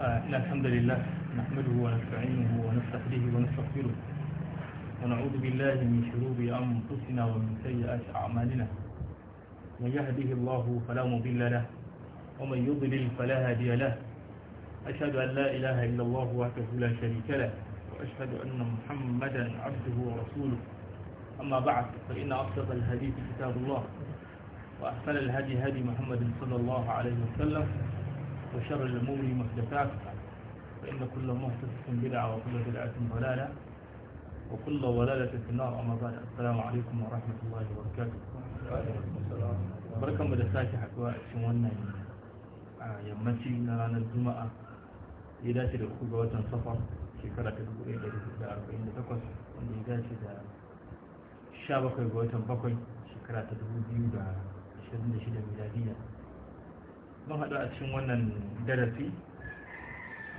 آه، إن الحمد لله نحمده ونستعينه ونستهديه ونستغفره ونعوذ بالله من شرور أنفسنا ومن سيئات أعمالنا من يهده الله فلا مضل له ومن يضلل فلا هادي له أشهد أن لا إله إلا الله وحده لا شريك له وأشهد أن محمدا عبده ورسوله أما بعد فإن أصدق الحديث كتاب الله وأحسن الهدي هدي محمد صلى الله عليه وسلم وشر الأمور مهدفات فإن كل مهدفة بدعة وكل بدعة ضلالة وكل ضلالة في النار أمضان السلام عليكم ورحمة الله وبركاته بركم بدا ساكي حكواء شموانا يمتي نرانا الزماء إذا تلقوا جواتا صفر في كرة تقوئي لدي في الدار تقص إذا تلقوا الشابق جواتا بقوي في كرة شدنا شدنا ميلادية mun haɗu a cikin wannan darasi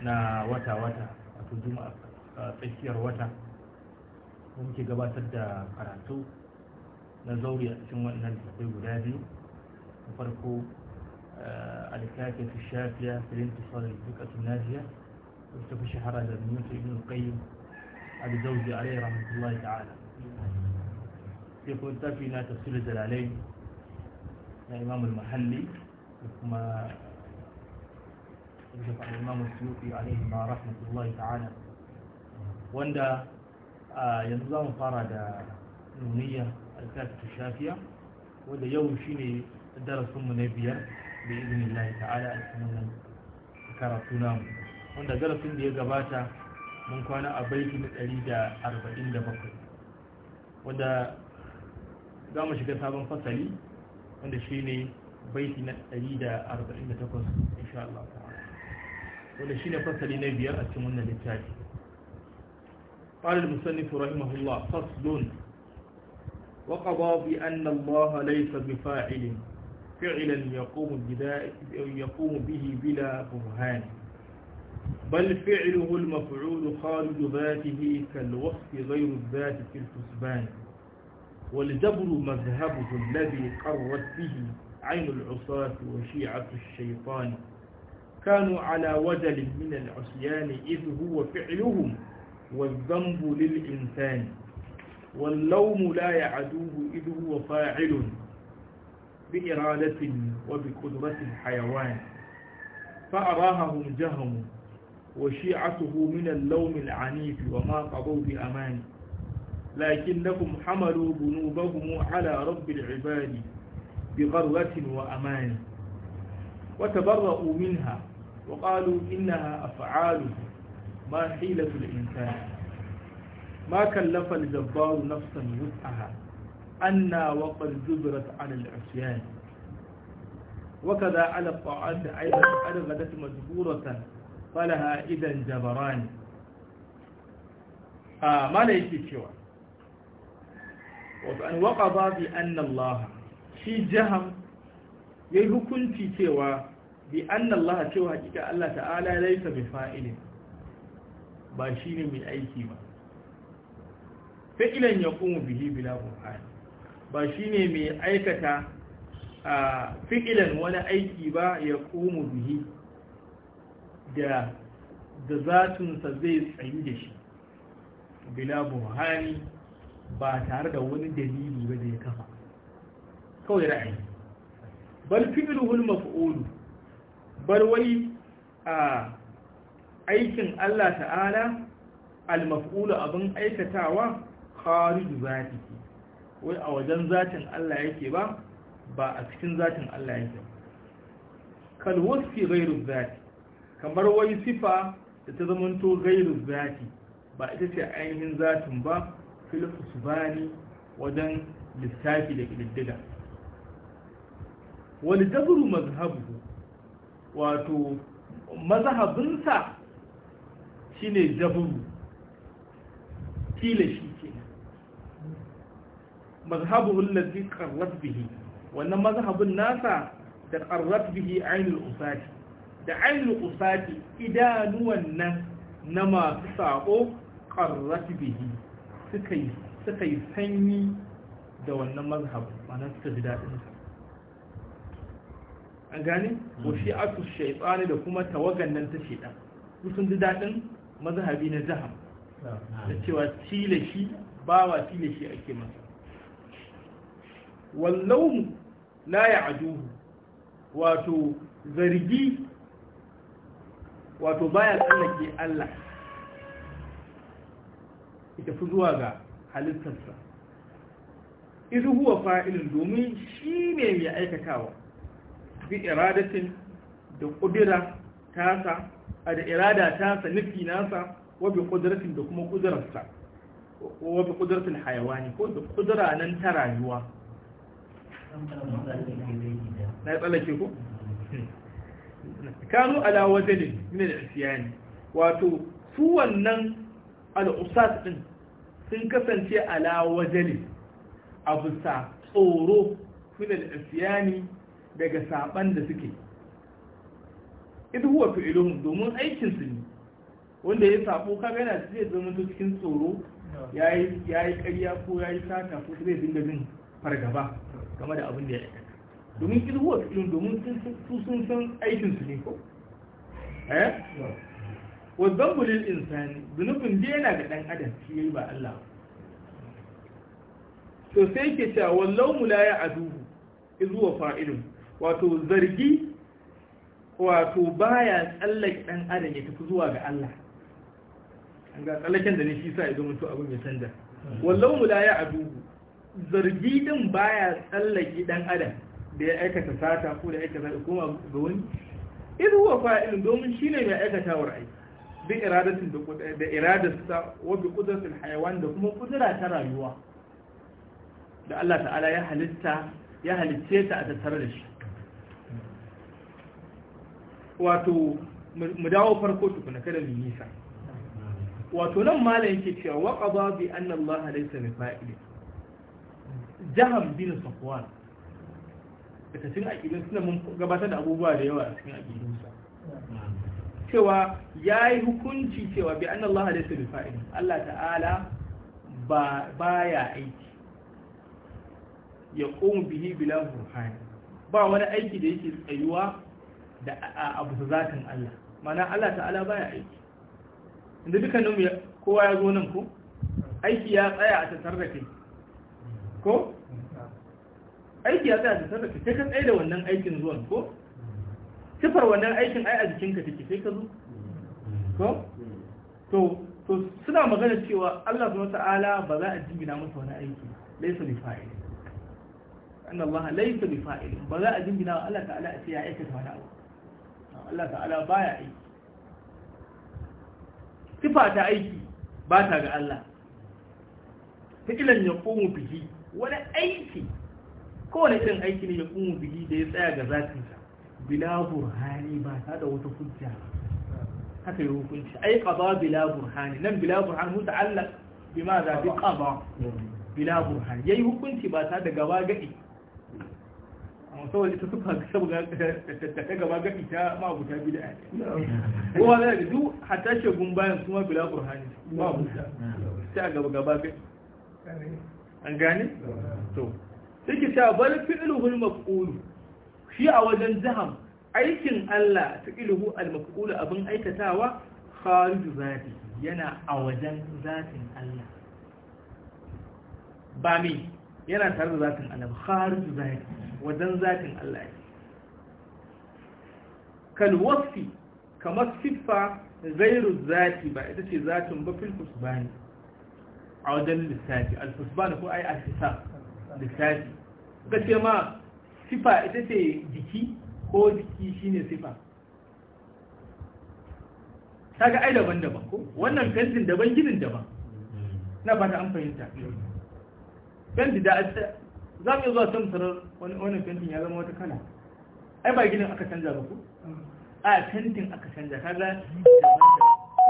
na wata-wata a wato juma'a tsakiyar wata da ke gabatar da karatu na zauri a cikin wannan tafai guda biyu na farko eh, alkafi fi shafiya filin tufarar duka tunajiya wacce fi shahara da mutu ibn qayyim al-zawji alayhi rahmatullahi ta'ala sai kuma tafi na tafsir jalalai na imamul al-mahalli kuma inda al'imamu suyuti alaihi ma rahmatullahi ta'ala wanda yanzu zamu fara da nuniya alkafin shafiya wanda yau shine darasinmu na biyar da izinin ta'ala a cikin wannan wanda darasin da ya gabata mun kwana a baiti na 147 wanda za mu shiga sabon fasali wanda shine بيتنا أريد أربعين insha إن شاء الله تعالى fasali فصل biyar a cikin للتاج قال المصنف رحمه الله فصل وقضى بأن الله ليس بفاعل فعلا يقوم يقوم به بلا برهان بل فعله المفعول خارج ذاته كالوصف غير الذات في الحسبان والجبر مذهبه الذي قرت به عين العصاة وشيعة الشيطان كانوا على وجل من العصيان إذ هو فعلهم والذنب للإنسان واللوم لا يعدوه إذ هو فاعل بإرادة وبقدرة الحيوان فأراههم جهم وشيعته من اللوم العنيف وما قضوا بأمان لكنهم حملوا ذنوبهم على رب العباد بغروة وأمانة وتبرؤوا منها وقالوا إنها أفعاله ما حيلة الإنسان ما كلف الجبار نفسا وسعها أنا وقد جبرت على العصيان وكذا على الطاعات أيضا أرغدت مجبورة فلها إذا جبران آه ما ليس سوى وأن وقضى بأن الله shi jaham ya yi hukunci cewa bi annallaha cewa hakika Allah ta'ala laisa bi fa'ilin ba shi ne mai aiki ba fa'ilan ya kuma bihi bila burhan ba shi ne mai aikata a fa'ilan wani aiki ba ya kuma bihi da da zatunsa zai tsayi da shi bila burhani ba tare da wani dalili ba da ya kafa kawai ra'ayi bal fi'luhul maf'ulu bar wai a aikin Allah ta'ala al-maf'ulu abin aikatawa kharij zati wai a wajen zatin Allah yake ba ba a cikin zatin Allah yake kal wasfi ghayru zati kamar wai sifa da ta to ghayru zati ba ita ce ainihin zatin ba fil usbani wajen lissafi da kididdiga wani dabaru mazhabu wato mazhabinsa ne dabaru? kila shi ke mazhabu allazi qarrat bihi wannan mazhabin nasa da qarrat bihi ainul usati da ainul usati idanuwan nan na masu sako qarrat bihi suka yi sanyi da wannan mazhabin ma'ana suka ji daɗinsa a gane ko hmm. shi'atu da kuma tawagan nan ta shaytan kusan ji daɗin mazhabi na jiha da hmm. cewa tile shi bawa tile shi ake masa wallawmu a ya'duhu wato zargi wato baya tsallake Allah ita fi zuwa ga halittarsa izu huwa fa'ilin domin shi ne mai aikatawa bi iradatin da kudura tasa a da irada tasa nufi nasa wa bi kudratin da kuma kudrarsa wa bi kudratin hayawani ko da kudura nan ta rayuwa na tsallake ko kanu ala wajen min da isyani wato su wannan al-usas din sun kasance ala wajen abusa tsoro Nuna da isyani daga saban da suke idu huwa fi'iluhum domin aikin su ne wanda ya sabo kaga yana zai zama cikin tsoro yayi yayi ƙarya ko yayi sata ko zai dinga jin fargaba game da abin da ya aikata domin idu huwa fi'iluhum domin su sun san aikin su ne ko eh wa dhanbu lil insani zunubin da yana ga dan adam shi yayi ba Allah to sai ke cewa wallahu la ya'duhu izu wa fa'ilun wato zargi wato baya tsallake ɗan adam ya tafi zuwa ga Allah an ga tsallaken da ne shi sa ya mutu abin ya canza wallahu la ya adu zargi din baya tsallake ɗan adam da ya aikata sata ko da aikata da kuma ga wani idan huwa fa'il domin shine mai aikata wa ra'ayi bi iradatin da iradarsa wa bi qudratil hayawan da kuma kudura ta rayuwa da Allah ta'ala ya halitta ya halicce ta a tattare da shi wato mu dawo farko tukuna kada mu nisa wato nan malam yake cewa wa qada bi anna Allah laysa bi fa'il jaham bin safwan daga cikin akidin suna mun gabatar da abubuwa da yawa a cikin akidin sa cewa yayi hukunci cewa bi anna Allah laysa bi fa'il Allah ta'ala ba baya aiki ya qum bihi bila burhan ba wani aiki da yake tsayuwa da abu da zatin Allah mana Allah ta'ala baya aiki inda dukkaninmu kowa ya zo nan ko aiki ya tsaya a tattar da kai ko aiki ya tsaya a tattar da kai sai ka tsaye da wannan aikin zuwan ko sifar wannan aikin ai a jikinka take sai ka zo ko to to suna magana cewa Allah subhanahu ta'ala ba za a jingina masa wani aiki laysa bi fa'il anna Allah laysa bi fa'il ba za a jingina Allah ta'ala a ce ya aikata wani abu Allah ta'ala baya aiki sifa ta aiki ba ta ga Allah fi'ilan ya ƙumu bihi wani aiki kowane irin aiki ne ya ƙumu bihi da ya tsaya ga zatinsa bila burhani ba ta da wata hujja haka yi hukunci ai ƙaba bila burhani nan bila burhani mutu Allah bi ma fi ƙaba bila burhani ya yi hukunci ba ta da gaba gaɗi saboda ta sufa saboda ta gaba ga ita ma abuta bid'a kowa zai da duk hatta shagun bayan kuma bila qur'ani ba abuta ta gaba gaba ga an gane to Suke ta bal fi'luhul maf'ul shi a wajen jaham aikin Allah fi'luhu al maf'ul abin aikatawa kharij zati yana a wajen zatin Allah ba me yana tare da zatin Allah kharij zati wajen zatin Allah ne kalwasfi kamar siffa zairu zati ba ita ce zatin ba fil a wajen lissafi alfusbani ko ai alfisa lissafi ga ce ma siffa ita ce jiki ko jiki shine siffa ta ga ai daban-daban ko wannan kantin daban ginin daban na ba ta an fahimta fenti da za mu iya zuwa can tarar wani fentin ya zama wata kana ai ba gidan aka canza ba ku a fentin aka canza kaga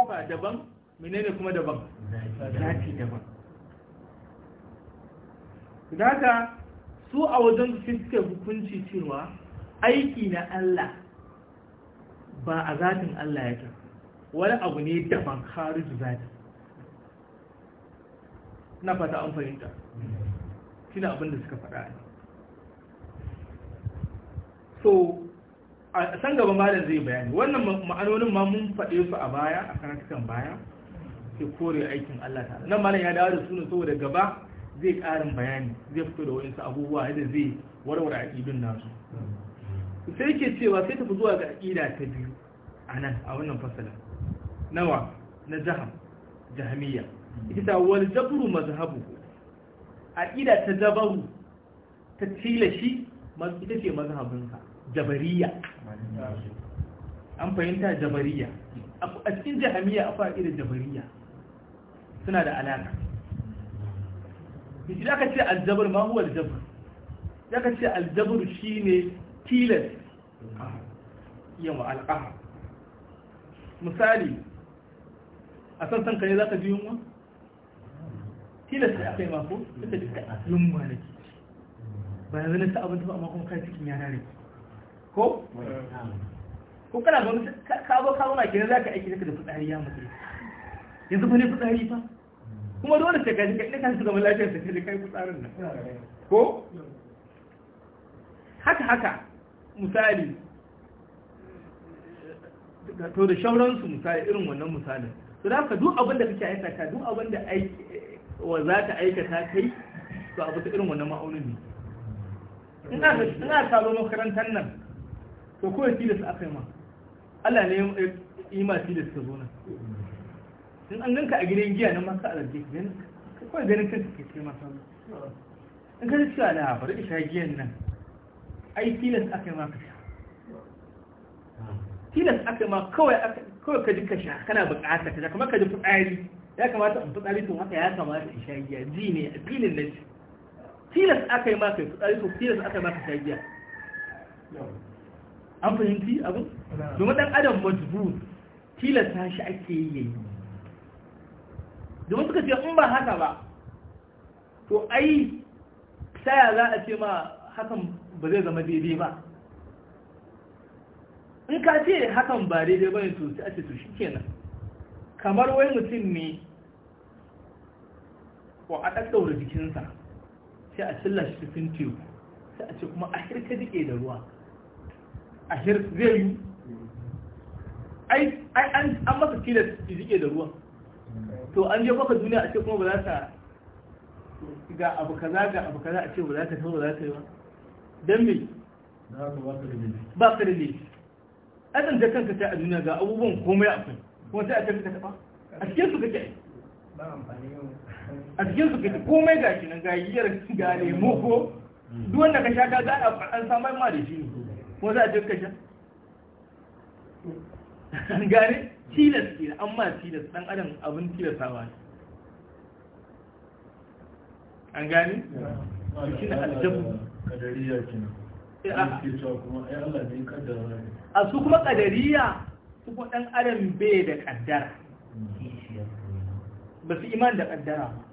ba daban menene kuma daban zafi daban da haka su a wajen su suke hukunci cewa aiki na Allah ba a zatin Allah ya ta wani abu ne daban harin zati na fata an fahimta shi abin abinda suka faɗa so a san gaba malam zai bayani wannan ma'anonin ma mun faɗe su a baya a karatukan baya ke kore aikin Allah ta nan malam ya dawo da sunan saboda gaba zai ƙarin bayani zai fito da wayansu abubuwa yadda zai warware aƙidun nasu sai ke cewa sai tafi zuwa ga aƙida ta biyu a nan a wannan fasala nawa na jaham jahamiyya ita wani wal jabru mazhabu aƙida ta jabaru ta tilashi ita ce mazhabinsa jabariya an fahimta jabariya a cikin jahamiya akwai aƙidar jabariya suna da alaƙa biki da ce aljabar ma huwa aljabar da ka ce aljabar shi ne tilas yawa alƙaha misali a san san kare za ka ji yunwa tilas da aka yi mako duk da duka asalin malaki ba yanzu na sa abinci ba amma kuma kai cikin yana ne ko ko kana ga wani kabo kabo na kenan ka aiki da fitsari ya mutu yanzu ba ne fitsari fa kuma dole sai ka ji kai kan zama lafiyar sai ka ji kai fitsarin nan ko haka haka misali to da shauransu misali irin wannan misalin to da haka duk abin da kake aikata duk abin da aiki wa za ta aikata kai to abu ta irin wannan ma'aunin ne ina sabo makarantar nan to kawai tilas aka yi ma Allah ne yi ma tilas ka zo nan in an ganka a gidan giya na masu alarje ka kawai ganin kanka ke kai masu in ka ci ala bari ka sha giyan nan ai tilas aka yi ma ka sha tilas aka yi ma kawai ka ji ka sha kana bukata ka sha kamar ka ji fitsari ya kamata in fitsari sun haka ya kamata in sha giya ji ne a filin na ci tilas aka yi maka fitsari sun tilas aka yi maka sha giya an fahimci abu domin dan adam filas ta shi ake yi yayi domin suka ce in ba haka ba to ai saya za a ce ma hakan ba zai zama daidai ba in ka ce hakan ba daidai ba ne to sai a ce to shi kenan kamar wai mutum ne ko a ɗaɗɗaura jikinsa sai a cilla shi cikin teku sai a ce kuma a hirka jike da ruwa a hirka zai yi ai an masa tilas jike da ruwa to an je baka duniya a ce kuma ba za ta ga abu kaza ga abu kaza a ce ba za ta ta ba za ta yi ba don me ba ka da ne azan da kanka sai a duniya ga abubuwan komai akwai kuma sai a ce ka taɓa a cikin su kake ba amfani yau a cikin su kai komai ga shi nan ga yiyar ga lemo ko duk wanda ka sha ka ga an samar ma da shi ne ko za a je ka sha an gane tilas ke an ma tilas dan adam abin tilasawa ne an gane shi na aljabu kadariya nan, eh, ah. a su kuma kadariya su kuma dan adam bai da kaddara hmm. ba su iman da kaddara ba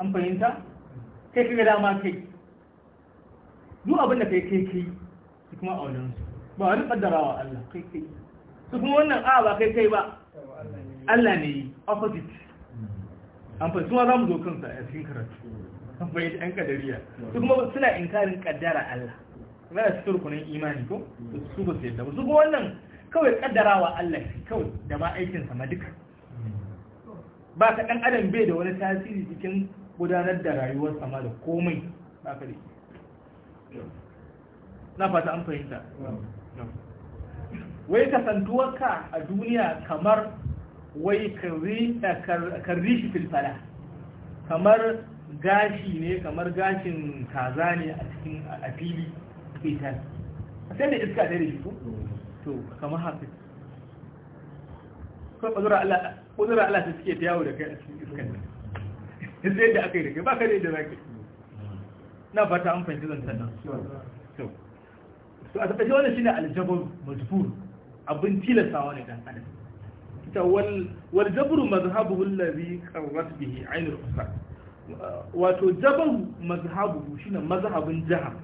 an fahimta kai kaga dama kai duk abin da kai kai kai su kuma a wajen ba wani kaddarawa Allah kai kai su kuma wannan a ba kai kai ba Allah ne opposite an fahimta kuma za mu zo kansa a cikin karatu an fahimta yan kadariya su kuma suna inkarin kaddara Allah na da cikin rukunin imani ko su ba su yadda ba su kuma wannan kawai kaddarawa Allah kawai da ma aikinsa ma duka ba ka ɗan adam bai da wani tasiri cikin gudanar da rayuwar sama da komai ba ka na fata an fahimta wai kasantuwarka a duniya kamar wai shi filfala kamar gashi ne kamar gashin kaza ne a cikin a fili fitar sai da iska ɗaya da shi ko to kamar haka ko kudura Allah ta suke ta yawo da kai a cikin iskan nan duk da yadda aka yi da kai ba ka da yadda za ka na fata an fahimci zan sannan to a taɓa wannan shine aljabar majbur abin tilastawa ne dan adam ita wal wal jabru mazhabuhu allazi qarrat bihi ainul usad wato jabaru mazhabuhu shine mazhabin jaha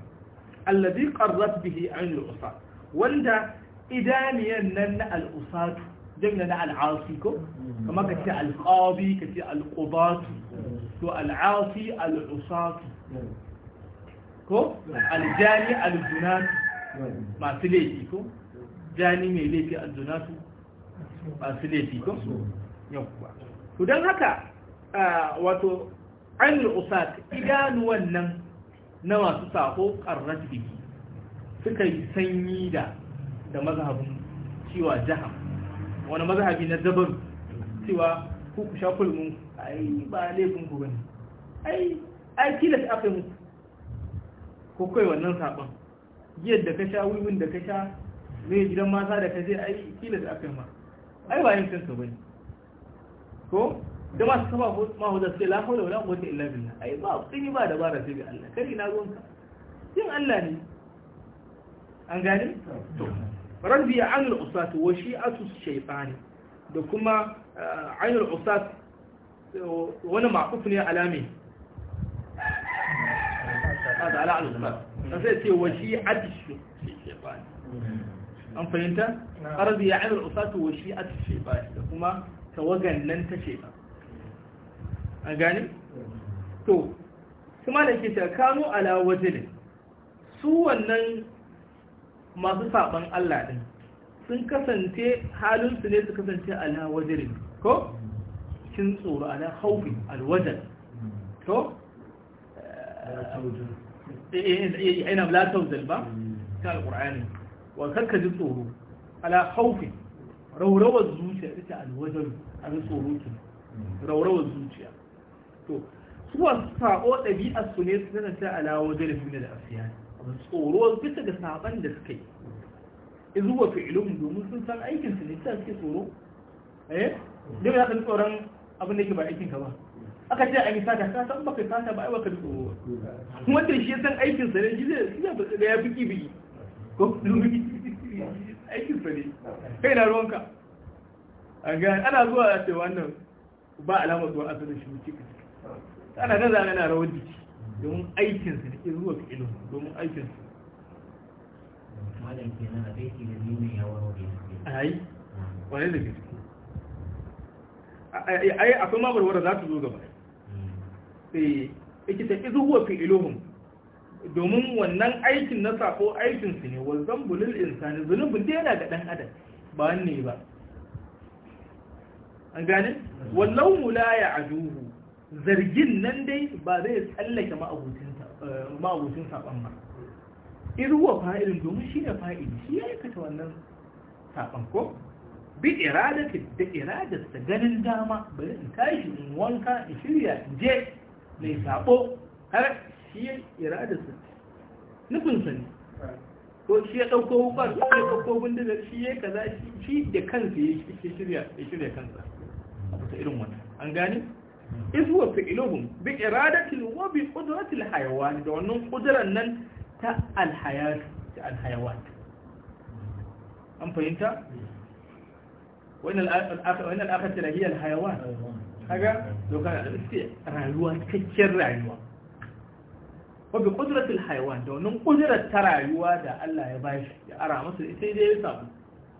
allazi qarrat bihi ainul usad wanda idaniyan nan na al usad jami'a na al asi kuma kamar kace al qadi kace al qudatu to al'afi al'usafi ko aljani aljunatu masu laifi ko jani mai laifi aljunatu masu laifi ko yawwa to don haka wato al’usafi idanuwan nan na masu sako ƙarrat biki suka yi sanyi da da mazhabin cewa jiha wani mazhabi na dabar cewa ku ku sha ai ba laifin ku bane ai ai tilas aka muku ko kai wannan saban yadda ka sha wiwin da ka sha ne gidan mata da ka je ai tilas aka ma ai ba yin kanka bane ko da masu kaba ma hu da sai la hawla wala quwwata illa billah ai ba kini ba da bara sai ga Allah kai na ka? yin Allah ne an gani to rabbi an al-usat wa shi'atu ash da kuma eh, ayyul usat wani makufu ne alami a da ala'adu zama sai ce washi atishe shebani an fahimta? arabi ya amir usatu washi atishe shebani da kuma tawagannanta sheba an gani? to kuma da ke shakanu ala waje ne su wannan masu saban allah din sun kasance halinsu ne su kasance ala waje ko? cikin tsoro ala khawfi alwazan to eh, ina la tawzal ba ta alqur'ani wa karka ji tsoro ala khawfi raurawar zuciya ita alwazan an tsoro ki raurawar zuciya to suwa sabo ɗabi'ar su ne su tana ta ala da min al-asyan tsoro bisa ga saban da suka yi izu fi'ilun domin sun san aikin su ne ta suke tsoro eh dai za ka tsoron abin da yake ba aikin ka ba aka ce a yi sata ka san baka sata ba ai baka duko wanda shi ya san aikin sa ne shi zai da ya fiki biki ko aikin sa ne kai na ruwanka an ga ana zuwa a ce wannan ba alamar zuwa asalin shi mutum ana zana na rawar jiki domin aikinsa ne ke zuwa ga ilimin domin sa malam kenan a kai ke da nuna yawon A ai Wani da gaske ai akwai mabarwara za ta zo gaba sai eh, ikita izu huwa fi iluhum domin wannan aikin na sako aikin su ne wa zambulil insani zunubin da yana ga dan adam ba wanne ba an gane wallau mula ya ajuhu zargin nan dai ba zai tsallake eh, ma'abucin saban ba iruwa fa'ilin domin shi ne fa'ili shi ya aikata wannan saban ko bi iradati da iradati ta ganin dama bari in tashi in wanka in shirya in je mai sabo har shi iradar sa nufin sa ne ko shi ya dauko wukar shi ya dauko bindigar shi ya kaza shi da kansa ya shirya ya shirya kansa a ta irin wannan an gane iz huwa fi'luhum bi iradati wa bi qudratil hayawan da wannan kudran nan ta alhayat ta alhayawat an fahimta وإن الآخر وإن الآخر هي الحيوان حاجة لو كان رأيوة كتير رأيوة وبقدرة الحيوان ده نم قدرة ترأيوة ده الله يبايش أرى مصر إتي إيه دي يساب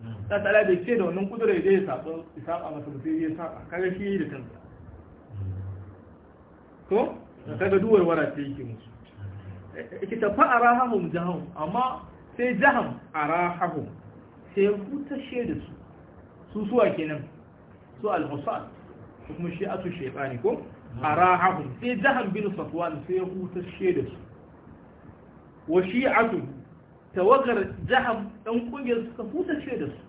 نعم. لا تعالى بيتي ده نم قدرة دي يساب يساب أما سبتي يساب كذا شيء لكن ko كذا دور wara ta yake كتاب أراهم tafi أما rahahun أراهم سيفوت الشيء ده su suwa kenan su al-husat shi kuma shi'atu shaytani ko arahum sai jahan bin safwan sai ya huta sheda su wa shi'atu tawagar jahan dan kungiyar suka huta sheda su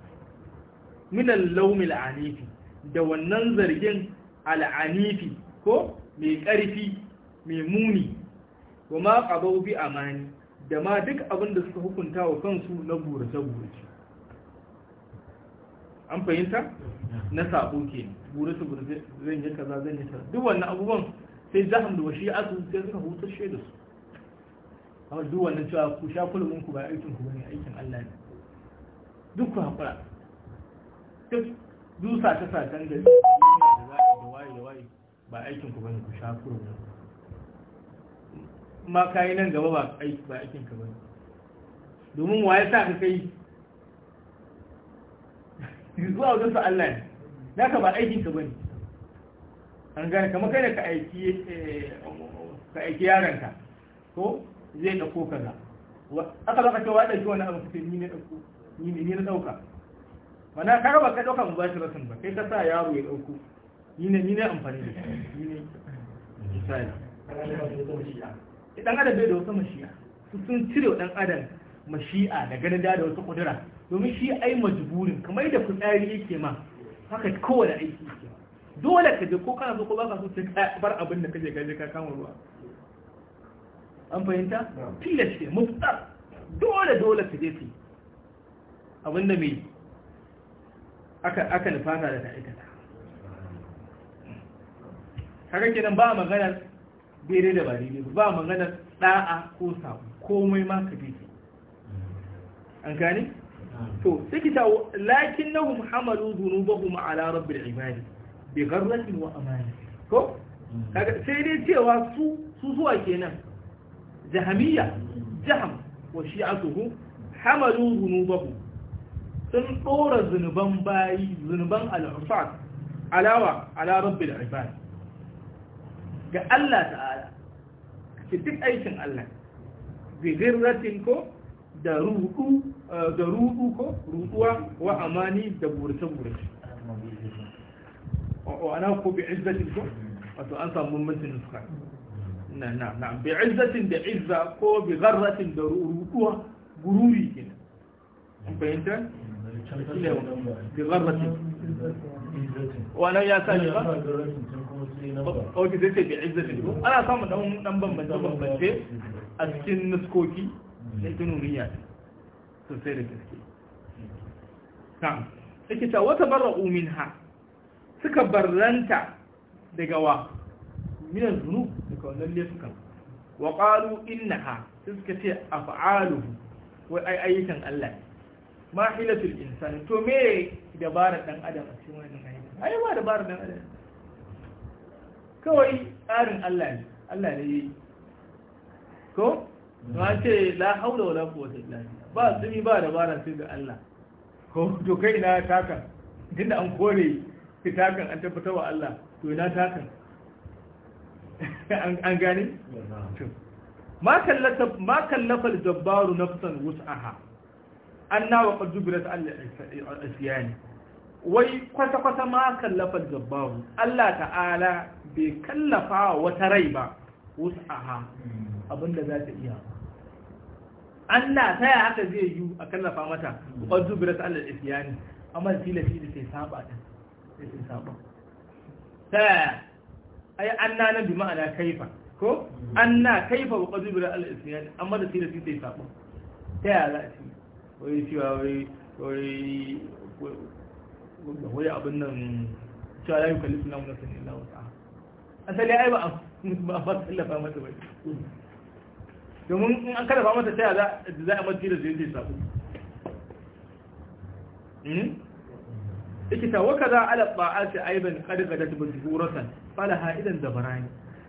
min al-lawm al-anifi da wannan zargin al-anifi ko mai karfi mai muni kuma ma qabau bi amani da ma duk abin da suka hukunta wa kansu na burace-burace an fahimta na sabo ke gure su gure zan yi kaza zan yi kaza duk wannan abubuwan sai jaham da washi sun sai suka hutar shaidu su amma duk wannan cewa ku sha kulumin ku ba aikin ku bane aikin Allah ne duk ku hakura duk dusa ta satan gari da waye da waye ba aikin ku bane ku sha kulumin ma kayi nan gaba ba aikin ka bane domin waye sa ka kai yi zuwa wajen su Allah ne naka ba aikin ka bane an gane kamar kai da ka aiki eh, ka aiki yaranka ko zai ko kaza aka baka cewa ya dauki wani abu kace ni ne dauko ni ne ni na dauka mana ka raba ka dauka mubashiratan ba kai ka sa yaro ya dauko ni ne ni ne amfani da ni ne misali dan adam bai da wata mashiya sun cire wa dan adam mashi'a da ganin da wasu kudura domin shi ai majburin kamar yadda fitsari yake ma haka kowane aiki yake dole ka je ko kana so ko ba ka so sai bar abin da kaje gaje ka kama ruwa an fahimta tilas ce dole dole ka je kai abin da me aka aka nufata da aikata kaga kenan ba maganar daidai da ba daidai ba maganar da'a ko sabo komai ma ka je an gane to sai ki ta lakinnahum hamalu dhunubahum ala rabbil ibadi bi gharratin wa amani ko kaga sai dai cewa su su zuwa kenan jahamiyya jaham wa shi'atuhu hamalu dhunubahum sun dora zunuban bayi zunuban al alawa ala rabbil ibadi ga Allah ta'ala ki duk aikin Allah bi gharratin ko da rudu eh, da rudu ko ruduwa wa amani da burta burta wa ana ko bi izzatin ko wato an samu mummuntin suka na na na bi izzatin da izza ko bi gharratin da ruduwa gururi kenan an bayyana bi gharratin wannan ya sa ne ba ok zai ce bi izzatin ana samun dan bambance bambance a cikin nuskoki ita nuriya sosai da gaske na'am take ta wata barra'u ha suka barranta daga wa minan zunu daga wannan laifukan wa qalu ha suka ce af'aluhu wai ai ayyukan Allah ma hilatul insan to me dabarar dan adam a cikin wannan ayyukan ai ba dabarar dan adam kawai tsarin Allah ne Allah ne yi ko ma ce la haula wala quwwata illa ba sumi ba dabara sai ga Allah ko to kai ina taka, tunda an kore fitakan an tabbatar wa Allah to ina takan an gane ma kallata ma kallafa al-jabbaru nafsan wus'aha anna wa qad jubirat al-isyani wai kwata-kwata ma kallafa al-jabbaru Allah ta'ala bai kallafa wata rai ba wus'aha hmm. Abinda za ta iya Allah ta yi haka zai yi a kallafa mata ƙwan zubira ta Allah isiyani amma da tilafi da sai saba ta sai sai saba ta yaya ai an na bi ma'ana kaifa ko an na kaifa ba ƙwan zubira Allah isiyani amma da tilafi sai saba ta ya za a ci wai cewa wai wai wai abin nan cewa la yukallifu na wani sanin Allah wata asali ai ba a ba a tallafa mata bai domin in an karfa mata ta da za a mace da zai sabu ikita waka za ala ba'ati aiban qadqadat bi zuhuratan falaha idan dabarani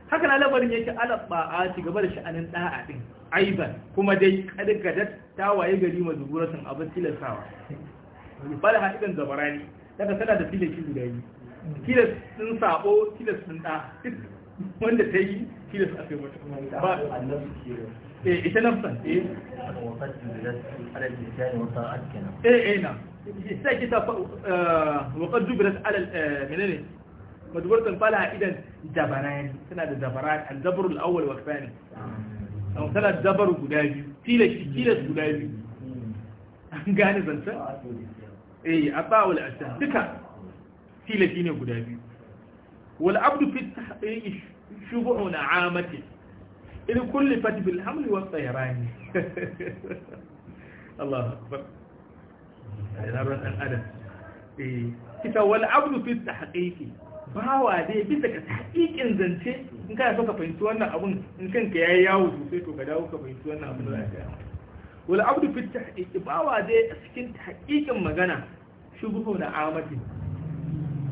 haka na labarin yake ala ba'ati gaba da sha'anin da'a din aiban kuma dai qadqadat ta waye gari ma zuhuratan abin tilasawa falaha idan dabarani daga tana da tilasin guda yi tilas din sabo tilas din da wanda ta yi tilas a kai mata ba Eh, ita nafsan eh. eh eh na sai kita eh, waqad jubirat ala menene majburatan falaha idan jabaran tana da jabaran al-jabr al-awwal wa al tana jabar guda biyu tilas guda biyu gane zanta eh abba wal ashan duka tilas ne guda biyu wal abdu fi na amati fati إذ كلفت بالحمل والطيران الله أكبر adam kita wal abdu fi tahqiqi bawa dai bisa ga tahqiqin zance in kana so ka fahimci wannan abun in kanka yayi yawo sosai to ka dawo ka fahimci wannan abun da ka wal abdu fi tahqiqi bawa dai a cikin tahqiqin magana shubuhu da amati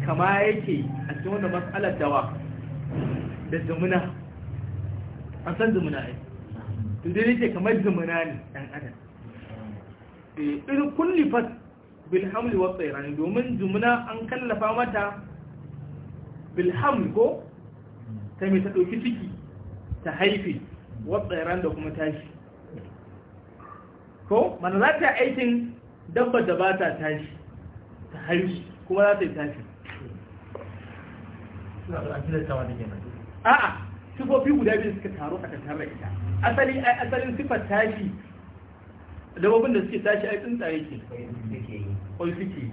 kama yake a cikin wannan mas'alar dawa da zamuna an san zumuna ne to dai yake kamar zumuna ne dan adam eh in fas bil hamli wa tsayran domin zumuna an kallafa mata bil ko ta mai ta dauki ciki ta haifi wa tsayran da kuma tashi ko mana za ta aikin dabba da ba ta tashi ta haifi kuma za ta yi tashi a'a sifofi guda biyu suka taru a tattare ita asali ai asalin sifar tashi dabbobin da suke tashi ai tsuntsaye ke kwai suke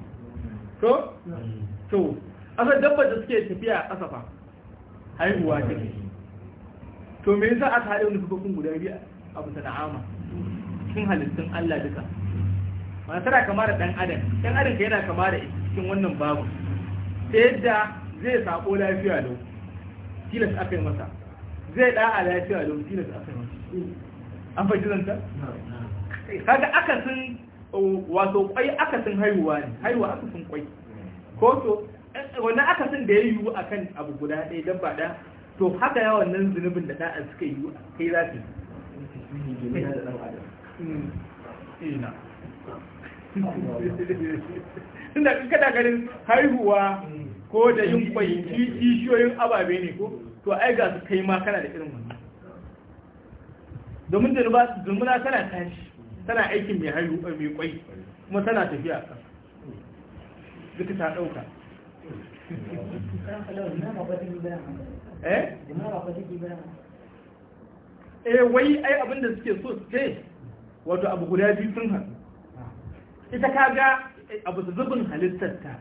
to to asal dabbar da suke tafiya a ƙasa fa haihuwa ke to me yasa aka haɗe wani sifofin guda biyu a bisa na'ama cikin halittun Allah duka ma tana kama da ɗan adam dan adam ka yana kama da cikin wannan babu ta yadda zai sako lafiya lau tilas aka yi masa zai da ala ya ce a lokaci da aka yi an fahimci zanta kaga akasin wato kwai akasin haihuwa ne haihuwa sun kwai ko to wannan akasin da ya yiwu akan abu guda ɗaya dabba ɗaya to haka ya wannan zunubin da ɗa'a suka yi kai za su yi tunda kada ganin haihuwa ko da yin kwayi kishiyoyin ababe ne ko to ai ga su kai ma kana da irin wannan domin su zumuna tana tashi tana aikin mai hayu eh, mai kwai kuma tana tafiya a duka ta ɗauka eh, eh wai ai abinda suke so su ce wato abu guda biyu sun haɗu ita kaga eh, abu su zubin halittar ta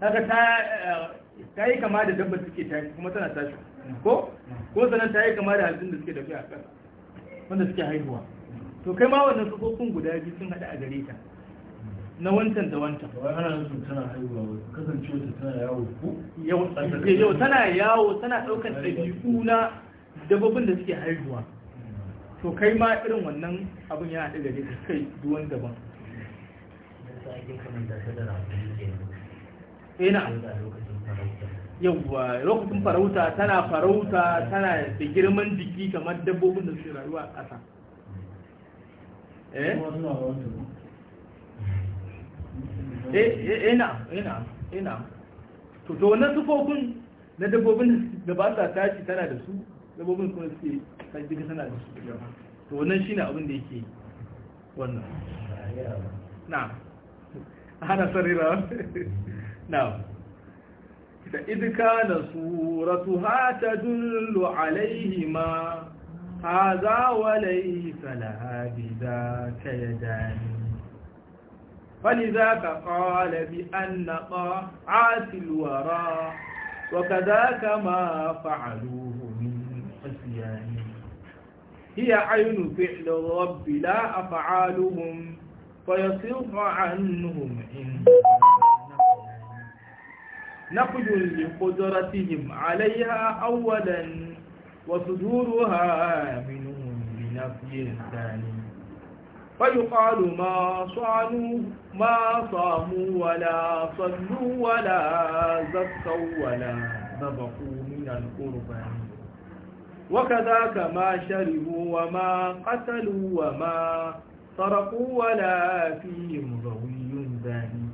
kaga ta ta yi kama da dabba suke tashi kuma tana tashi ko ko sanan ta yi kama da halittun da suke tafiya a ƙasa wanda suke haihuwa to kai ma wannan sufofin guda biyu sun hada a gare ta na wancan da wancan wai ana nufin tana haihuwa kasancewa tana yawo ko yau tana yawo tana ɗaukar ɗabi'u na dabbobin da suke haihuwa to kai ma irin wannan abin ya haɗu gare ka kai duwan daban yana yawwa lokacin farauta tana farauta tana da girman jiki kamar dabbobin da suke rayuwa a ƙasa eh eh ina ina ina to to wannan sufofin na dabbobin da ba sa tashi tana da su dabbobin kuma suke tashi tana da su to wannan shine abin da yake wannan na ana sarira na فإذ كان صورتها تدل عليهما هذا وليس لها بذاك يدان فلذاك قال بأن قاعات الوراء وكذاك ما فعلوه من عصيان هي عين فعل الرب لا أفعالهم فيصرف عنهم إن نقد لقدرتهم عليها أولا وصدورها منهم بنفي ثاني فيقال ما صانوا ما صاموا ولا صلوا ولا زكوا ولا ذبحوا من القربان وكذاك ما شربوا وما قتلوا وما سرقوا ولا فيهم ذوي ذاني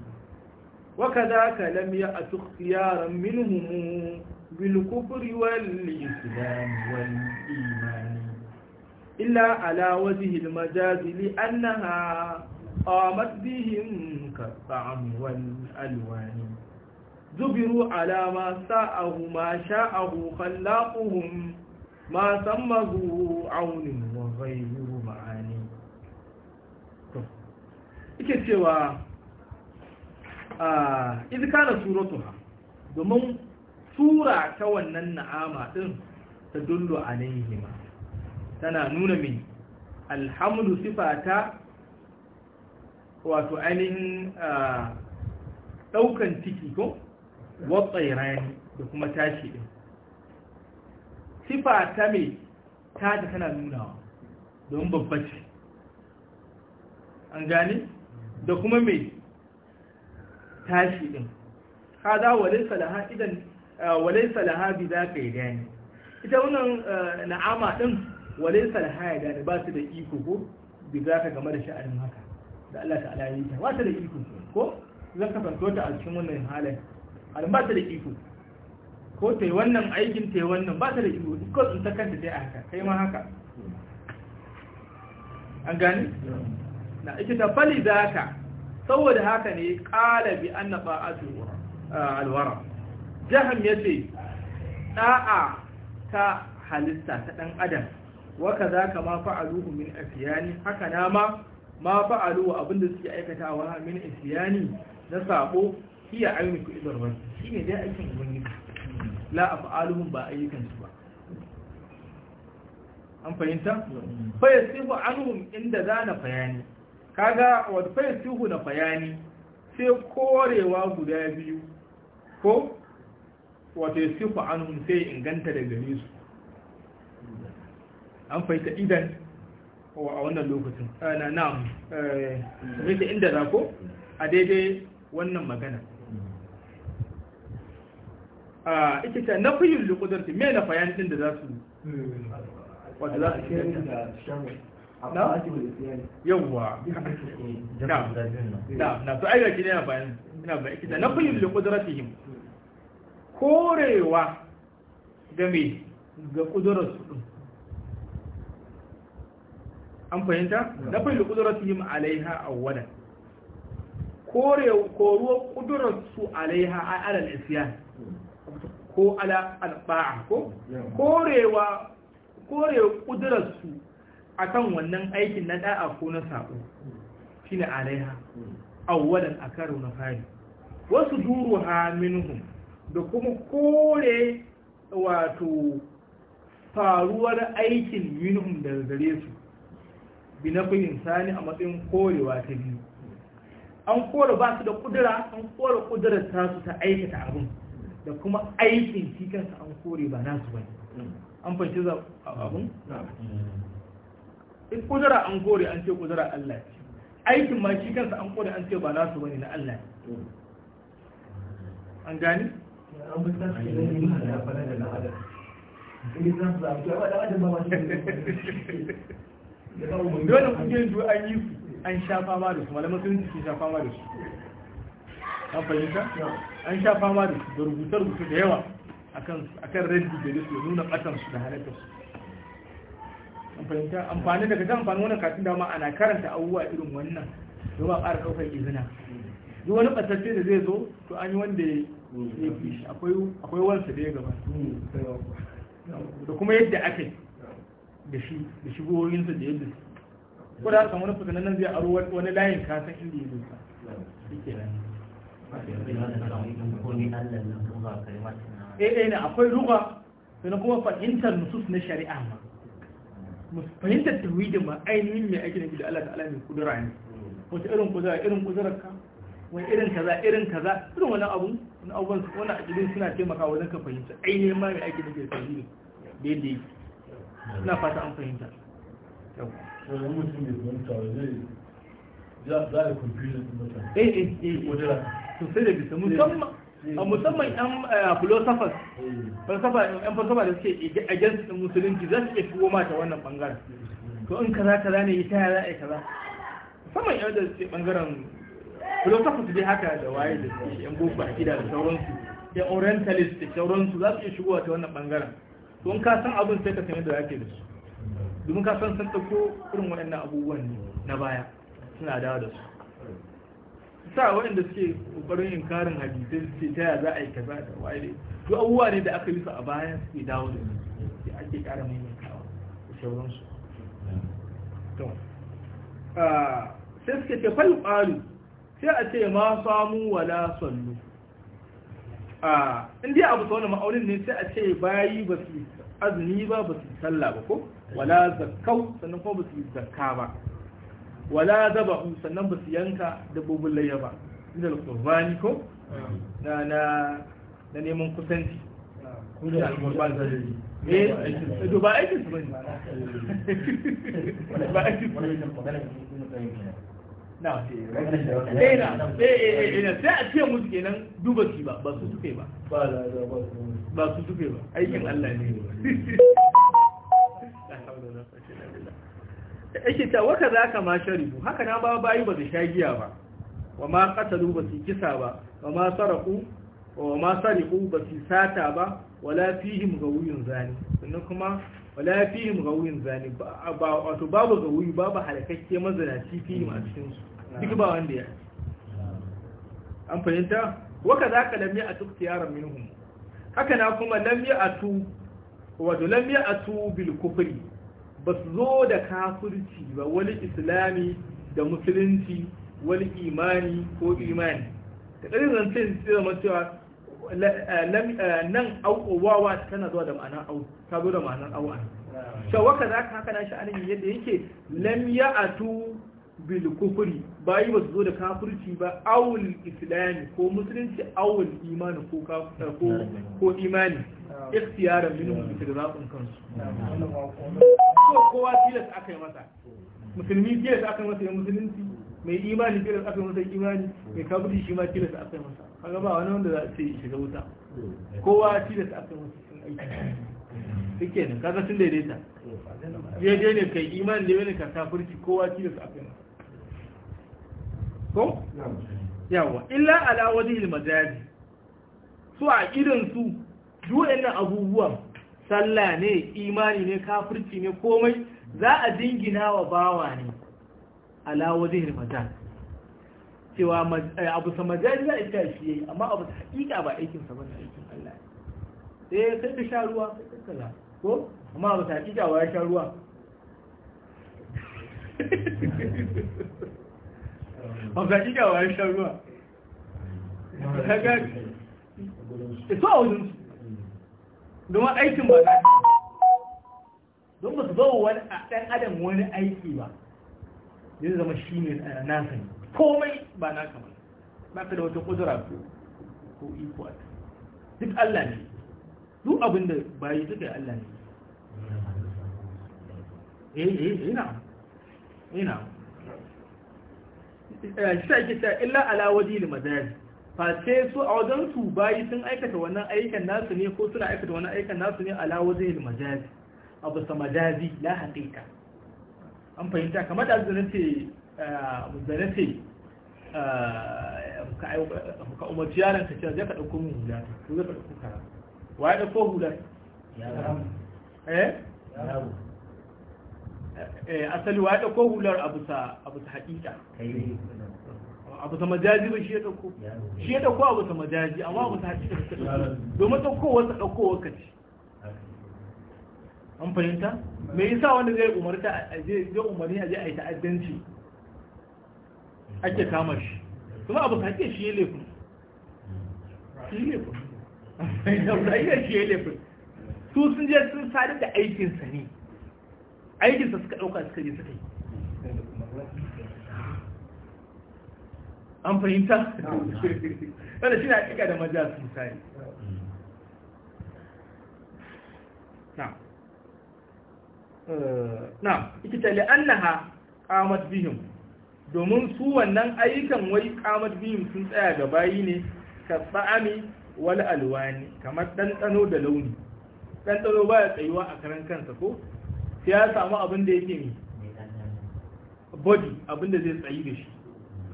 وكذاك لم يأت اختيارا منهم بالكفر والإسلام والإيمان إلا على وجه المجاز لأنها قامت بهم كالطعم والألوان جبروا على ما ساءه ما شاءه خلاقهم ما سمه عون وغير معاني ike cewa izkana suratuha domin sura ta wannan na'ama din ta dullu hima tana nuna min alhamdu sifata wato ainihin daukan ciki ko watsairani da kuma tashi din Sifata mai ta da tana nunawa don babbace an gani da kuma mai tashi din hada walaysa laha idan eh, walaysa laha bi zaka yadani ita wannan eh, na'ama din walaysa laha yadani ba su da iko ko bi zaka game da sha'anin haka da Allah ta'ala yi ta ba su da iko ko zan kafanto ta a cikin wannan halin al ba su da iko ko tai wannan aikin tai wannan ba su da iko ko in ta kanta dai haka kai ma haka an gani na ita ta fali za ka saboda haka ne qala bi anna ba'atu ah, alwara ya yace da'a ta halitta ta dan adam wa ka ma fa'aluhu min afyani haka na ma ma fa'aluhu abinda suke aikatawa min afyani na sabo hiya ayyuku idarwan shine dai aikin ubangiji la af'aluhum ba ayyukan su ba an fahimta mm. fa yasifu anhum inda zana fayani kaga wadfai suhu na bayani sai korewa guda biyu ko wato ya sihu an sai inganta da gare su an faita idan a wannan lokacin eh, na na'am eh, da inda za ko a daidai wannan magana ah, ita ta na fi yin lukudarci mai na fayantin da za su hmm. wata za su shi na yawwa na na yana bayan korewa game ga kudratsu an fahimta na kullum kudratihim alaiha awwalan korewa ƙudurarsu alaiha a alal isyan ko ala alba'a ko korewa korewa akan wannan aikin na da'a ko na shi shine alaiha awwalan akaru na fari wasu duruha minhum da kuma kore wato faruwar aikin minhum da gare su bi na insani a matsayin korewa ta biyu an kore ba su da kudura an kore kudurar su ta aikata abin da kuma aikin shi kansa an kore ba nasu ba an fahimci abin in kudura an kore an ce kudura Allah aikin ma shi kansa an kore an ce ba nasu bane na Allah ne an gani dole kungiyar ju an yi an sha fama da su malaman sun ci sha fama da su an fahimta an sha fama da su da rubuce-rubuce da yawa akan reddi da su nuna katansu da halittarsu fahimta amfani daga ta amfani wannan katin dama ana karanta abubuwa irin wannan don ba ƙara ɗaukar izina duk wani ɓatacce da zai zo to an yi wanda ya fi shi akwai wansa da ya gaba da kuma yadda aka yi da shi da shigoyinsa da yadda su ko da haka wani fitanen nan zai aro wani layin kasan inda ya dosa eh eh na akwai ruga sannan kuma fahimtar nusus na shari'a ma fahimtar tawhidin ma ainihin mai ake nufi da Allah ta'ala mai kudura ne wata irin kudura irin kudurar ka wani irin kaza irin kaza irin wani abu wani abubuwan wani ne suna taimaka wajen ka fahimta ainihin ma mai aiki da da tawhidi da yadda yi suna fata an fahimta yau mutum mai zai za a confusion din eh eh eh sosai da bisa musamman A musamman yan eh, philosophers falsafa yan falsafa da suke against musulunci za su iya goma ta wannan bangaren to in kaza kaza ne ta yaya ai kaza musamman yan da suke bangaren philosophers dai haka da waye da suke yan boko a gida da sauransu yan orientalist da sauransu za su iya shigowa ta wannan bangaren to in ka san abin sai ka san yadda ake da su domin ka san sun ɗauko irin waɗannan abubuwan na baya suna dawo da su sa waɗanda suke ƙoƙarin karin hadisai suke ta yaya za a yi kaza da waye to abubuwa ne da aka yi su a baya suke dawo da nan sai ake ƙara maimaitawa da sauransu to sai suke ce fal qalu sai a ce ma samu wala sallu in indai abu sauna ma'aunin ne sai a ce bayi ba su azumi ba ba su sallah ba ko wala zakau sannan kuma ba su zakka ba wala zaba zabahu sannan ba su yanka dabbobin layya ba inda alqurbani ko na na neman kusanci ko da alqurban zalili eh to ba aikin su bane ba aikin su na sai eh, eh, eh, na sai a ce musu kenan duba shi ba ba su tufe ba ba su tufe ba aikin Allah ne ake ta waka za ka ma sharibu haka na ba bayi ba su sha giya ba wa ma katalu ba su kisa ba wa ma saraku wa ma sariku ba su sata ba wala fihim gawiyun zani sannan kuma wala fihim gawiyun zani ba wato babu gawiyu babu halakakke mazinaci fihim a cikin su duk ba wanda ya an fahimta waka za ka lamya a tuk tiyarar minhum haka na kuma lamya a tu wato lamya a tu bil kufri ba su zo da kafirci ba wani islami da musulunci wani imani ko imani da zan zancen su zama cewa eh, eh, nan aukowawa tana zuwa da ma'anar au ta zo da ma'anar au a ka za ka haka na shi sha'anin yadda yake lam ya'atu bil kufri bayi ba su zo da kafirci ba awul islami ko musulunci awul imani ko eh, imani ikhtiyara minhum bisa kansu ko kowa tilas aka yi masa musulmi tilas aka yi masa musulunci mai imani tilas aka yi masa imani mai kafiri shi ma tilas aka yi masa kaga ba wani wanda za a ce shiga wuta kowa tilas aka yi masa sun aiki suke nan kaga sun daidaita je ne kai imani da wani ka kafirci kowa tilas aka yi masa ko yawa illa ala wajhil majazi su a irin su duwayen abubuwan sallah ne imani ne kafirci ne komai za a dingina wa bawa ne ala wajen ramadan cewa abu samajen za a ita shi amma abu ta hakika ba aikinsa ba na aikin Allah sai sai da sha ruwa sai ta kala. ko amma abu ta hakika wa ya sha ruwa abu ta hakika wa ya sha ruwa ta gaji ito a wajen su domin aikin ba za don ba su bawa wani ɗan adam wani aiki ba ya zama shi ne eh, nasa ne komai ba na kamar ba ka da wata kudura ko iko a ta duk Allah ne duk abin da bayi suka yi Allah ne eh eh, eh ina ina eh, shi ta illa ala waje limadari face su a wajen su bayi sun aikata wannan aikin nasu ne ko suna aikata wannan aikin nasu ne ala wajen majazi a busa majazi la haƙiƙa an fahimta kamar da zanace eh, zanace eh, ka umarci yaran ka cewa zai ka ɗauko min hula ko zai ka ɗauko kara wa ya ɗauko hula eh? eh asali wa ya ɗauko hular a busa haƙiƙa abu ta majaji ba shi ya dauko shi ya dauko abu ta majaji amma abu ta hakika ta dauko domin dauko wata daukowar ka ce an fahimta me yasa wanda zai umarta a je zai umarni a je a yi ta'addanci ake kama shi kuma abu ta haƙiƙa shi ya laifin shi ya laifin abu ta hakika shi ya laifin su sun je sun sadar da aikinsa ne aikinsa suka dauka suka je suka yi an fahimta wanda shi na ƙiƙa da su misali na an na ha bihim domin su wannan ayyukan wai ƙamat bihim sun tsaya ga bayi ne ka tsa'ami wani alwani kamar ɗanɗano da launi ɗanɗano ba ya tsayuwa a karan kansa ko sai ya samu abin da yake ne body abin da zai tsayi da shi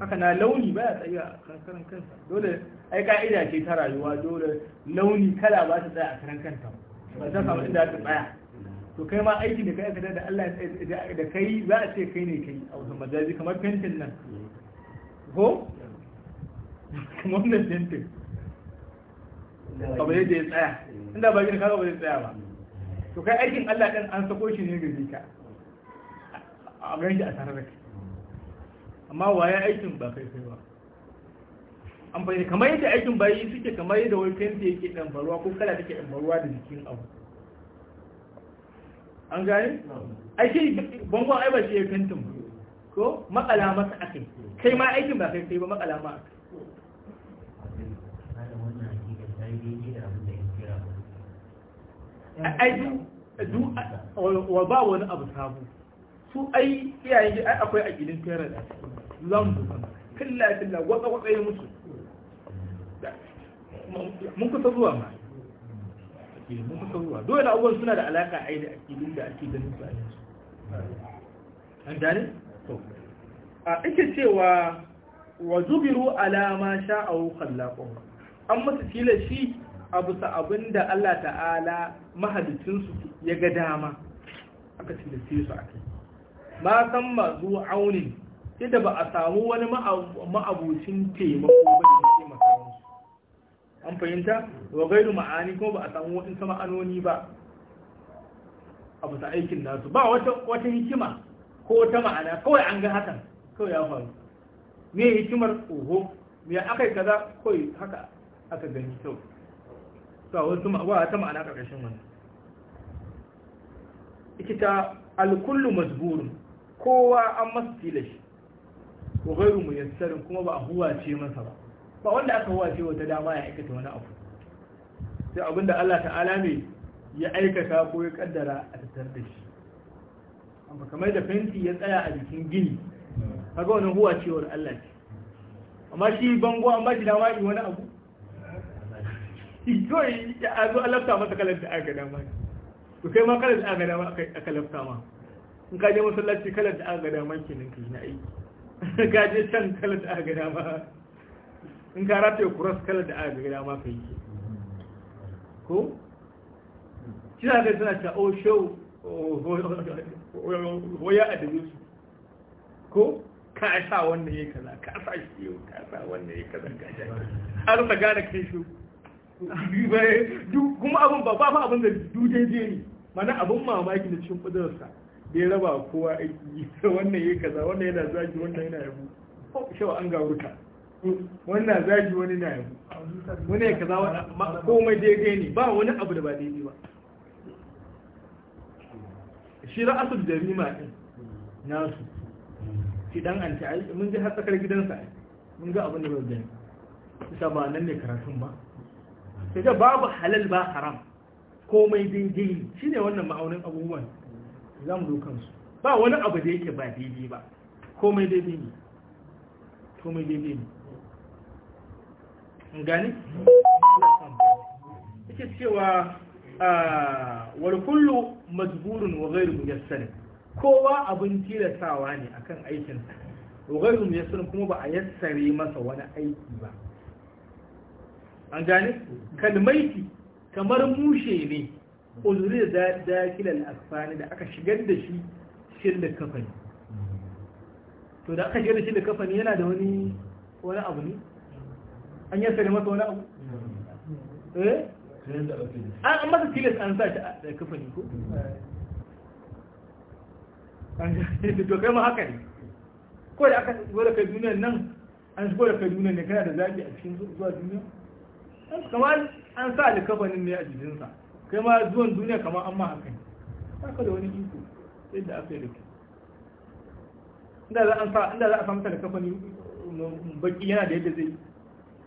haka na launi ba ya tsaye a karan kanta dole ai ka'ida ce ta rayuwa dole launi kala ba ta tsaya a karan kanta ba ta samu inda ta tsaya to kai ma aikin da kai aikata da Allah ya da kai za a ce kai ne kai a wasu majaji kamar fentin nan ko kamar nan fentin kamar yadda ya tsaya inda ba gina kawo ba zai tsaya ba to kai aikin Allah ɗin an sako shi ne ga ka a ganin shi a tare da kai amma waye aikin ba kai kai ba amfani kamar yadda aikin bayi suke kamar yadda wani fenti yake ɗan faruwa ko kala take ɗan faruwa da jikin abu an gane Aiki bangon ai ba shi ya fentin ko makala masa aka kai ma aikin ba kai kai ba makala ma akai Aiki, du wa ba wani abu sabu su ai ji ai akwai a gidan da lambu kalla kalla wata wata ya mutu mun kusa zuwa ma eh, mun kusa zuwa dole abubuwan suna da alaka ai da akidin da ake ganin su a yanzu an gane to a ake cewa wa zubiru alama sha'au khallaqu an musu tilas shi abu sa abinda Allah ta'ala mahadicinsu ya ga dama aka tilas su akai ma san mazu aunin ita ba a samu wani ma'abucin taimako ba da taimaka musu an fahimta ba gairu ma'ani kuma ba a samu sama ma'anoni ba a bisa aikin nasu ba wata hikima ko wata ma'ana kawai an ga hakan kawai ya faru me hikimar oho me aka yi kaza kawai haka aka gani kyau ba wata ma'ana ƙarƙashin wani. ikita alkullu mazburin kowa an masa shi ko gairu mu yassarin kuma ba a huwace masa ba ba wanda aka huwace wata dama ya aikata wani abu sai abinda Allah ta'ala ne ya aikata ko ya kaddara a tattar da shi amma kamar da fenti ya tsaya a jikin gini kaga wannan huwacewar Allah ce amma shi bango an ba shi dama yi wani abu shi kawai ya zo alafta masa kalar da aka dama to kai ma kalar da aka dama aka lafta ma in ka je masallaci kalar da aka dama kenan ka yi na aiki ka je can kalar da aka dama in ka rataye kuras kalar da aka dama ka yi ko shi za kai suna ta o oh, show oh, waya a dabi su ko ka sa wannan ya kaza ka sa shi yau ka sa wannan ya kaza ka sha a rasa gane kai shi kuma abin ba ba abin da duje ne mana abin mamaki da cikin kudurarsa bai raba kowa aiki wannan ya kaza wannan yana zagi wannan yana yabo shawa an ta wannan zagi wani na yabo wani ya kaza komai daidai ne ba wani abu da ba daidai ba shi da jarima din nasu shi dan an ci mun ji har tsakar gidansa mun ga abin da ba zai isa ba nan ne karatun ba sai babu halal ba haram komai daidai ne wannan ma'aunin abubuwan za mu dokan su ba wani abu da yake ba daidai ba komai daidai ne komai daidai ne gani yake cewa wal kullu majburun wa ghairu muyassar kowa abin tilatawa ne akan aikin sa wa ghairu muyassar kuma ba a yassare masa wani aiki ba an gani? kalmaiti kamar mushe ne uzuri da dakilan alfani da aka shigar da shi cikin da kafani to da aka shigar da shi da kafani yana da wani wani abu ne an yi da masa wani abu eh an masa tilis an sa shi da kafani ko to kai ma haka ne ko da aka zo da kai duniyar nan an shigo da kai duniyar ne kana da zaki a cikin zuwa duniya kamar an sa kafanin ne a jikinsa kai ma zuwan duniya kamar an ma haka ba ka da wani iko yadda aka yi da kai inda za a sa inda za a samu daga kafani baki yana da yadda zai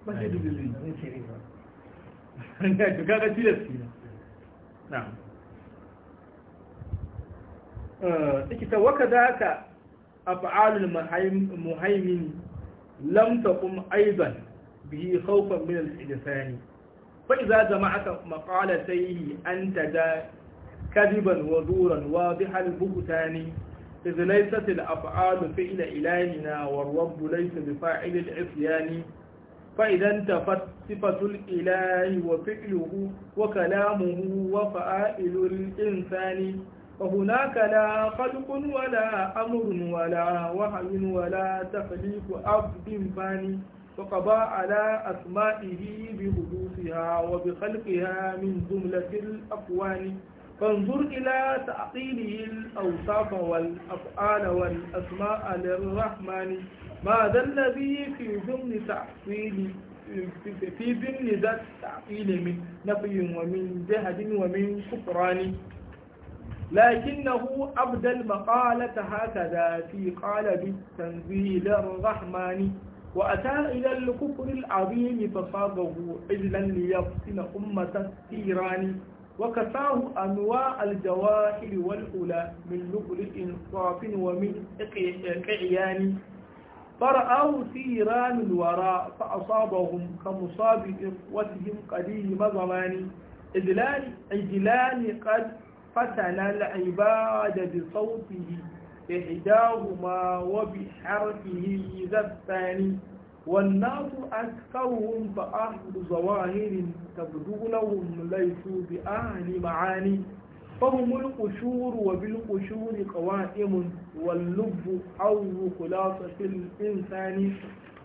ba sai da zai zai ce ne ba ga ga tilas ne na take ta waka da ka af'alul muhaimin lam taqum aidan bihi khawfan min al-ihsani fa iza jama'aka maqala sayhi anta da kadiban wa duran wadiha al bukutani iz laysat al af'al fi'la ilayna wa al rabb laysa bi fa'il al ifyan fa idha intafat sifatu ko ilah wa fi'luhu wa kalamuhu wa fa'il al insan fa hunaka la khalq wa la amr wa la wahy wa la taqlif فقضى على أسمائه بحدوثها وبخلقها من جملة الأكوان فانظر إلى تعطيله الأوصاف والأفعال والأسماء للرحمن ماذا الذي في ضمن تعطيل في ضمن ذات تعطيل من نفي ومن جهد ومن كفران لكنه أبدى المقالة هكذا في قالب التنزيل الرحمن وأتى إلى الكفر العظيم فصابه عجلا ليفصل أمة الثيران وكفاه أنواع الجواهر والأولى من لؤلؤ إنصاف ومن كعيان فرأوا ثيران الوراء فأصابهم كمصاب إخوتهم قديم زمان إجلال قد فتن العباد بصوته إحداهما وبحرفه ذا الثاني والناس أكثرهم فأهل ظواهر تبدو لهم ليسوا بأهل معاني فهم القشور وبالقشور قوائم واللب أو خلاصة الإنسان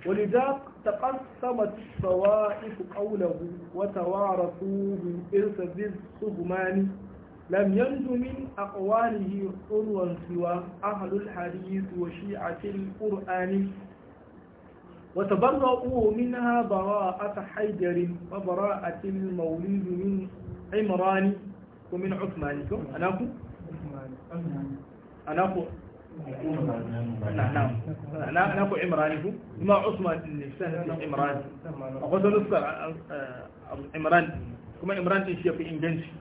ولذا تقسمت الصوائف قوله من إرث ذي لم ينج من أقواله قروا سوى أهل الحديث وشيعة القرآن وتبرؤوا منها براءة حيدر وبراءة المولد من عمران ومن عثمان أناكو أناكو نعم أناكو عمرانكم ما عثمان سهل عمران أقول لك آه، عمران كم عمران تشيء في إنجنسي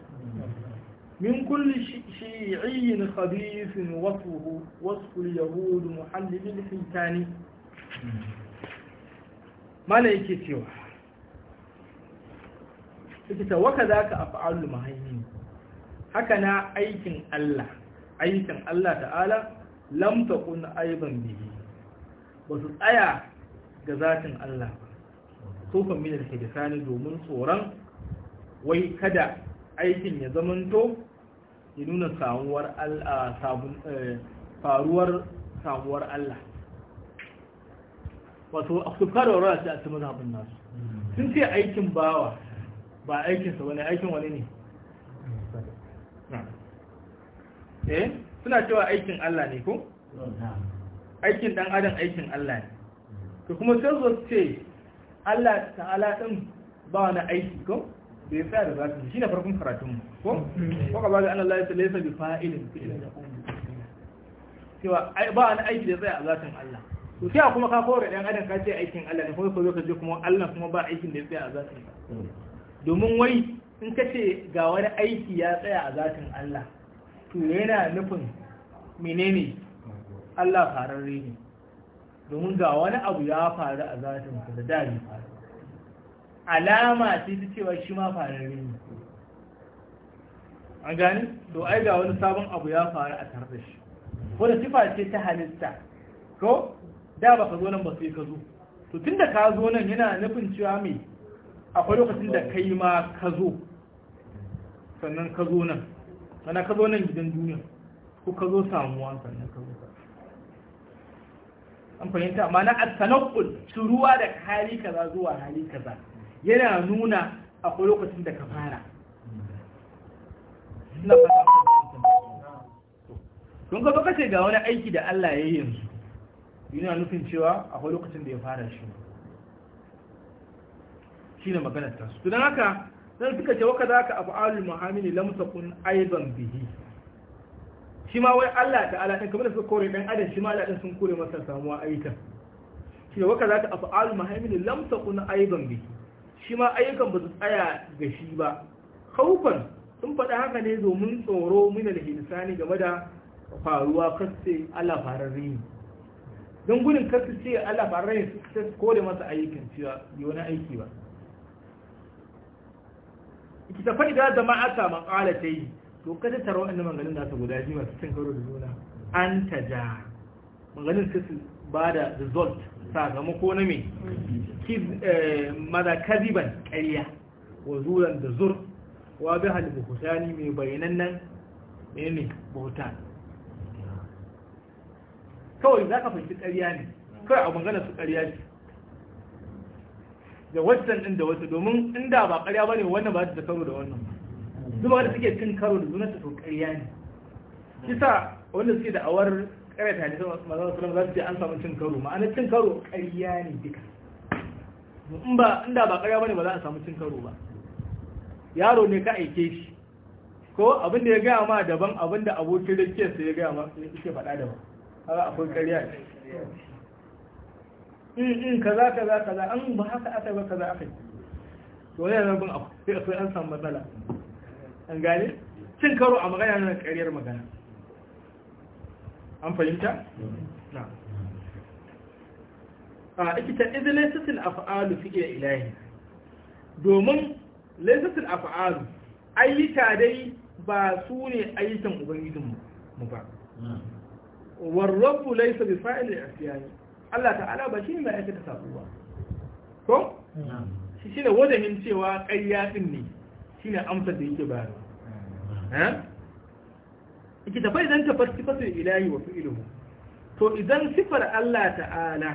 من كل شيعي خبيث وصفه وصف اليهود محلل الحيتان ما لا يكي سوى ita wakaza ka af'alu mahayyin haka na aikin Allah aikin Allah ta'ala lam taqun aiban ba su tsaya ga zakin Allah ba. sofan min al domin tsoron wai kada aikin ya zamanto ya nuna samuwar eh, faruwar samuwar Allah wato a tukar wa ce a cikin mazhabin nasu mm-hmm. sun ce aikin bawa ba aikinsa wani aikin wani ne mm-hmm. eh suna cewa aikin Allah ne ko? Mm-hmm. aikin dan adam aikin Allah ne to kuma sai zo ce Allah ta'ala din ba wani aiki ko? bai tsaya da zafi shi ne farkon karatun ko ko mm. ka da Allah ya laysa bi fa'ilin fi'lan yaqum cewa ba wani aiki da tsaya a zatin Allah to sai kuma ka kore dan adam ka ce aikin Allah ne kuma ka zo ka je kuma Allah kuma ba aikin da ya tsaya a zatin ka mm. domin wai in ka ce ga wani aiki ya tsaya a zatin Allah to yana nufin menene Allah fararre ne domin ga wani abu ya faru a zatin da da ya faru alama sai ta cewa shi ma farare ne an gani to ai ga wani sabon abu ya faru a tare da shi Ko da sifa ce ta halitta ko da ba ka zo nan ba sai ka zo to tun da ka zo nan yana nufin cewa mai akwai lokacin da kai ma ka zo sannan ka zo nan sannan ka zo nan gidan duniya ko ka zo samuwa sannan ka zo an fahimta mana a tanakul ruwa da hali kaza zuwa hali kaza yana nuna akwai lokacin da ka fara na don ka baka ce ga wani aiki da Allah ya yi yanzu yana nufin cewa akwai lokacin da ya fara shi shi ne maganar tasu tunan haka zan suka ce waka za ka abu alul muhammini lamsakun aizon bihi shi ma wai Allah ta ala ɗin kamar da suka kore ɗan adam shi ma Allah sun kore masa samuwa aikin shi waka za ka abu alul muhammini lamsakun aizon bihi shi ma ayyukan ba su tsaya ga shi ba haufan sun faɗi haka ne domin tsoro mina da hinsani game da faruwa kasse ala fararre ne don gudun kasu ce ala fararre ne su kore masa ayyukan cewa yi wani aiki ba ta faɗi da zama aka maƙala ta yi to kada tara waɗannan maganin nasa guda biyu masu cin karo da juna an ta ja maganin su ba da result sakamako na mai eh, mada kaziban ƙarya wa zuran da zur wa bi halibu buhutani mai bayanan nan ne bauta kawai za ka fahimci ƙarya ne kawai a magana su ƙarya ne. da wancan ɗin da wata domin inda ba ƙarya ba ne wannan ba ta karo da wannan ba zuba da suke cin karo da zunar ta to ƙarya ne kisa wanda suke da awar kare ta hadisa maza su za su ce an samu cin karo ma'ana cin karo ƙarya ne duka in ba inda ba ƙarya bane ba za a samu cin karo ba yaro ne ka aike shi ko abin da ya gaya ma daban abin da abokin rikiyarsa ya gaya ma yake faɗa daban haka akwai ƙarya in in kaza kaza kaza an ba haka aka ba kaza aka yi to wani yana bin akwai an samu matsala an gane cin karo a magana na ƙaryar magana an fahimta? na a ikita izi laisatul af'alu fiye ilahi domin laisatul af'alu ayyuka dai ba su ne ayyukan ubangijin mu ba warrabu laisa bi fa'il al-asiyani Allah ta'ala ba shi ne mai aikata sabo ba ko shi ne wajen cewa ne shi ne amsar da yake bayarwa yake da idan ta bar sifatul ilahi wa fi'iluhu to idan sifar Allah ta'ala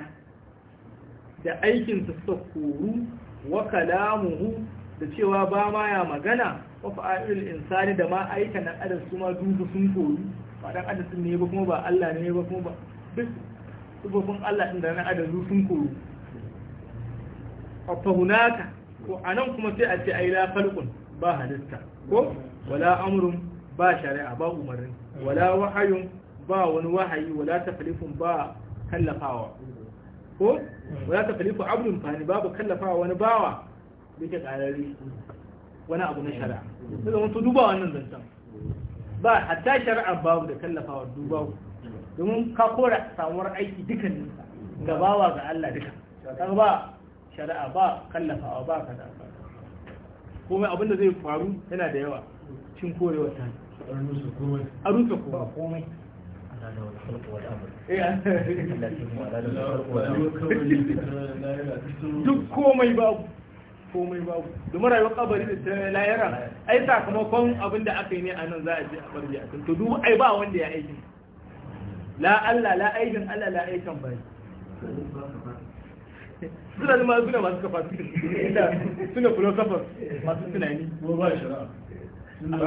da aikinsa suka koru wa kalamuhu da cewa ba ma ya magana wa fa'il insani da ma aika na adam su ma dubu sun koyi ba dan adam sun ne ba kuma ba Allah ne ba kuma ba duk sifofin Allah din da nan adam sun koru fa hunaka ko anan kuma sai a ce ai la khalqun ba halitta ko wala amrun ba shari'a ba umarni mm. wala wahayun ba wani wahayi wala taklifun ba kallafawa ko mm. wala taklifu abdun fani babu kallafawa wani bawa da yake karari wani abu na shari'a mm. sai zama to duba wannan zancen ba hatta shari'a babu da kallafawa duba domin ka kora samuwar aiki ga gabawa ga Allah duka Kan ba shari'a ba kallafawa ba kada komai abin da zai faru yana da yawa cin korewar ta a rufe komai duk komai babu komai babu domin rayuwar kabari da ta layara ai sakamakon abin da aka yi ne a nan za a ce a barbi a to duk ai ba wanda ya aikin la Allah la aikin Allah la aikin bai suna zama suna masu kafa suna philosophers masu tunani ba shari'a sai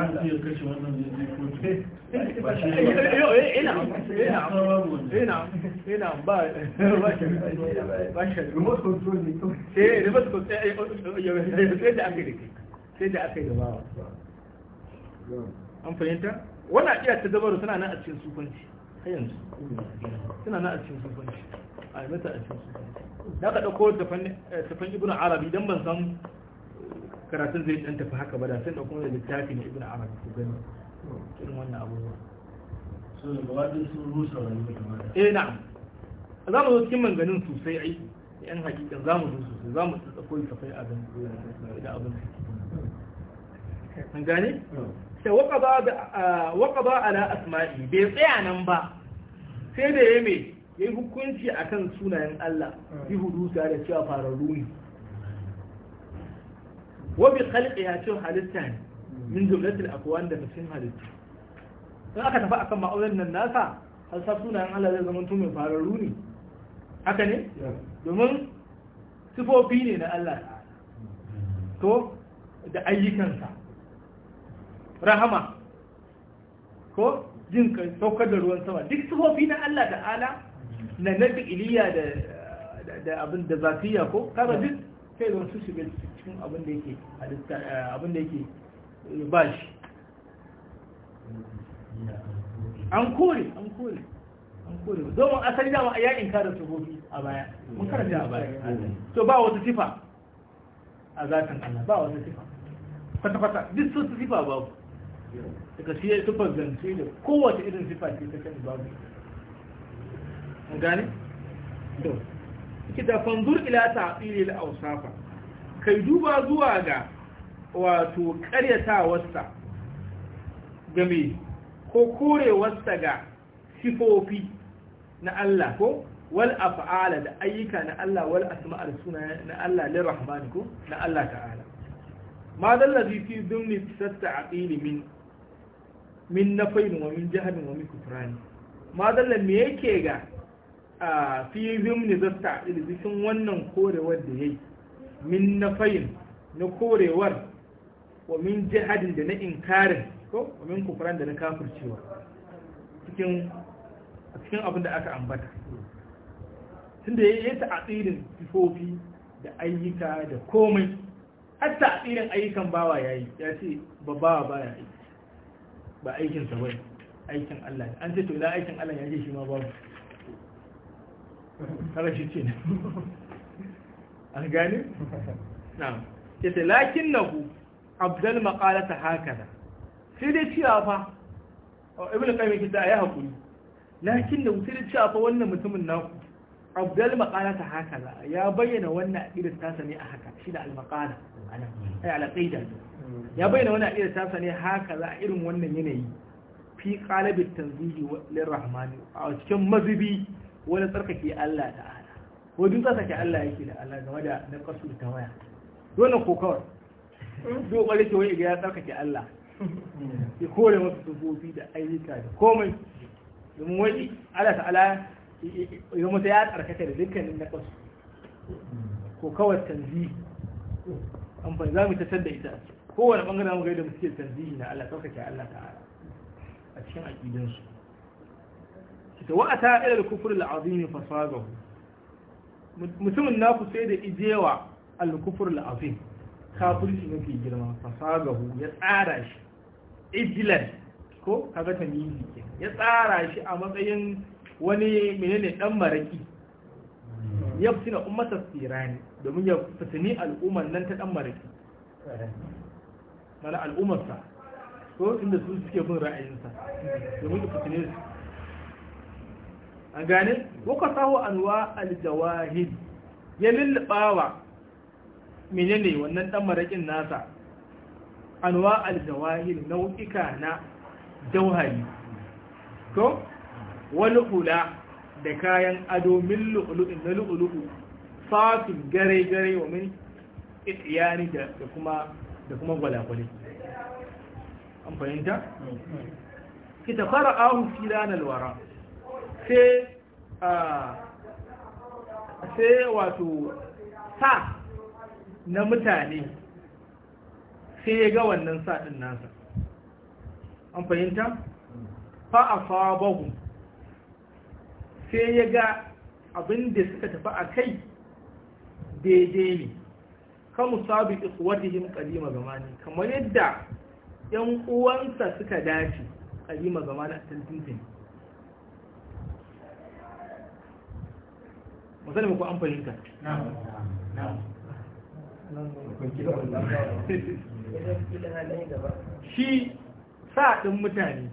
da aka yi gabawa an fahimta suna nan a cikin sufanci har yanzu suna nan a cikin sufanci a yi mata a cikin sufanci da aka ɗauko eh, tafan ibn arabi don ban san karatun zai dan tafi haka ba da sai da kuma da littafi na ibnu arab ku gani irin wannan abubuwa so da gawadin sun rusa rayuwa kamar eh na'am za mu zo cikin manganin sosai ai yan hakikan za mu zo sosai za mu tsako ka fai abin da abin an gane sai waka ba ah, ala asma'i bai tsaya nan ba sai da ya mai ya yi hukunci akan sunayen Allah yi hudusa da cewa fararru ne wa bi khalqiha cin halitta ne min jumlatil akwan da cikin halitta in aka tafi akan ma'aunin nan nasa har sa sunayen Allah zai zama mai fararru ne haka ne domin sifofi ne na Allah to da ayyukansa rahama ko jin kai saukar da ruwan sama duk sifofi na Allah ta'ala na nafi iliya da abin da zafiya ko kaga duk sai zama su shiga cikin abin da yake eh, abin yake eh, ba shi an kore an kore an kore domin asali dama a yakin su sufofi a baya mun karanta a baya to ba wata sifa a zatin Allah ba wata sifa kwata-kwata duk sun sifa ku daga shi ya sifar zance da kowace irin sifa ce ta kan babu gane? to kita fanzur ila ta'til al-awsafa kai duba zuwa ga wato ƙaryatawarsa game ko korewarsa ga sifofi na Allah ko wal af'ala da ayyuka na Allah wal asma'ar suna na Allah lir rahman ko na Allah ta'ala ma dal ladhi fi dhimni tasta'ili min min nafain wa min jahlin wa min kufran ma dal me yake ga a fi zimni zasta cikin wannan korewar da ya yi min na fayin na korewar wa min jihadin da na inkarin ko wa min kufuran da na kafircewa cikin cikin abin da aka ambata tunda ya yi atsirin sifofi da ayyuka da komai har atsirin ayyukan bawa ya yi ya ce ba bawa ba ya aiki ba aikinsa ba aikin Allah an ce to idan aikin Allah ya ce shi ma babu har shi ce an gani? na ya ce lakin na ku abdal makalata haka sai dai ciya fa ibn qayyim kita ayi hakuri lakin da sai dai ciya fa wannan mutumin ku abdal makalata haka haka ya bayyana wannan irin tasa ne a haka shi da almakala a ana ai ya bayyana wannan irin tasa ne haka za a irin wannan yanayi fi qalabit tanzihi lir a cikin mazubi wani tsarkake Allah ta'ala wajen tsarkake Allah yake da Allah game da na kasu ta waya dole ko kawai dole ɓare ke wani ya tsarkake Allah ya kore masu sufofi da ayyuka da komai domin wani Allah ta'ala ya mutu ya tsarkaka da dukkanin na kasu ko kawai tanzi amfani za mu tattar da ita kowane bangaren mu ga mu muke tanzihi na Allah tsarkake Allah ta'ala a cikin aƙidansu ta wa'ata ila al-kufr al-azim fasagahu mutumin naku sai da ijewa al-kufr al-azim kafirci mafi girma fasagahu ya tsara shi ijilan ko kaga tamyizi ke ya tsara shi a matsayin wani menene dan maraki ya fitina ummatar tsirani domin ya fitini al'ummar nan ta dan maraki mana al'ummarsa ko inda su suke bin ra'ayinsa domin ya fitine su an gane waka sahu anwa aljawahid ya lullubawa menene wannan dan marakin nasa anwa aljawahid nau'ika na jauhari ko wani hula da kayan ado min lu'lu'in na lu'lu'u fatin gare-gare wa min itiyani da kuma da kuma gwalagwale an fahimta? Mm. kita fara ahu ranar wara sai wato sa na mutane sai ya ga wannan sa ɗin nasa an fahimta? fa'afa bahu sai ya ga abin da suka tafi a kai daidai ne kamu sabi ikwatihim kalima zamani kamar yadda ‘yan uwansa suka dace kalima zamani a tantintin ba sani ko an fahimta shi sa ɗin mutane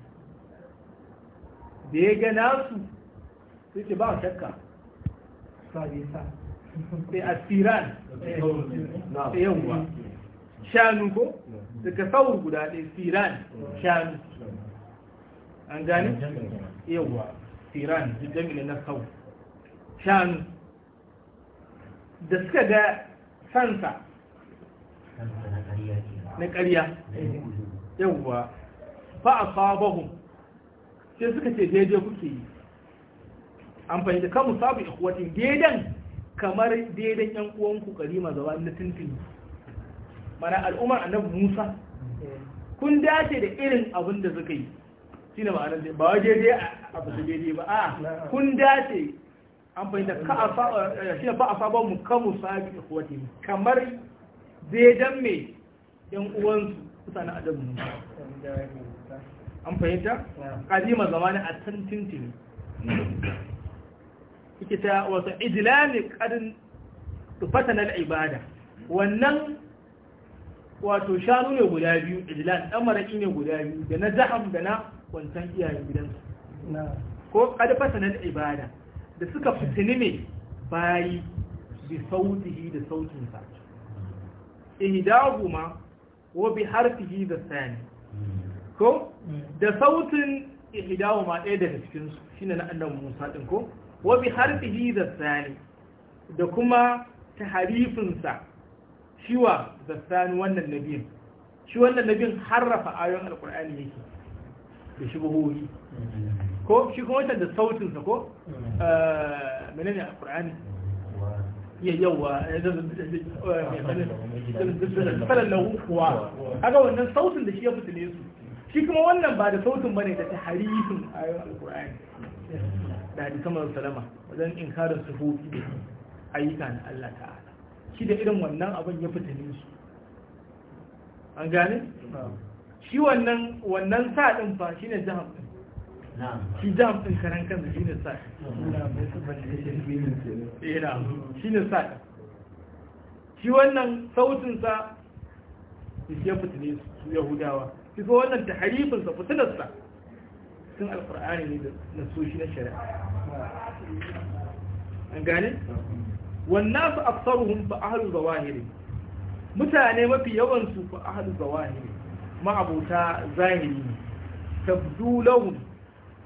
da ya gana su sai ce ba shakka sai tsiran? sai yawwa shanu ko daga saur guda ɗaya siran shanu an gani yawwa siran jirgin na saur shanu da suka ga santa na ƙarya yawwa ba a sabahun sai suka ce daidai kuke yi amfani da kamun sabu kuwatin daidan kamar daidan yan uwanku karima zaba na tuntuni mana al'ummar annabi musa kun dace da irin abin da suka yi shi ne ba daidai a abu daidai ba a kun dace an fahimta ka a eh, shi ba a sabon mu kamu sabi ikhwati kamar daidan me yan uwansu kusa na adam mu an fahimta kadima zamani a tantintin kike ta wasu idlani kadin na ibada wannan wato shanu ne guda biyu idlan dan maraki ne guda biyu da na zaham da na kwantan iyayen gidansu ko na ibada. da suka fitini ne bayi bi sautihi da sautinsa ihdahuma wa bi harfihi da sani ko da sautin ihdahuma ɗaya daga cikin su shine na annabi Musa din ko wa bi harfihi da sani da kuma ta harifinsa shiwa da sani wannan nabiyin shi wannan nabiyin harrafa ayoyin alkur'ani yake da shi shubuhohi ko shi kuma wata da sautin sa ko menene a ƙur'ani ya yawa tsarar da kuwa aga wannan sautin da shi ya tune su shi kuma wannan ba da sautin bane da ta harifin ayon alkur'ani da hadisan masu salama wajen su sufofi da ayyuka na Allah ta'ala shi da irin wannan abin ya tune su an gane shi wannan wannan sa ɗin fa shi ne jahannam hijab din karan kansa shi ne sa'i eh, shi ne sa'i shi wannan sautinsa ya fitine su yahudawa shi ko wannan ta harifinsa fitinarsa sun alfur'ani ne na soshi na shari'a an gane? wannan su afsaruhun fa ahalu zawahiri mutane mafi yawansu fa ahalu zawahiri ma'abuta zahiri tabdu lahum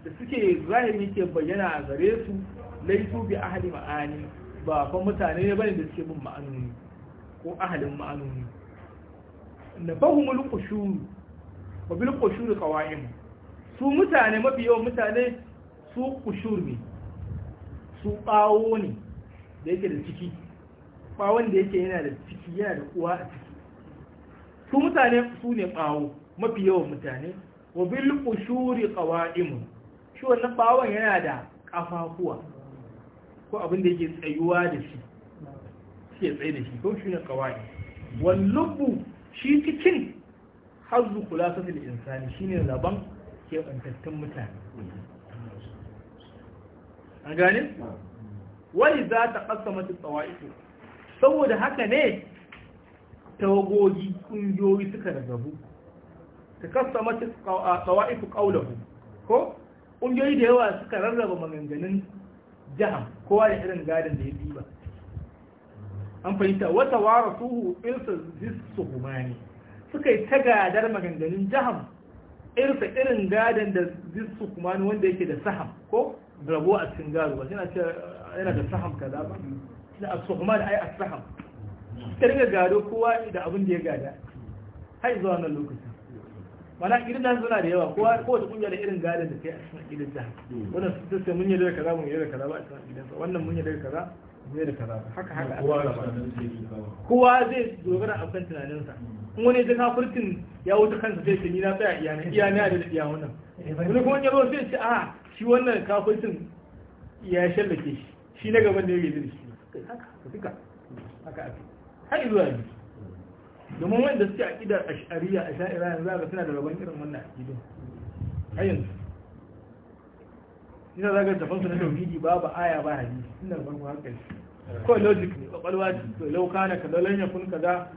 da suke zahiri ke bayyana a gare su laisu bi ahli ma'ani ba fa mutane ne bane da suke bin ma'anoni ko ahalin ma'anoni na fahimul qushur wa bil qushur qawaim su mutane mafi yawan mutane su qushur ne su bawo ne da yake da ciki bawon da yake yana da ciki yana da uwa a ciki su mutane su ne bawo mafi yawan mutane wa bil qushuri qawaimun shi wannan bawon yana da kafafuwa ko abin yake tsayuwa da shi suke tsaye da shi ko shi ne kawai wallubu shi cikin hazu kula sa shi insani shine zaban keɓantattun mutane an gane wani za ta ƙasa mata tsawa'iku saboda haka ne tawagogi ƙungiyoyi suka ragabu ta ƙasa mata tsawa'iku ƙaunahu ko ƙungiyoyi da yawa suka rarraba maganganun jihar kowa da irin gadon da ya ɗiba an fahimta wata wara suhu irsa zisu humani suka yi ta gadar maganganun jihar irsa irin gadon da zisu humani wanda yake da saham ko rabo a cikin gado ba yana da saham kaza ba da asuhumani ai saham suka riga gado kowa da abin da ya gada har zuwa wannan lokaci mana idan suna da yawa ko kowace kungiya da irin gadon da ta a cikin gidan ta wannan su sai mun yi da kaza mun yi da kaza ba a cikin idan wannan mun yi da kaza mun yi da kaza haka haka kowa a cikin kowa zai dogara a kan tunaninsa in wani ta kafirtin ya wuce kansa sai ce ni na tsaya iyana iyana da iya wannan wani kuma ya zo zai ce a shi wannan kafirtin ya shallake shi shi na gaban da haka haka da shi haka haka haka haka haka domin wanda suke a ash'ariyya a sha'ira yanzu ga suna da rabon irin wannan aqidu ayin yanzu ina zaga jafon su na tauhidi babu aya ba hadisi ina farko hankali ko logic ne kwakwalwa to lau kana kaza lan kun kaza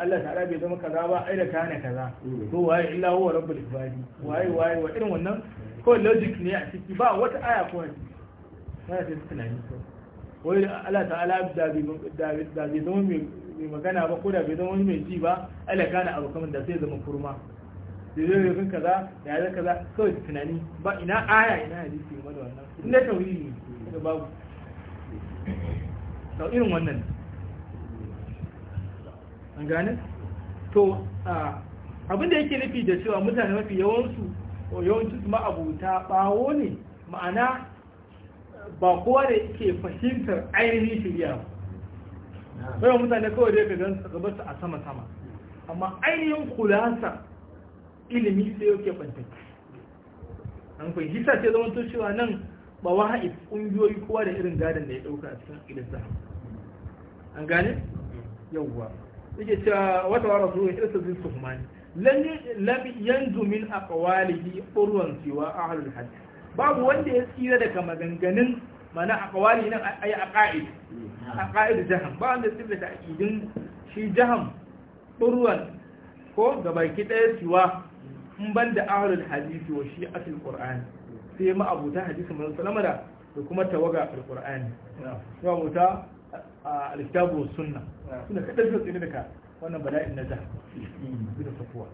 Allah ta bai zama kaza ba ai da kana kaza to waye illa huwa rabbul ibadi waye waye wa irin wannan ko logic ne a ciki ba wata aya ko hadisi sai ta tunani ko wai Allah ta'ala da bai da bai zama mai mai magana ba ko da bai zama wani mai ji ba ala kana abu kamar da sai zama kurma sai zai rufin kaza da ya kaza kawai tunani ba ina aya ina hadisi ma da wannan in na tauhidi ne da babu sau irin wannan an gane to abin da yake nufi da cewa mutane mafi yawansu yawancin su ma'abuta bawo ne ma'ana ba kowa da ke fahimtar ainihin shirya ba sai mutane kawai dai ka gansu ka basu a sama sama amma ainihin kulasa ilimi sai yau ke bantaki an kai hisa ce zama to cewa nan ba haɗi ƙungiyoyi kowa da irin gadon da ya ɗauka a cikin ilisa an gane yawwa yake cewa wata wara zuwa ya irsa zin suhmani Lami yanzu min aqwalihi cewa a halin hadith babu wanda ya tsira daga maganganun mana a kawali nan a yi a ƙa'id a ƙa'id jaham ba wanda su da ta’idin shi jaham ɗurwan ko ga baki ɗaya siwa in ban da ahalul hadisi wa shi asil ƙur'ani sai ma abuta hadisi mai salama da da kuma tawaga alƙur'ani su abuta a alkitabu sunna suna kaɗan su tsini daga wannan bala'in na jaham bi da safuwa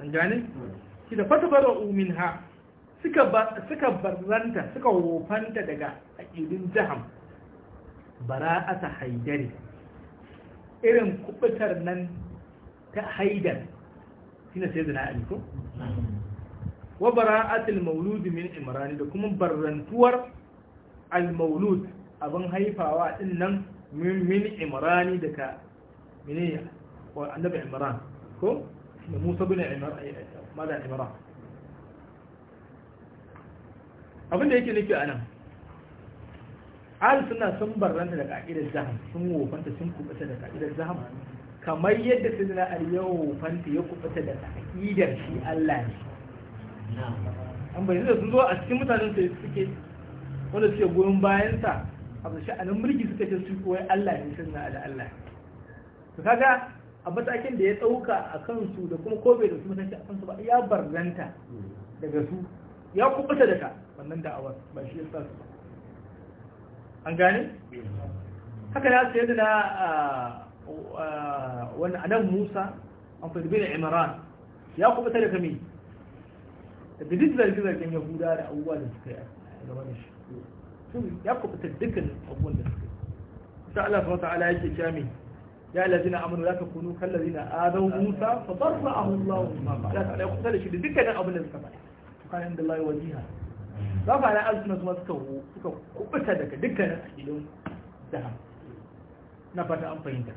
an gane shi da fata bara umin ha suka barranta suka wofanta daga aƙidin jaham bara'ata haidari irin kubutar nan ta haidar shine sai zina aliko wa bara'atul maulud min imran da kuma barrantuwar al mawlud abin haifawa din nan min min imran daga menene wa annabi imran ko Musa bin Imran eh, eh, madan Imran abin da yake nufi a nan ahal suna sun barranta da ka'idar zaham sun wofanta sun kubuta da ka'idar zaham kamar yadda zina a ya wofanta ya kubuta da ka'idar shi Allah ne an bayyana da sun zo a cikin mutanen sai suke wanda suke goyon bayansa a bashi sha'anin mulki suka ce su kuwa Allah ne sun da Allah su kaga a matakin da ya ɗauka a kansu da kuma ko bai da su mataki a kansu ba ya barranta daga su ya kubuta da ka wannan da'awar ba shi ya su an gane? haka da su yadda na wani anan musa an fi da imran ya kuma tare kame da duk zarge-zargen yahuda da abubuwa da suka yi a gaba da shi ya kuma fitar dukkan abubuwan da suka yi sai Allah subhanahu ta'ala yake cewa me ya allazina amanu la takunu kal ladina adaw musa fa barra'ahu Allah mimma qala ya kuma tare shi da dukkan abin da suka faɗa kana inda Allah wajiha ba fa na alsuna kuma suka suka kubuta daga dukkanin akidun da na fata an fahimta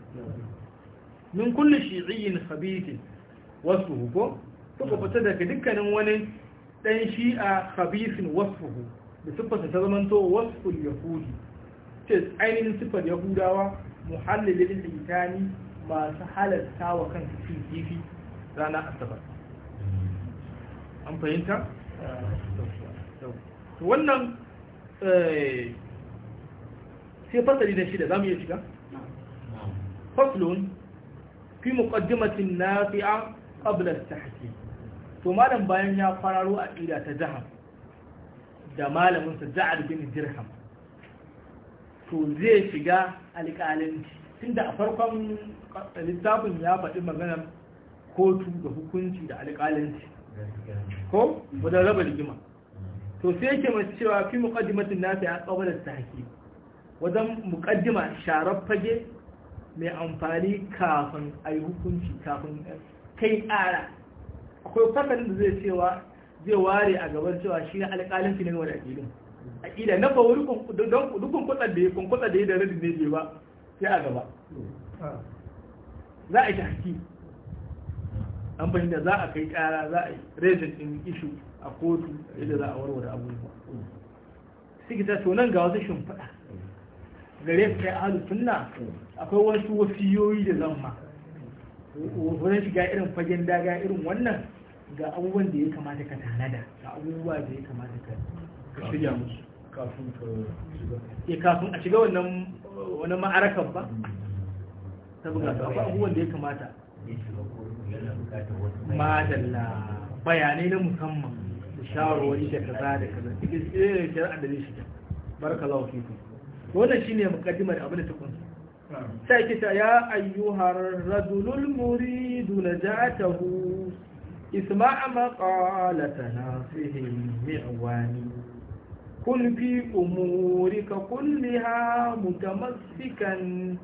min kulli shi'iyyin khabithin wasfuhu ko suka fita daga dukkanin wani dan shi'a khabithin wasfuhu da siffarsa ta zamanto wasful yahudi ce ainihin siffar yahudawa muhallilin litani masu halarta wa kansu cin kifi rana asabar an fahimta? wannan eh, sai fasali na shida za mu iya shiga? faslun fi muqaddimatin nafi'a qabla at-tahkim to malam bayan ya fararo a ida ta jaham da malamin sa ja'al bin dirham to zai shiga alƙalanci tunda a farkon littafin ya faɗi maganar kotu da hukunci da alƙalanci ko wajen raba rigima to sai yake mace cewa fi muqaddimatin nafi a qabala tahqiq wajen muqaddima sharar fage mai amfani kafin ai hukunci kafin kai ƙara akwai fasalin da zai cewa zai ware a gaban cewa shi ne alƙalin ne wani aƙilin aƙila na fa wani dukkan kwatsar da ya kwankwatsar da ya da radin ne ba sai a gaba za a yi tahqiq an fahimta za a kai ƙara za a yi raising in issue a kotu yadda za a warware abubuwa suke ta to nan ga wasu shimfiɗa gare su kai ahalu sunna akwai wasu wasiyoyi da zamma wurin shiga irin fagen daga irin wannan ga abubuwan da ya kamata ka tanada ga abubuwa da ya kamata ka shirya musu kafin ka shiga kafin a shiga wannan wani ma'arakan ba ta buga akwai abubuwan da ya kamata madalla bayanai na musamman shawarwari da kaza da kaza cikin tsirin shari'a da zai shiga barakallahu fiku wannan shine muqaddimar abin da ta kunsa sai kita ya ayyuhar rajulul muridu najatahu isma' maqalatana fihi mi'wani kun fi umurika kulliha mutamassikan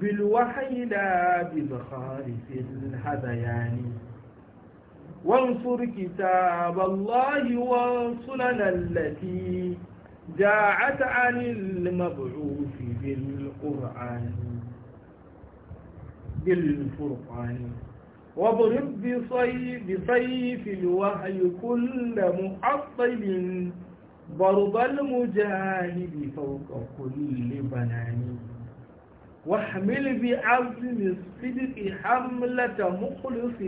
bil wahyi la bi zakhari fil hadayani وانصر كتاب الله وانصلنا التي جاعت عن المبعوث بالقرآن بالفرقان واضرب بصيف, بصيف الوحي كل محطل برض المجاهد فوق كل بنان واحمل بعزم الصدق حملة مخلص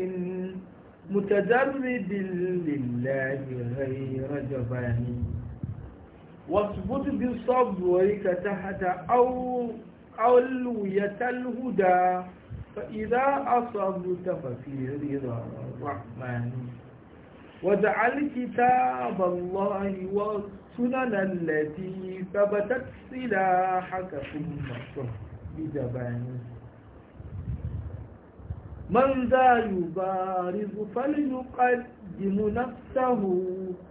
متجرد لله غير جبان واثبت بصبرك تحت أو علوية الهدى فإذا أصبت ففي رضا الرحمن واجعل كتاب الله والسنن التي ثبتت سلاحك ثم صح بجبانه من ذا يبارز فليقدم نفسه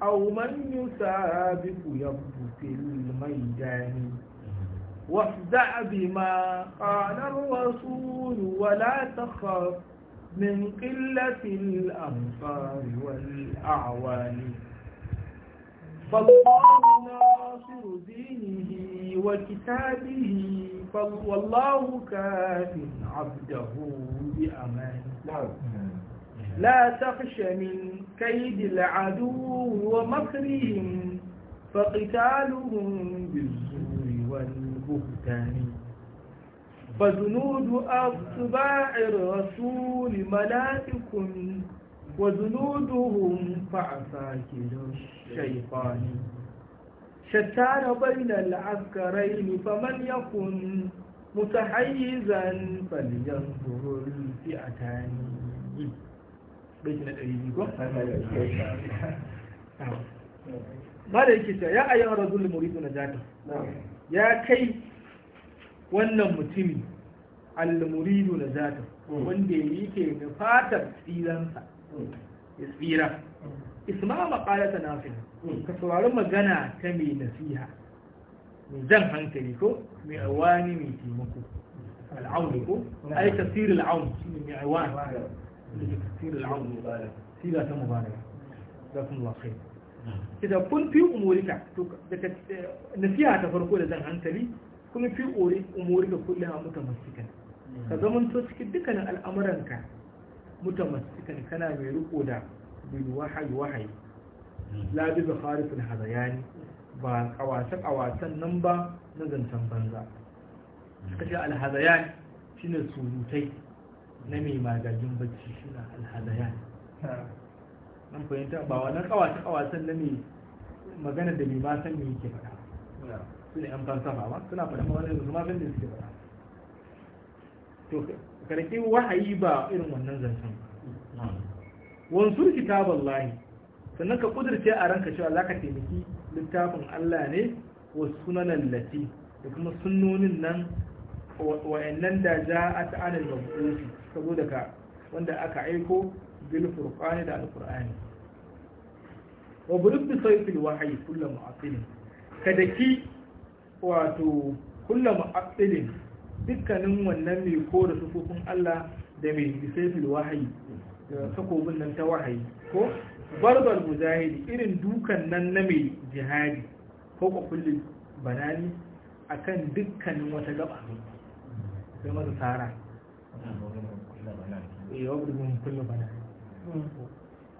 أو من يسابق يبدو في الميدان وافدع بما قال الرسول ولا تخف من قلة الأنصار والأعوان فالله ناصر دينه وكتابه والله كاف عبده بأمان نعم. لا تخش من كيد العدو ومكرهم فقتالهم بالزور والبهتان فزنود أتباع الرسول ملائك فعفاك فعساكر الشيطاني شتان بين العسكرين فمن يكن متحيزا فلينظر الفئتان ما da yake cewa ya ayyan rajul muridu na jata ya kai wannan mutumi al-muridu na jata wanda yake da fatar tsiransa tsira isma maƙala ta nafi ka saurari magana ta mai nasiha mai jan hankali ko mai awani mai taimako al'auni ko ai tafsir al'aun shine mai awani tafsir al'aun sila ta mubaraka zakum Allah kai. idan kun fi umurika to daga eh, nasiha ta farko da jan hankali kuma fi umurika kullaha masikan. ka zamanto cikin dukkanin al'amuranka masikan kana mai riko da bilwahayi wahayi la bi zakharifin hazayani ba kawace kawacen nan ba na zancen banza suka ce alhazayan ne surutai na mai magajin bacci shi shine alhazayan an fahimta ba wannan kawace kawacen na mai magana da mai ma san me yake faɗa su ne yan falsafa ba suna faɗa ma wani su ban san da suke faɗa to karki wahayi ba irin wannan zancen ba wansur kitaballahi sannan ka kudirce a ranka cewa ka taimaki littafin Allah ne wa sunanan lati da kuma sunonin nan wa'annan da ja'at da mabusi saboda ka wanda aka aiko bil furqani da alqur'ani wa burib bi kullum wahyi kullu mu'attilin kadaki wato kullu mu'attilin dukkanin wannan mai kora sufufin Allah da mai bi sayfil wahyi takobin nan ta wahayi ko barbar mujahidi irin dukan nan na mai jihadi ko kwakwullin banani a kan dukkanin wata gaba sai masa tsara eh,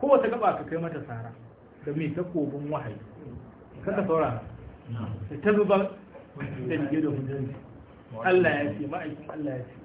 ko wata gaba ka kai mata tsara da mai takobin wahayi kaka saura da ta zubar da jige da hujjanci Allah ya ce ma'aikin Allah ya ce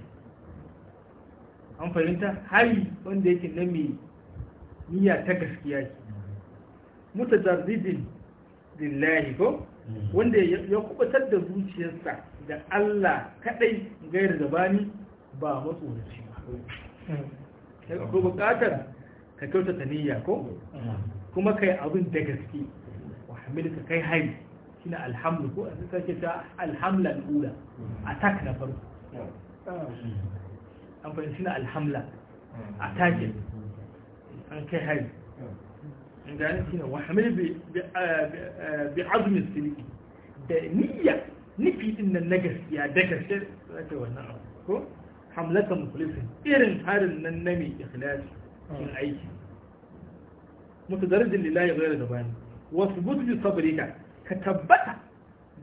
an fahimta hari wanda yake na mai niyya ta gaskiya ke mutajarridin lillahi ko mm. wanda ya kubatar da zuciyarsa da Allah kadai gairar bani ba matsoraci ba mm. ko bukatar ka kyautata niyya ko mm. kuma kai abin da gaske wa hamilka kai hari shine alhamdu ko a ta alhamla al'ula attack na farko ah. an fahimci suna alhamla a hmm. takin an kai hari hmm. an gane shi ne wahamil bi eh, eh, azumin siliki da niyya nufi din nan na gaskiya da gaske zaka wannan abu ko hamlatan mukhlisin irin harin nan na mai ikhlasi cikin hmm. aiki mutadarrijin lillahi ghayra da bani wasu bi sabrika ka tabbata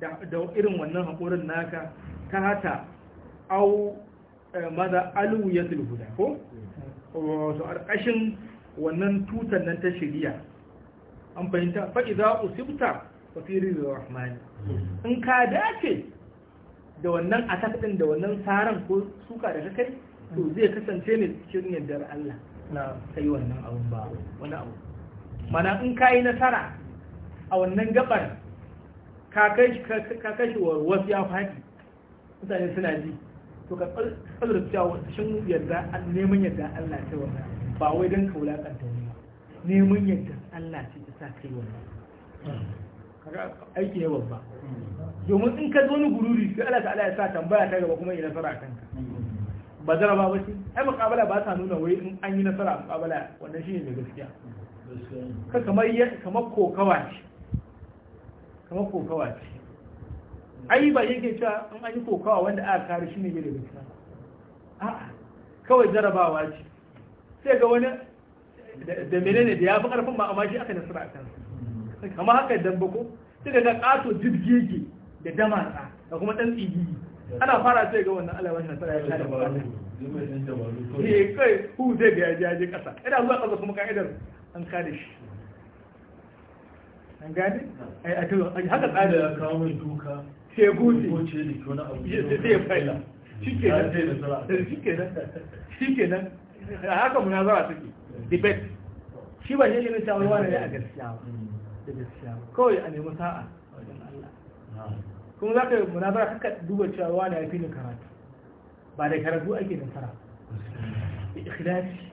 da irin wannan haƙurin naka ta hata au Eh, maza alwiyatul huda ko wato arkashin wannan tutar nan ta shiriya an fahimta fa idza usibta fa fi rahman in ka dace da wannan attack din da wannan saran ko suka da kai to zai kasance ne cikin yardar Allah na kai wannan abun ba wani abu mana in ka yi nasara a wannan gabar ka kai shi wasu ya faɗi mutane suna ji to ka tsadar cewa yadda an neman yadda Allah ce wannan ba wai don ka wulakanta wani neman yadda Allah ce ta sa kai wannan kaga aiki ne babba domin in ka zo ni gururi sai Allah ta'ala ya sa tambaya ta gaba kuma yi nasara kanka ba zara ba ce ai muqabala ba ta nuna wai in an yi nasara a muqabala wannan ne mai gaskiya ka kamar kamar kokawa ce kamar kokawa ce ai ba yake ta in an yi kokawa wanda aka kare shi ne bai da gaskiya a'a kawai jarabawa ce sai ga wani da menene da ya fi karfin ma amma shi aka nasara a kansa kamar haka dan bako sai ga kato jirgege da dama da kuma dan tsigi ana fara sai ga wannan Allah wani nasara ya kare ba ne eh, kai hu zai ga ya je kasa ina zuwa kasa kuma ka'idar an kare shi an gane ai a haka tsari ya kawo mai duka ke guji zai faila shi kenan a haka muna zara suke debate shi ba shi ne shawarwa ne a gaskiya kawai a nemi sa'a wajen Allah kuma za ka yi munazara haka duba cewa wani ya fi ni karatu ba da karatu ake nasara ikhlasi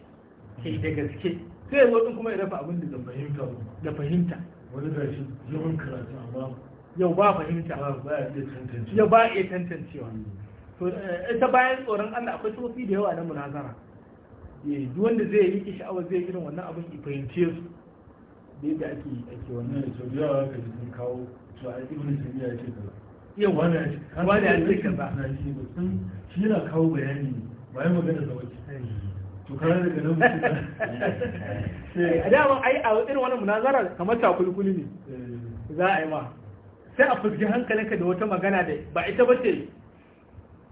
ke da gaske sai yanzu kuma ya dafa abin da fahimta da fahimta wani gashi yawan karatu amma yau ba fahimta yau ba iya tantancewa to eh, ita bayan tsoron Allah akwai tsofi da yawa na munazara eh, duk wanda zai yi sha'awa zai irin wannan abin ki fahimce su da yadda ake ake wannan da sau da yawa ka ji kawo to a ibn tabiya ya ce kaza yau wani ya ce kaza shi yana kawo bayani ne bayan magana da wace tukar daga nan mutum a dama ai a irin wannan munazara kamar takulkuli ne eh. za a yi ma sai a fusgi hankalinka da wata magana da ba ita ba ce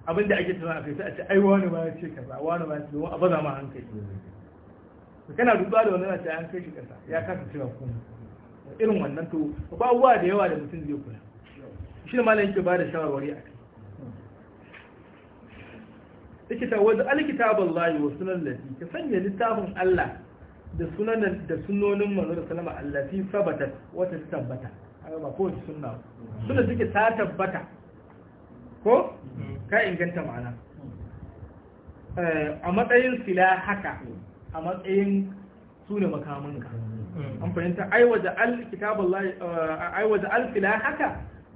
abin da ake tunan a kai sai a ce ai wani ba ya ce kaza wani ba ya ce domin a baza ma hankali kana dubba da wani na ce an kai shi kasa ya kasa cewa kuma irin wannan to ba abubuwa da yawa da mutum zai kula shi ne malam ke ba da shawarwari a kai likita wadda al'kitabun layi wa sunan lafi ka sanya littafin Allah da sunan da sunonin manzara salama fi sabata wata tabbata ba kowace sunna suna suke ta tabbata ko ka inganta ma'ana eh, a matsayin sila haka a matsayin su ne makamanka an fahimta al eh, alfila haka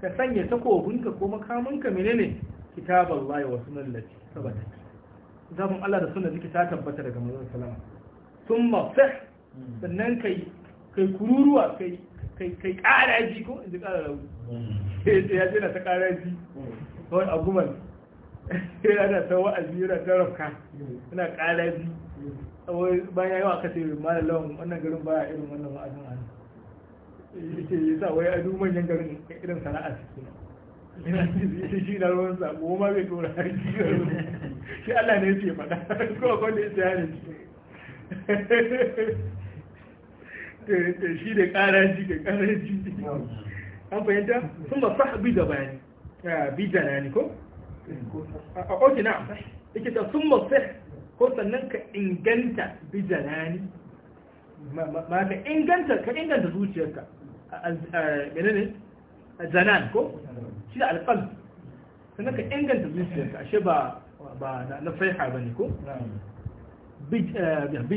ka sanya takobinka ko makamanka menene ne laye wa sunan lati sabata zafin Allah da sunan ziki ta tabbata daga mazan salama sun mafi sannan kai kururuwa kai kai kai karaji ko in kara rawu sai ya ce na ta karaji kawai a guman yana ta wa'azi yana ta rafka yana karaji bayan ya yi wa kasa yi wannan garin baya irin wannan wa'azin hannu yake yi sa wai adu manyan garin irin sana'a su yana shi na ruwan sa ko ma bai tura shi Allah ne ya ce faɗa ko ne ya tsaya ne shi da ƙaraji da ƙaraji an fahimta sun ba sahabi da bayani bi janani ko? a ƙoƙi na yake ta sun ba sah ko sannan ka inganta bi janani ma ka inganta ka inganta zuciyarka menene zanan ko? shi da alƙal sannan ka inganta zuciyarka ashe ba na faiha ba ne ko? bi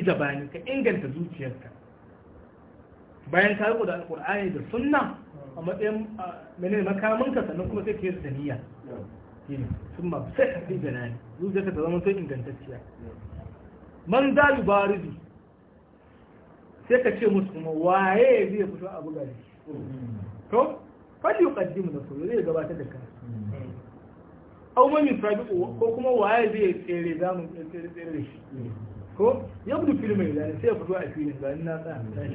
jabani eh, ka inganta zuciyarka bayan ka riko da alkur'ani da sunna a matsayin menene makamanka sannan kuma sai ka yi da niyya sun ma sai ka fi bayani zuciya ka zama sai ingantacciya man za yi barizi sai ka ce musu kuma waye zai fito a buga ne to fadi yi mu da koyo zai gabatar da kan au mami fadi ko kuma waye zai tsere zamu tsere tsere shi ko ya yabdu filmin yani sai ya fito a filin ga na tsaya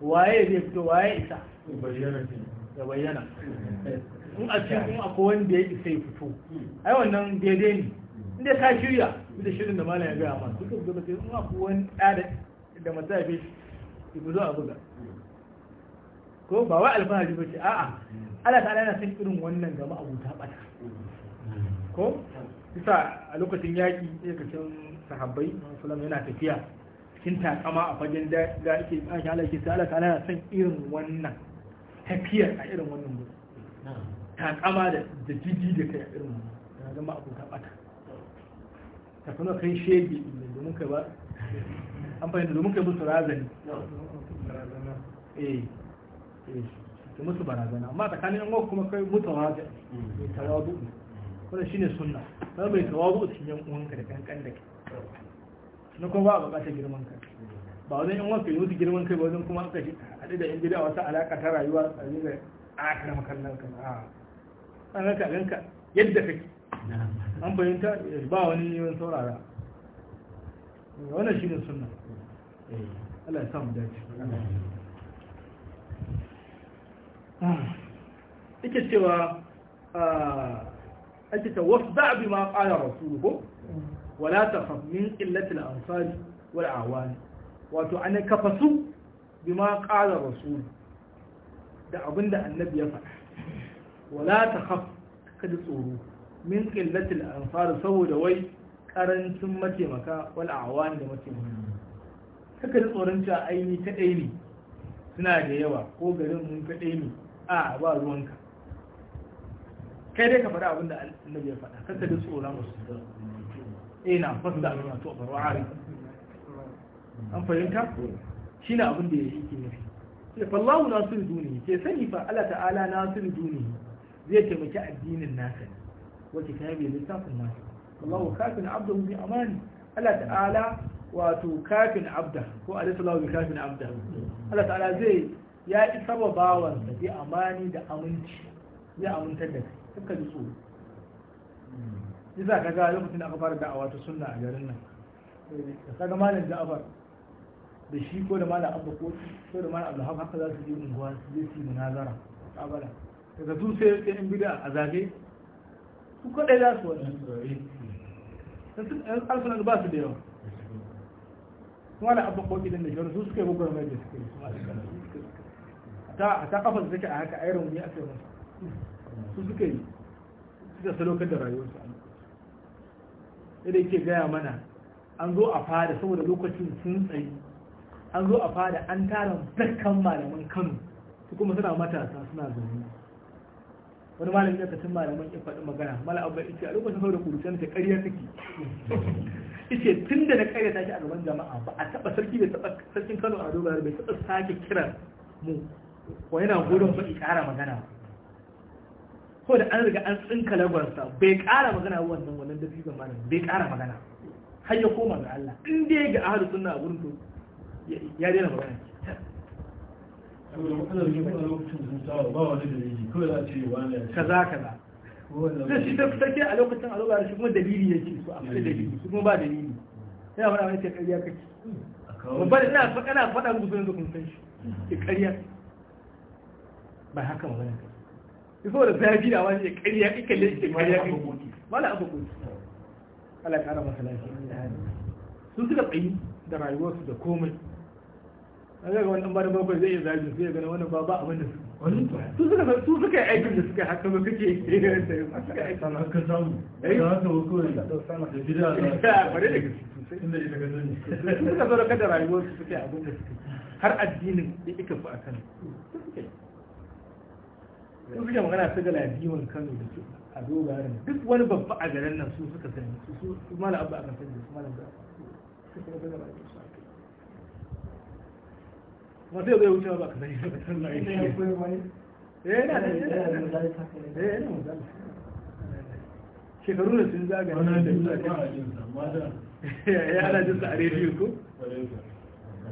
waye zai fito waye isa ya bayyana in a cikin kuma akwai wanda ya isa ya fito ai wannan daidai ne inda ka shirya da shirin da malam ya gaya ma duka buga ba sai in akwai wani ɗa da matsafi ya zo a buga ko ba wa alfahari ba ce a'a Allah ta'ala yana son irin wannan gama abu ta bata ko bisa a lokacin yaƙi sai ka sahabbai sallam yana tafiya cikin takama a fagen da ake tsaki Allah ke sai Allah ta'ala yana son irin wannan tafiyar a irin wannan gudu takama da da jiji da kai a irin wannan ya zama abu ta ta kuma kai shege domin kai ba an fahimta domin kai musu razani eh ta eh, musu barazana amma tsakanin yan kuma kai mutawazi mm. tawadu wannan shine sunna sai mai tawadu cikin yan uwanka da kankan da kai na kuma ba a bukatar girman kai ba wajen yan wanka yi musu girman kai ba wajen kuma aka haɗu da yan gida wasu alaƙa ta rayuwa a yi da akara makallar ka a an ka ganka yadda kake an fahimta eh, ba wani neman saurara wannan shi ne sunna Allah ya samu dace ike ah. cewa ah, ake ta wasu da'abi ma ƙaya rasulu ko wala tafaf min illatil ansari wal awani wato an kafasu bima qala rasul da abinda annabi ya faɗa wala ta takhaf kada tsoro min qillatil ansari saboda wai karancin mataimaka wal awani da mataimaka kaka da tsoron cewa aini kaɗai ne suna da yawa ko garin mun kaɗai ne a ba ruwanka kai dai ka faɗa abin da annabi ya faɗa kaka da tsoron wasu ina na fasta abin wato a ari an fahimta shi na abin da ya yi ke nufi sai fallahu na sun duni ke sani fa Allah ta'ala na sun duni zai taimaki addinin nasa ne wacce ta yabe littafin nasa wallahu kafin abdahu bi amani Allah ta'ala wato kafin abda ko alisalahu bi kafin abda Allah ta'ala zai ya isa wa da bi amani da aminci zai amintar da kai kakka ji tsoro yasa ka ga lokacin da aka fara da'awa ta sunna a garin nan ka ga malam ja'far da shi ko da malam abba ko ko da malam abdulhab haka za su yi unguwa su je su munazara kabala daga su sai sai in bida a zage su kadai za su wannan alfana ba su da yawa kuma da abba ko idan da shawar su suka yi mai da suka yi ta ta kafa su take a haka a yi rauni a kai su suka yi suka sadaukar da rayuwarsu da yake gaya mana an zo a fada saboda lokacin sun tsaye an zo a fada an tara dukkan malaman kano su kuma suna matasa suna zaune wani malamin ya kacin malaman ya faɗi magana mala abu ce a lokacin saboda kuruciyar ta ƙarya take ita tun da na ƙarya ta shi a gaban jama'a ba a taɓa sarki bai taɓa sarkin kano a dogara bai taɓa sake kiran mu ko yana gudun ba ƙara magana ba ko da an riga an tsinka labarsa bai ƙara magana wannan wannan dafi ga malam bai ƙara magana har ya koma ga Allah in dai ga ahlu sunna a gurin to ya daina magana kaza kaza zai shi ta ke a lokacin alwala shi kuma dalili yake so a fita dalili kuma ba dalili yana faɗa wani shekari ya kake babbar ina faɗa musu yanzu kun san shi shekari ba haka magana kake iso da zafi da wani ƙarya kake lake ƙarya kake mala abu kuti ala kara masa lafiya sun suka tsayi da rayuwarsu da komai an ga wannan ba da bakwai zai iya zafi zai ga wannan ba ba a da su suka su yi aikin da suka yi haka ba kake suka aika na haka samu eh haka ba kawai da sama da bid'a da bare da gaske inda ita ga zani suka zo da rayuwarsu suka abin da suka har addinin ya ikafa akan su suka yi sun fi magana su ga labiyon kano da su a dogarin duk wani babba a garin nan su suka sani su su malam abu kan sani su malam abu su suka sani ba sai zai wuce ba ka sani ba eh, ta eh, na da eh na da shekaru da sun a ne da ya ana jinsa a rediyo ko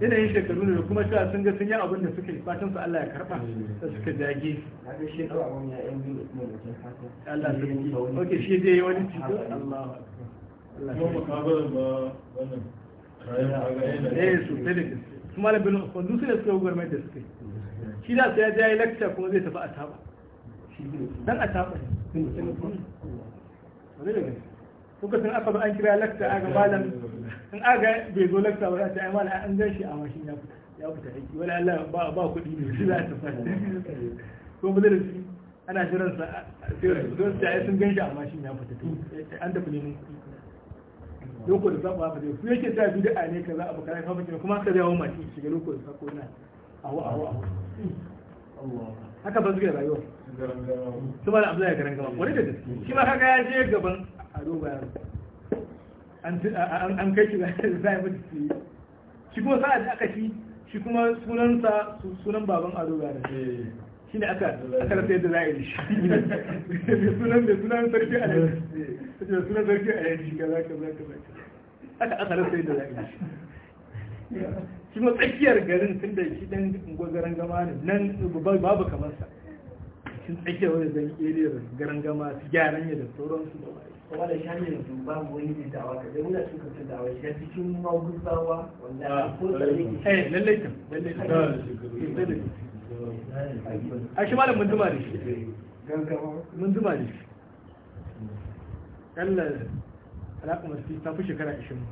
yanayin shekaru ne kuma cewa sun ga sun yi abin da suka yi fatan su Allah ya karba da suka dage Allah ya oke shi dai wani cito Allah eh su da kuma da bin kwandu su da suka gurme da suka shi da sai ya yi lecture kuma zai tafi a taba dan a taba ne lokacin aka ba an kira lakta aga malam in aga bai zo lakta ba za ta yi malam an gan shi a mashin ya fita ya fita aiki wani Allah ba ba kuɗi ne shi za ta fara ko da shi ana jiran sa sai don ta'ai sun ganshi a mashin ya fita an tafi neman kuɗi loko da zaba ba zai ku yake ta bid'a ne ka kaza abu kaza ka fahimta kuma ka dawo mace shiga loko da sako na awo awo awo haka ba zuwa rayuwa su ma da abu zai garan gaba wani da gaske shi ma kaga ya je gaban a roba yaro an kai shi za a mutu su yi shi kuma sa'ad aka ci shi kuma sunansa sunan baban ado gane eh. shi ne aka rasa da za a yi shi sunan da sunan sarki a yanzu da sunan sarki a yanzu shi ka za ka za ka aka aka rasa yadda za a yi shi shi ma tsakiyar garin tun da shi dan gwagwaran gama ne nan babu kamar sa shi tsakiyar wani zan iya garan gama su gyaran ya da sauransu da wani kuma da shanin su babu wani mai dawa ka zai muna cikin kan dawa shiga cikin maguzawa wanda ah, ko da ne eh lalle a ah, ah, shi malam mun duma da shi eh, mun duma da shi kalla alaƙa masu ta fi shekara ashirin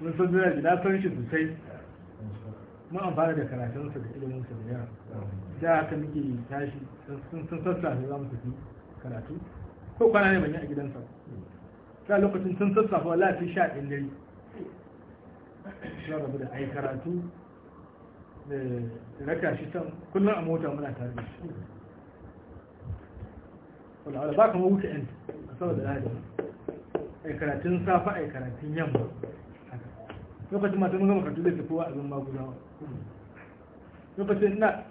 mun san duna na san shi sosai mun amfana da karatunsa da ilimin sa da yawa da haka muke tashi sun sassafe za mu tafi karatu ko kwana ne ban a gidansa ta lokacin sun sassafe wa lafi sha ɗin dare shi rabu da ai karatu da raka shi can kullum a mota muna tare da shi wala ba kama wuce yan a saboda lahadi ai karatun safa ai karatun yamma lokacin mata mun gama karatu zai tafi wa abin magudawa lokacin ina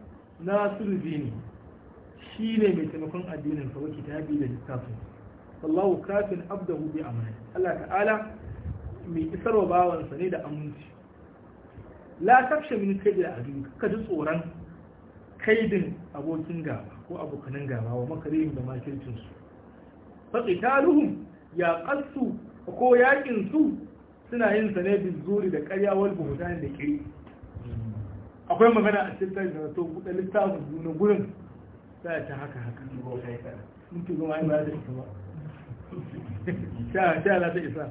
nasiru zini shi ne mai taimakon addinin ka wake ta biyu da littafin wallahu kafin abdahu bi amana Allah ta'ala mai isarwa bawansa ne da aminci la tafsha min kaidil adu ka ji tsoron kaidin abokin gaba ko abokanin gaba wa makarin da makircin su fa qitaluhum ya ko yakin su suna yin sa ne da ƙarya wal buhtan da kiri akwai magana a cikin da to littafin juna gurin za ta haka haka mutu zama yi ba da isa ba sha za ta isa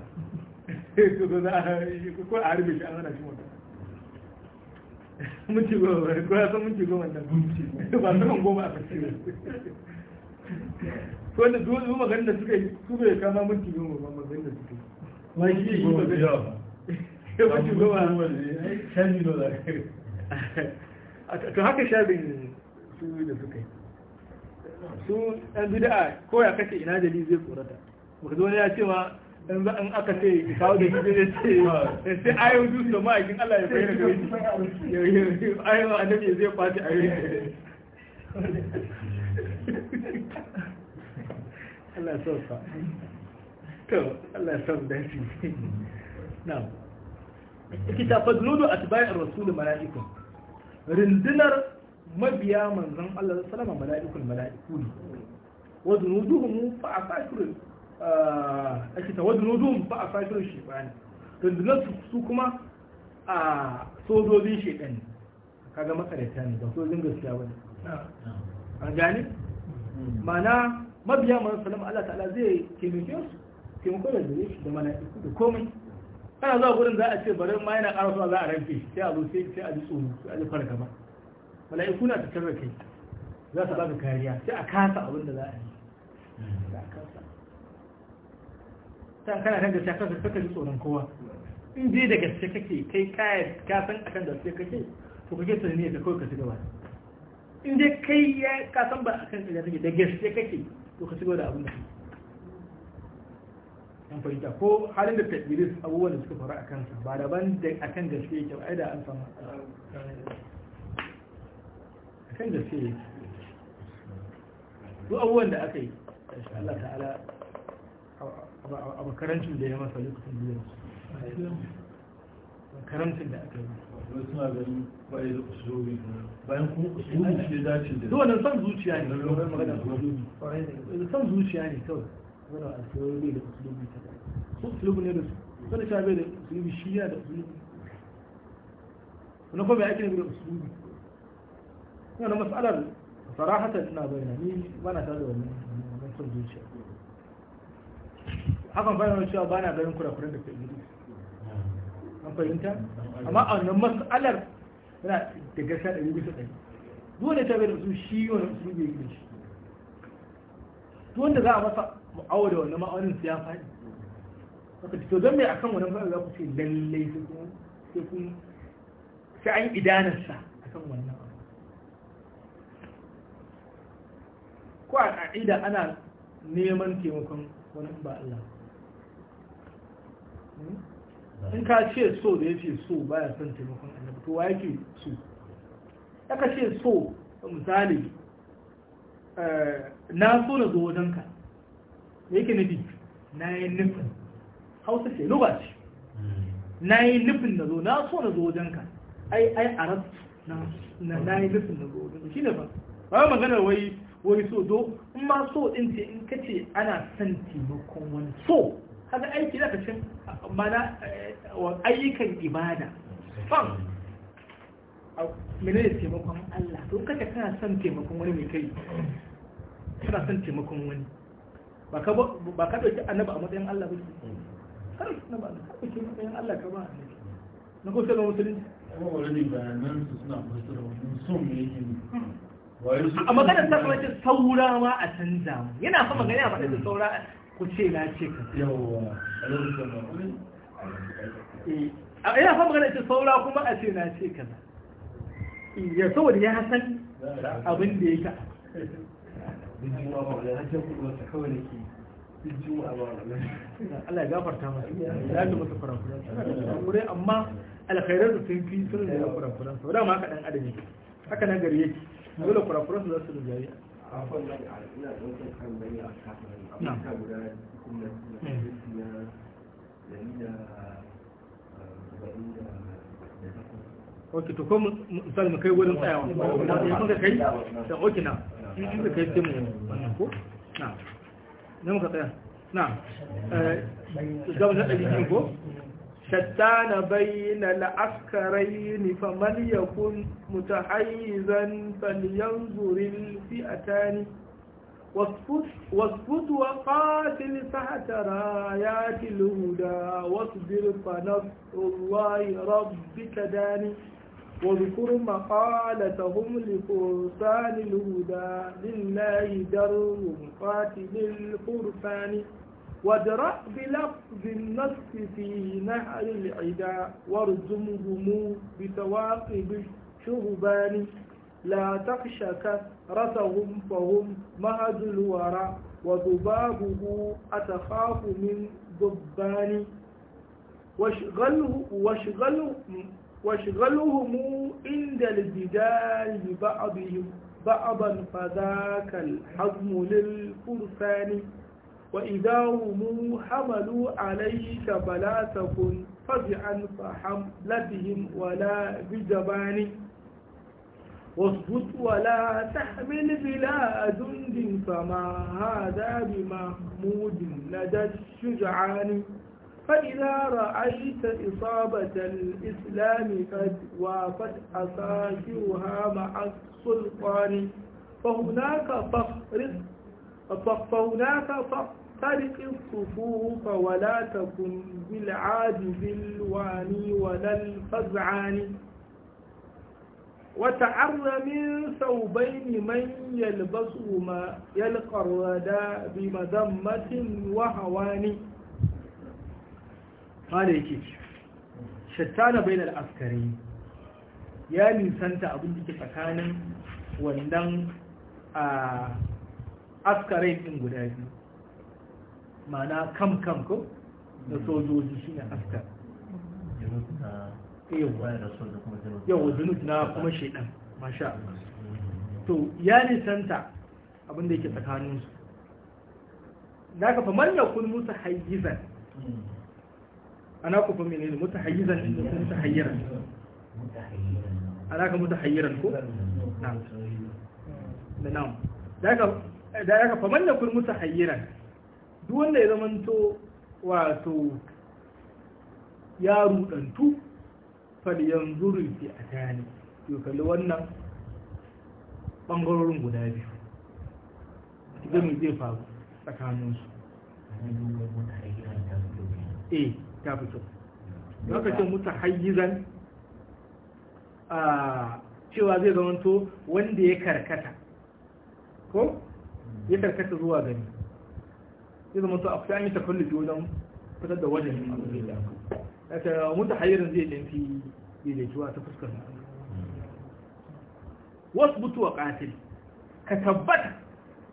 ko za a ko a harbe shi an hana shi mutu minti ko ya san minti goma nan ba san goma a cikin ko da duk wani magana da suka yi su bai kama minti goma ba maganin da suka yi wani shi ya ba zai yawa minti goma to haka shabin su da suka yi su ɗan bida'a ko ya kace ina zai tsorata baka zo ya ce ma in za in aka ce ki kawo da shi zai ce eh, sai ayo du da ma'aikin Allah ya bayyana gare shi ayo annabi zai kwace ayo Allah ya sauka to Allah ya sauka dace na'am kita fadludu atba'i ar-rasul rindinar mabiya manzan Allah salama mala'ikul mala'iku ne wa dunuduhum fa asakirul ah, ake ta wa dunuduhum fa asakirul shaytan rindinar su kuma a ah, sojojin shaytan kaga makarata ne ba sojojin gaskiya wani a gane mana mabiya manzan salama Allah ta'ala zai taimake su taimako da zai da mala'iku da komai kana zuwa gurin za a ce bari ma yana ƙara suna za a ranke sai a zo sai a ji tsoro sai a ji fara gaba mala'iku na tattar da kai za su baka kariya sai a kasa abin da za a yi ta kana kan gaskiya kasa kaka ji tsoron kowa in dai da gaske kake kai kayan kasan akan da sai kake to kake tunani ka kawai ka ci gaba in dai kai ya kasan ba akan kan da kake da gaske kake to ka ci gaba da abin da kake an fahimta ko halin da takbiris abubuwan da suka faru a kansa ba daban da a kan gaske yake ba da an samu a kan gaske yake duk abubuwan da aka yi Allah ta'ala a makarancin da ya masa lokacin da ya makarancin da aka yi suna ganin kwaye da usulobi bayan kuma usulobi shi ya dace da duk wannan son zuciya ne son zuciya ne kawai wani alfawar bai da usulubi ta ba su usulubi ne da su wani ta bai da usulubi shi yana da usulubi wani kuma bai aiki ne da usulubi wani matsalar sarahatan ina bayyana ni ba na tada wani son zuciya hakan bayyana cewa ba na ganin kurakuren da ke yi an fahimta amma a wannan matsalar yana da gasa ɗari bisa ɗari dole ta bai da su shi wani usulubi ya gina shi wanda za a masa mu aure wannan ma'aunin su ya faɗi haka to zan mai akan wannan faɗi za ku ce lallai sai kun sai kun sai an idanarsa akan wannan ko a ƙa'ida ana neman taimakon wani ba Allah hmm? in ka ce so da ya ce so baya son taimakon annabi to wa yake so aka ce so misali eh, na so na zo wajenka yake nufi na yi nufin hausa ce luba ce hmm. na yi nufin na zo na so na zo wajen ka ai ai arab na na yi nufin na zo wajen shi ne ba ba magana wai wai so do in ma so din ce in kace ana son taimakon wani so haka aiki zaka cin mana eh, ayyukan ibada fam mene ne taimakon Allah to kace kana son taimakon wani mai kai kana son taimakon wani ba ka ɗauki annaba a matsayin Allah ba ne kar na ba ka ɗauki matsayin Allah ka ba na kusa da musulunci suna kusa da wani a maganar ta kuma ce saura ma a canza mu yana fa magana ba da saura ku ce na ce ka yawa eh, yana fa magana ce saura kuma a ce na ce ka ya eh, saboda ya san abin da yake duk juma'a ba wani hajjar kudu wata kawai nake duk juma'a ba wani Allah ya gafarta masa ya ji masa kurakuran sa amma alkhairar da sun fi sun da kurakuran sa dama haka dan adam yake haka na gari yake dole kurakuran su za su da rinjaye a wannan ina da wata kan bayani a kafin amma ka guda kuma na dalila Ok, to ko misali mu kai wurin tsayawa, da kun ka kai, da na. in da ka نعم شتان بين العسكرين فمن يكون متحيزا فلينظر الفئتان واصفت وقاتل تحت رايات الهدى واصبر فنصر الله ربك داني واذكروا مقالتهم لفرسان الهدى لله در قاتل القرفان واجرأ بلفظ النص في نهر العدا وارزمهم بتواقب الشهبان لا تخش كثرتهم فهم مهد الورى وذبابه أتخاف من ضبان واشغله واشغله واشغلهم عند الجدال ببعضهم بعضا فذاك الحزم للفرسان وإذا هم حملوا عليك فلا تكن فزعا فحملتهم ولا بجبان واصبت ولا تحمل بلا جند فما هذا بمحمود لدى الشجعان فإذا رأيت إصابة الإسلام قد وافت أساسها مع السلطان فهناك فاخترق فهناك فاخترق الصفوف ولا تكن بالعاجز الواني ولا الفزعان وتعر من ثوبين من يلبسهما يلقى الردى بمذمة وهوان mana yake shattana bai da al'askari ya nisanta abin da ke tsakanin wannan a askarai ɗin guda biyu mana kam kam ko da sojoji shi ne askar yau zunut na kuma shaidan masha to ya nisanta abin da yake tsakaninsu da ka fa manya kun musu hayyizan ana ku fa menene mutahayyizan da kuma mutahayyiran ana ka mutahayyiran ko na'am da ya ka fa manna kun mutahayyiran duk wanda ya zamanto wato ya rudantu yanzu yanzuru a atani to kalli wannan bangarorin guda biyu idan zai faru tsakaninsu eh ta fito kyau ce musa hayyizan cewa zai zamanto wanda ya karkata ko ya karkata zuwa gani zai zamanto a kusa an yi takallufi wajen fitar da wajen abin da ya ta mutu hayyarin zai da daidaituwa ta fuskar wasu butu wa ƙatil ka tabbata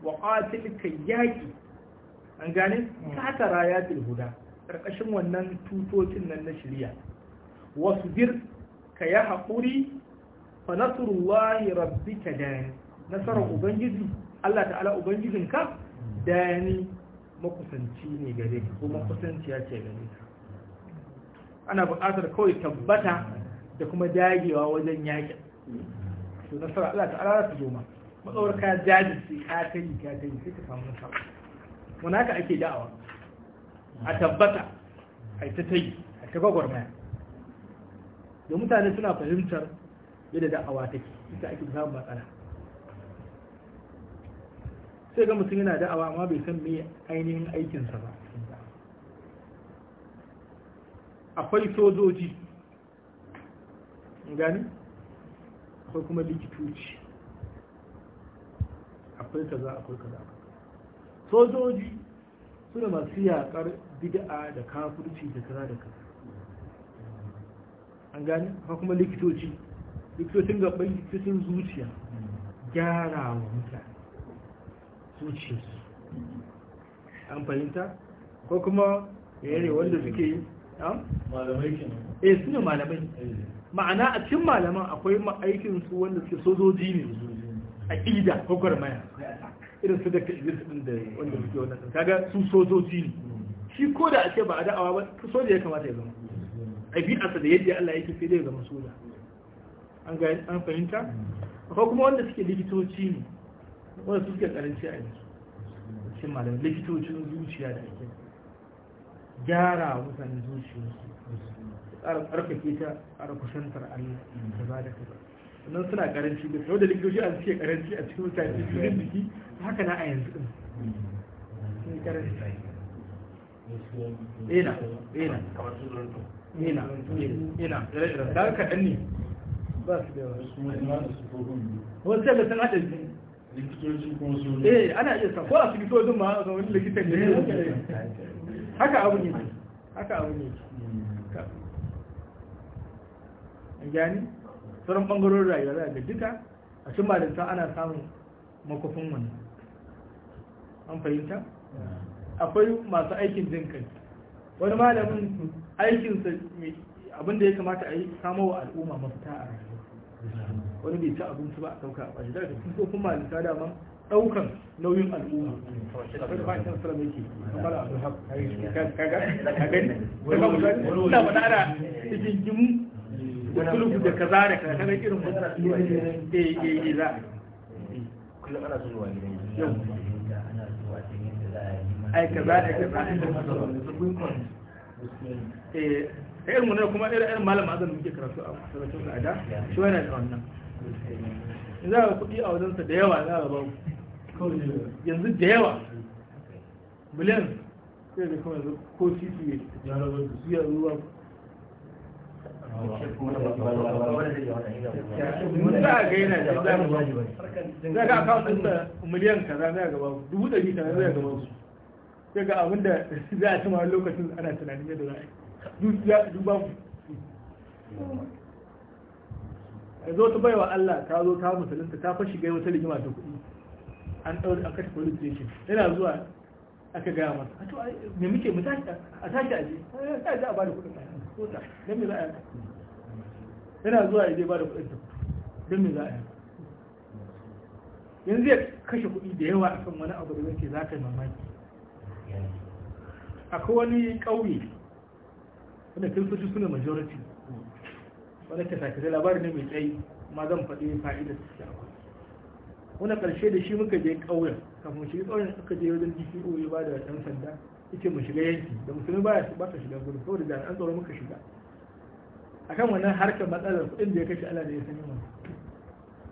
wa ƙatil ka yaƙi an gane ta haka raya huda ƙarƙashin wannan tutocin nan na shirya wasu bir ka yi haƙuri fa nasarullahi rabbika dani nasarar hmm. ubangiji Allah ta'ala ubangijinka dani makusanci ne gare ka ko ya ce gare ka ana buƙatar kawai tabbata da kuma dagewa wajen yaki to nasara Allah ta'ala za ta zo ma matsawar ka jajirce ka kai ka kai sai ka samu nasara mun haka ake da'awa a tabbata a ita ta yi a ta maya, da mutane suna fahimtar yadda da'awa take ita ake samun matsala sai ga mutum yana da'awa amma bai san me ainihin aikinsa ba akwai sojoji gani akwai kuma likitoci akwai kaza akwai kaza sojoji suna masu yaƙar bid'a da kafirci da kaza da kaza an gani ha kuma likitoci likitocin bai likitocin zuciya gyara wa mutane zuciyarsu an fahimta ko kuma yare wanda suke yi malamai kenan eh su ne malamai eh. ma'ana a cikin malaman akwai ma'aikin su wanda suke sojoji ne a ƙida ko maya. irin su da ka idris din da wanda suke wannan kaga su sojoji ne mm. shi ko da a ce ba a da'awa ba soja ya kamata ya zama ɗabi'arsa da yadda Allah yake sai zai zama soja an fahimta akwai kuma wanda suke likitoci ne wanda suke karanci a yanzu cikin malamai likitocin zuciya da ake gyara mutanen zuciya tsara tsarkake ta a kusantar Allah da ba da kaza sannan suna karanci da sau da likitoci a suke karanci a cikin mutane cikin jiki haka na a yanzu din sun karanci ina ina ina ina da kaɗan ne ba su da wasu da kuma haɗa biyu eh ana iya sa ko a asibitocin ma ga wani likitan ne haka abu ne haka abu ne an gani sauran ɓangarorin rayuwa za ga duka a cin ba da ana samun makofin wani an fahimta akwai masu aikin jin wani malamin aikinsa abinda ya kamata a yi samo wa al'umma mafita a rayuwa wani bai ci abinci ba a ɗauka a ɓashi daga cikin tsofin malika dama ɗaukan nauyin al'umma akwai ka da kaza da kaza irin wannan eh, eh, eh, za ai kaza ai kaza eh irin wannan kuma irin irin malam azan muke karatu a masarautar da shi yana da wannan in za ka kuɗi a wajensa da yawa za ka ba yanzu da yawa miliyan sai da kawai ko titi ne ya ruwa za a ga yana da za ga akawun ɗinsa miliyan kaza za ga ba dubu ɗari kaza za ga gaba su sai ga abin da za a cima lokacin ana tunanin yadda za a yi duk duba a zo ta baiwa Allah ta zo ta musulunta ta fashi gai wata rigima ta kuɗi an ɗaure a kashe police station yana zuwa aka gaya masa a to me muke mu tashi a tashi aje a ji eh, a bada kuɗin ta dan me za a yi yana zuwa ya je bada kuɗin ta dan me za a yi yanzu ya kashe kuɗi da yawa akan wani abu da yake za ka yi mamaki akwai wani ƙauye wanda kiristoci suna majority wanda ta sake da labarin ne mai tsayi ma zan faɗi fa'ida su ke akwai wanda ƙarshe da shi muka je ƙauyen kafin shiga ƙauyen suka je wajen dco ya ba da ɗan sanda ita mu shiga yanki da musulmi ba ba shiga gudu saboda jami'an tsaro muka shiga akan wannan harkar matsalar kuɗin da ya kashe ala da ya sani mana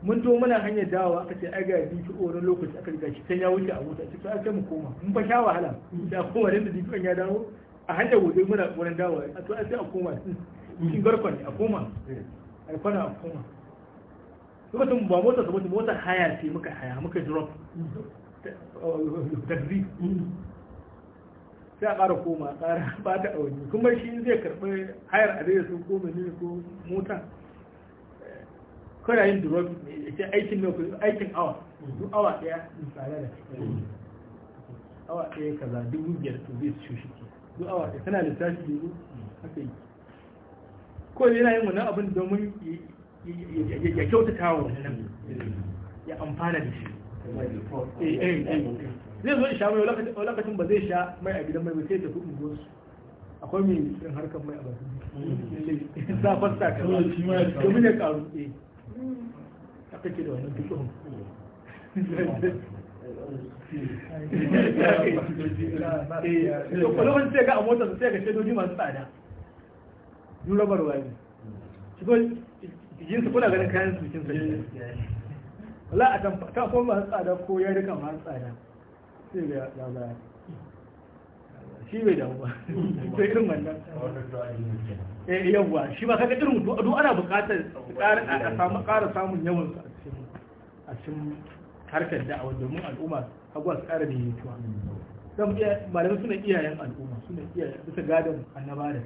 mun to muna hanyar dawowa aka ce aga DPO wani lokaci aka riga shi can ya wuce a wuta ce to sai mu koma mun fa sha wahala da kowa da DPO ya dawo a hanyar gobe muna wurin dawowa a to sai a koma kin garkon a koma a kwana a koma lokacin ba mota saboda mota haya ce muka haya muka drop zi sai a ƙara koma ƙara ba ta auni kuma shi zai karɓi hayar a zai su ko ne ko mota kana yin drop sai aikin mai aikin awa duk awa daya misali da awa daya kaza dubu biyar to zai su shi duk awa daya kana lissafi dubu haka yi ko yana yin wani abin domin ya kyautata wa wannan ya amfana da shi eh, eh, eh, zai zo sha mai lokacin ba zai sha mai a gidan mai sai tafi unguwarsu akwai mai yin harkar mai a bakin zafasta kamar domin ya karu haka ke da wani fikihun da kwalwan sai ga a motar sai ga shaidoji masu tsada durabar wani shigo jikin su kuna ganin kayan su cikin wala a tamfa masu tsada ko yarika masu tsada sai ga labari shi bai damu ba sai irin wannan eh yawa shi ba kaga irin duk ana buƙatar a samu ƙara samun yawan su a cikin harkar da'awa domin al'umma agwa su ƙara da yituwa dan malamai suna iyayen al'umma suna iyayen bisa gadon annaba da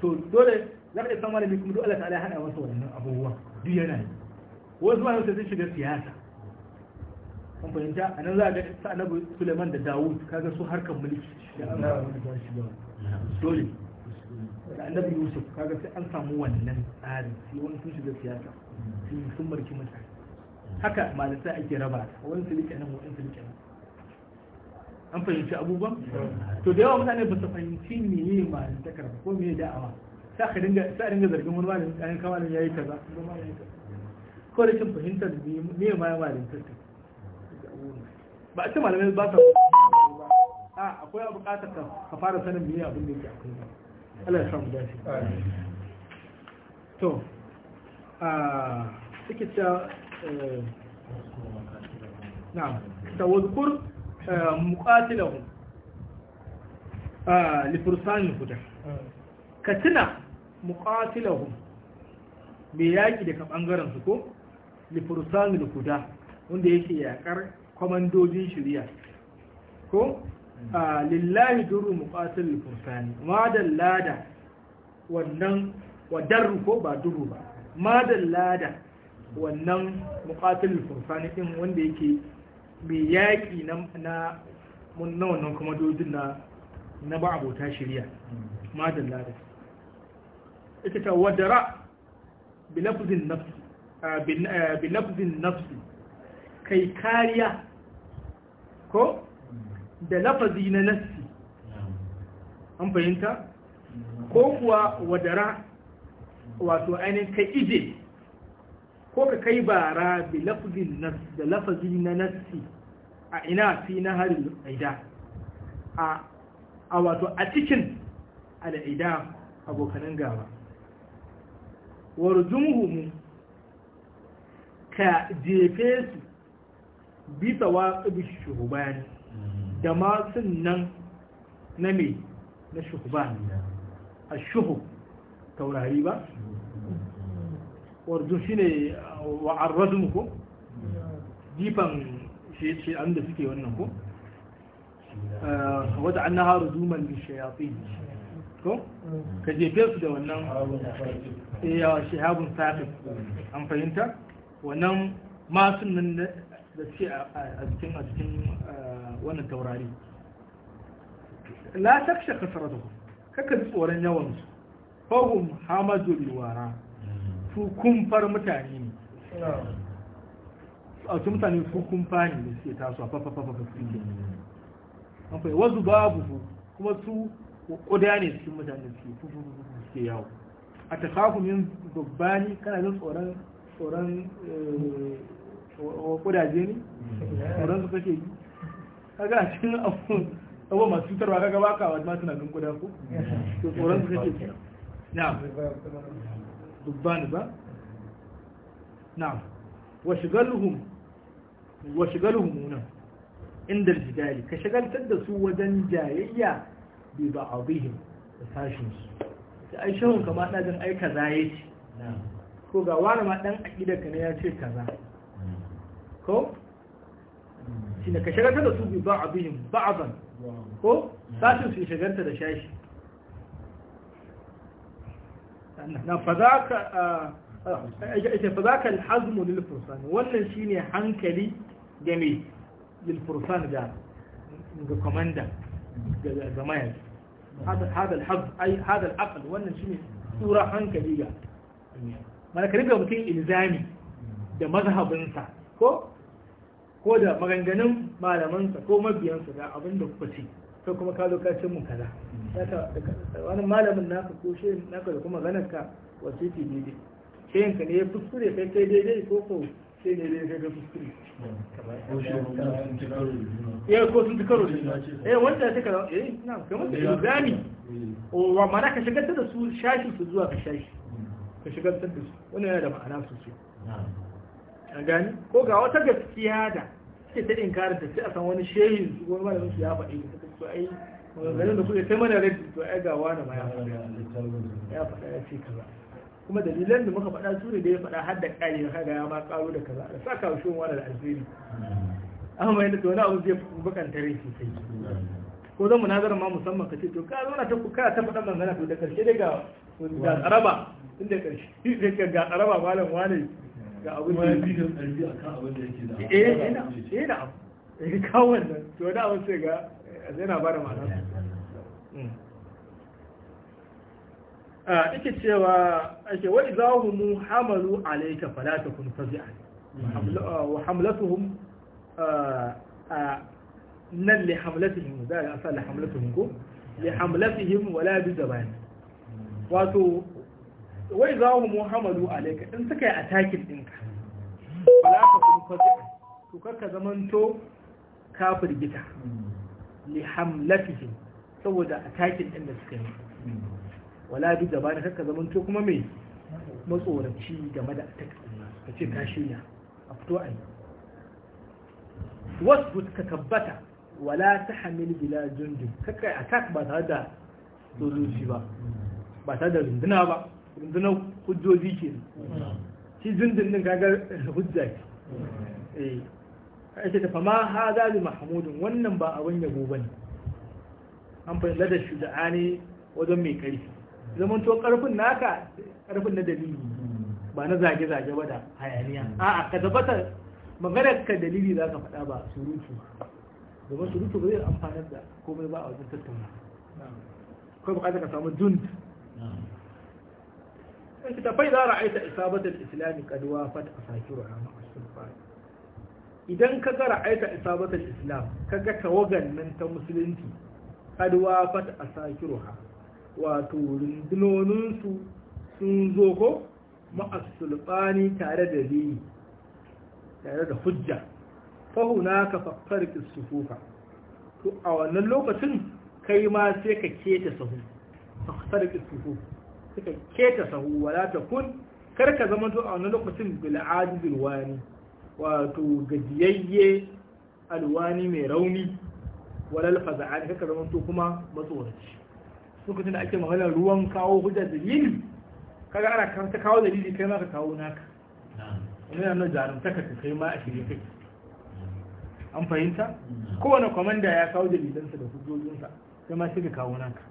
to dole za ka iya san malami kuma duk Allah ta'ala ya hada masa wannan abubuwa duk yana yi wasu malamai sai sun shiga siyasa an fahimta a nan za a ga ta annabi suleiman da dawud kaga su harkar mulki dole da annabi yusuf kaga sai an samu wannan tsari sai wani sun shiga siyasa sun sun marki mutane haka malata ake raba wani su rike nan wani su rike nan an fahimci abubuwan to da yawa mutane ba su fahimci meye malata karba ko meye da'awa sa ka dinga sa dinga zargin wani malamin kayan kamalin yayi kaza ko da shin fahimtar meye ma malamin tattalin ba a ce malamai ba sa a akwai abu bukatar ka fara sanin miye abin da ya yake akwai ba Allah ya samu dace to a suke ta eh, na ta wadkur eh, muqatilahum a eh, lifursanin huda ka tuna muqatilahum mai yaƙi daga ɓangaren su ko lifursanin huda wanda yake yaƙar kwamandojin shirya ko a lillahi duru muqatil furkani ma da lada wannan wadar ko ba duru ba ma da lada wannan muqatil furkani din wanda yake mai yaƙi na na wannan kwamandojin na na ba abota shirya ma da lada ita ta wadara bilafzin nafsi kai kariya ko da lafazi na nassi an fahimta ko kuwa wadara wato ainihin ka ije ko ka kai bara da lafazi na nassi a ina fi na harin aida a wato a cikin al'ida abokanan gaba mu ka jefe su bisa wa shuhuban da masun nan na me na shuhuban a shuhu taurari ba wardu shi ne wa'arrazun ko jifan shi an da suke wannan ko eh, wata an na haru zuman da shayafi ko ka jefe su da wannan eh, yawa shahabun sakin an fahimta wannan masu nan da suke a cikin a cikin eh, wannan taurari la shaksha kasaratu kaka ji tsoron yawan su fahum hamadul wara su kumfar mutane ne a cikin mutane su kumfa ne da suke taso a fa, su ke an fai wasu babu kuma su kuda ne cikin mutane suke suke yawo a takafu min dubbani kana jin tsoron tsoron eh, wa kudaje ne sauran su kake yi kaga a cikin abubuwa masu cutarwa kaga baka wa ma tunanin kuda ko to sauran su kake yi na'am dubban ba na'am wa shigaluhum wa shigaluhum nan inda jidali ka shagaltar da su wajen jayayya bi ba'dihim da sashin su da ai shehun kamar ɗajin ai kaza yace ko ga wani ma ɗan aƙidar ka ne ya ce kaza ko shine ka shagarta da su bi ba'dihim ba'dan ko sashin su shagarta da shashi na fadaka ita fadaka alhazmu lil fursan wannan shine hankali game lil fursan ga ga komanda ga mayar hada hada alhaz ai hada alaql wannan shine tsura hankali ga malaka riga mutum ilzami da mazhabinsa ko ko da maganganun malamansa ko mabiyansa da abin da kuka ce ko kuma ka zo ka ce mu kaza wani malamin naka ko shi naka da kuma ganar ka wasu ce daidai Sai ka ne ya fuskure kai kai dai, ko ko sai ne dai kai fuskure ya eh, ko sun ci karo da shi eh wanda take kaza eh na kamar da o wa mana ka shigar da su shashi su zuwa ka shashi ka shigar da su wannan yana da ma'ana sosai a gani ko ga wata gaskiya da suke ta inkarin ta sai a san wani shehin su wani malamin su ya faɗi da suka so ai maganganun da ya ta mana rai to ai ga wani ma ya faɗa ya faɗa ya ce kaza kuma dalilan da muka faɗa su ne da ya faɗa har da ƙari kaga ya ma ƙaro da kaza da saka wa shin wani da alheri amma yadda to wani abu zai bukanta rai sosai ko zan munazarar ma musamman ka ce to ka zauna ta kuka ta faɗa magana to da ƙarshe dai ga ga tsaraba tun da ƙarshe ga tsaraba malam wani ويقولون أنهم يقولون أنهم يقولون أنهم يقولون أنهم يقولون أنهم يقولون أنهم يقولون أنهم wai za mu muhammadu alaika in suka yi takin ɗinka ba za ka kun faɗi to karka zamanto ka firgita li hamlatihim saboda takin ɗin da suka yi wala bi gaba ne karka zamanto kuma mai matsoraci game da atakin ka ce ka shirya a fito a yi wasu ka tabbata wala ta hamil bila jundun kakka attack ba tare da sojoji ba ba tare da runduna ba na hujjoji ke shi din kaga hujja ce eh, ake tafa ma haza li mahmudin wannan ba abin yabo ba ne an fahimta da shuja'a ne wajen mai kari zaman to karfin naka karfin na dalili ba na zage-zage ba da hayaniya a'a ka tabbatar maganar ka dalili za ka faɗa ba surutu domin surutu ba zai amfanar da komai ba a wajen tattauna kawai bukatar ka samu jund littafai za ra'aita isabatul islami kad wafat asakiru amma asulfa idan ka ga ra'aita isabatul islam ka ga tawagan nan ta musulunci kad wafat asakiru ha wato rundunonin su sun zo ko ma'asulfani tare da dini tare da hujja fahuna ka fakkar to a wannan lokacin kai ma sai ka keta sahu suka keta sahu wala ta kun kar ka zama to a wani lokacin bil ajizil wani wato gajiyayye alwani mai rauni walal faza'ani kar ka zama to kuma matsoraci lokacin da ake maganar ruwan kawo hujja dalili kaga ana kan ta kawo dalili kai ma ka kawo naka wani yana jarumtaka ka kai ma a shirye kai an fahimta kowane kwamanda ya kawo dalilansa da hujjojinsa sai ma shi ka kawo naka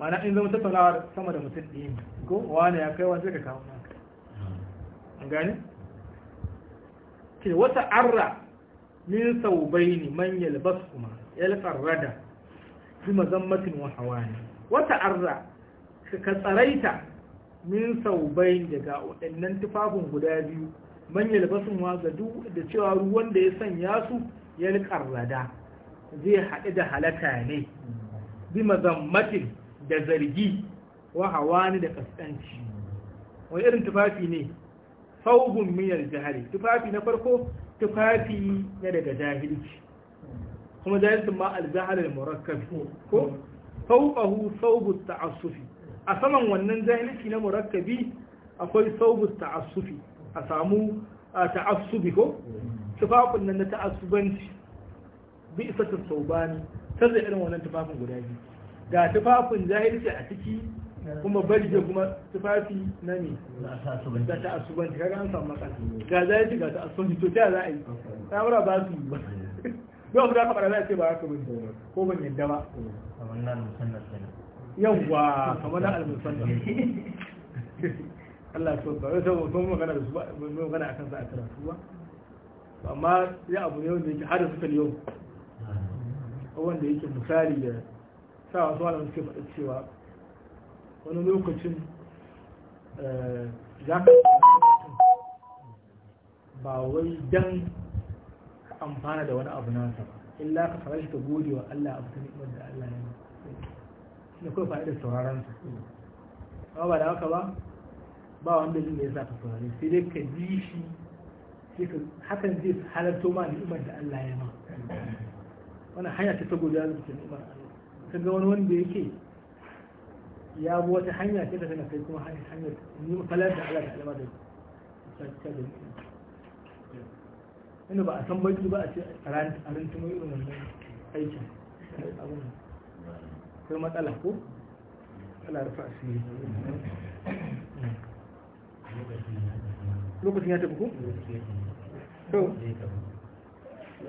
mana in zama tattaunawar sama da mutum ɗin ko wane ya kai wani ka kawo naka an gane ke wata arra min saubai ne man yalbas kuma yalkar rada fi mazammatin wa ne wata arra ka tsaraita min saubai daga waɗannan tufafin guda biyu manyan yalbasun kuma ga duk da cewa ruwan da ya sanya su yalkar rada zai haɗu da halaka ne bi mazammatin da zargi wa hawani da kaskanci wani irin tufafi ne saubun miyar jihari tufafi na farko tufafi na daga jahilci kuma jahilcin ma aljahalar murakkabi ko sauƙahu saubu ta'asufi a saman wannan jahilci na murakkabi akwai saubu ta'asufi a samu ta'asufi ko tufafin nan na ta'asufanci bi isa ta saubani ta zai irin wannan tufafin guda biyu ga tufafin jahilci a ciki kuma bari da kuma tufafi na ne da ta asubanci kaga an samu matsala ga zai ga ta asubanci to ta za a yi samura ba su yi ba don abu da aka barana ce ba haka bin ko ban yadda ba kamar na musallar yawwa kamar na al da. Allah so ba wai saboda kuma magana da su ba mun magana akan sa a karatu ba amma ya abu ne wanda yake har suka yau ah. wanda yake misali da sa wasu wani suke faɗa cewa wani lokacin eh, za ka ba wai dan amfana da wani abu nasa ba illa ka fara shi ka gode wa Allah abu ta ni'imar da Allah ya yi da faɗi da sauraron sa amma ba da haka ba ba wanda zai ya sa ka saurare sai dai ka ji shi hakan zai halarto ma ni'imar da Allah ya ma wannan hanya ta ta godiya da ni'imar Allah kaga wani wanda yake ya bi wata hanya ce ta tana kai kuma hanyar ni makalar da Allah ta alama da shi. da ba a san baki ba a ce a rantu mai irin wannan aikin abin kai matsala ko Allah rufa asiri lokacin ya tafi ko? to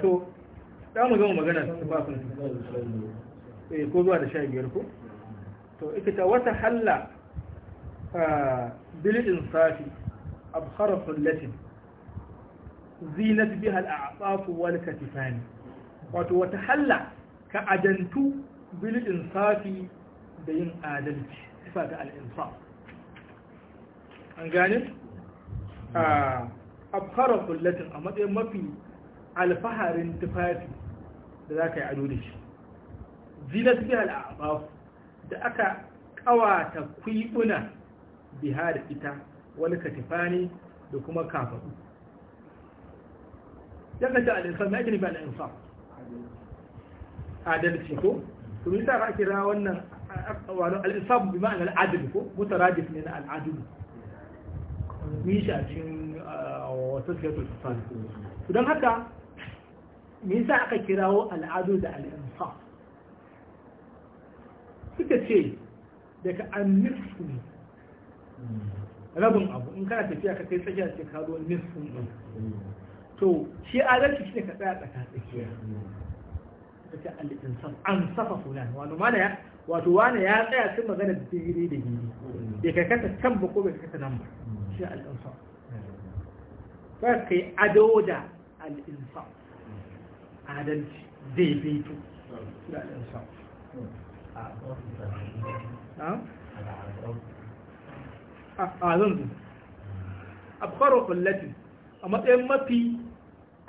to za mu gama magana tufafin eh, ko zuwa da sha biyar ko to ikita wata halla bil insafi abkhara Latin, zinat biha a asaf wal katifani wato wata halla ka ajantu bil safi da yin adalci sifa ta al an gane abkara kullatin a matsayin mafi alfaharin tufafi da za ka yi ado da shi zilas bi al'abaf da aka kawata kwiɓuna biha da ita wani katifani da kuma kafaɗu ya kace al'insan na gini ba al'insan adalci ko kuma yasa ka kira wannan al'insa bi ma'anar adal ko mutaradif ne na al'adulu mun shi a cikin wasu sirrin sufan don haka me yasa aka kirawo al'adu da al'insa suka ce daga annisu rabin abu in kana tafiya ka kai tsakiya ce ka zo nisu ɗin to shi adalci shi ne ka tsaya tsaka tsakiya ta an safa fulan wato mana ya wato wani ya tsaya sun magana daidai da daidai bai karkata can ba ko bai karkata nan ba أجزاء الإنصار فكي عدودة الإنصار هذا الذي بيته لا الإنصار نعم. أعظم آه، آه، أبخرق التي أما إما في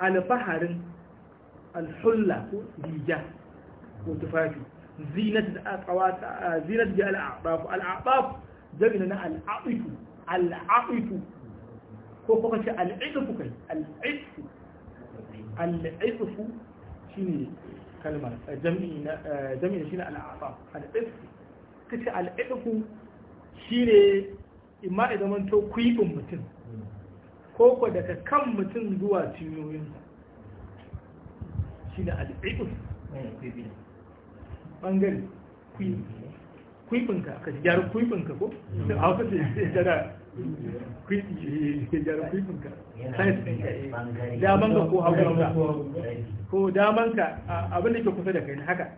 البحر الحلة ديجا وتفاجئ زينة الأطواف آه، زينة الأعطاف الأعطاف زينة نعم، الأعطاف al'afifu ko kuma ce al'ifufu kai al'ifu al'ifufu shi ne kalmar eh, jami'in eh, shi ne al'afa al'ifu ka ce al'ifufu shi ne imma idan manto kwiɓin mutum ko ko daga kan mutum zuwa cinyoyinsa shi ne al'ifufu ɓangare eh, kwiɓi kuibinka ka gyara kuifinka ko a hausa ce zai gyara kuifinka. damanka ko hagunka ko damanka abin da ke kusa da kai haka ka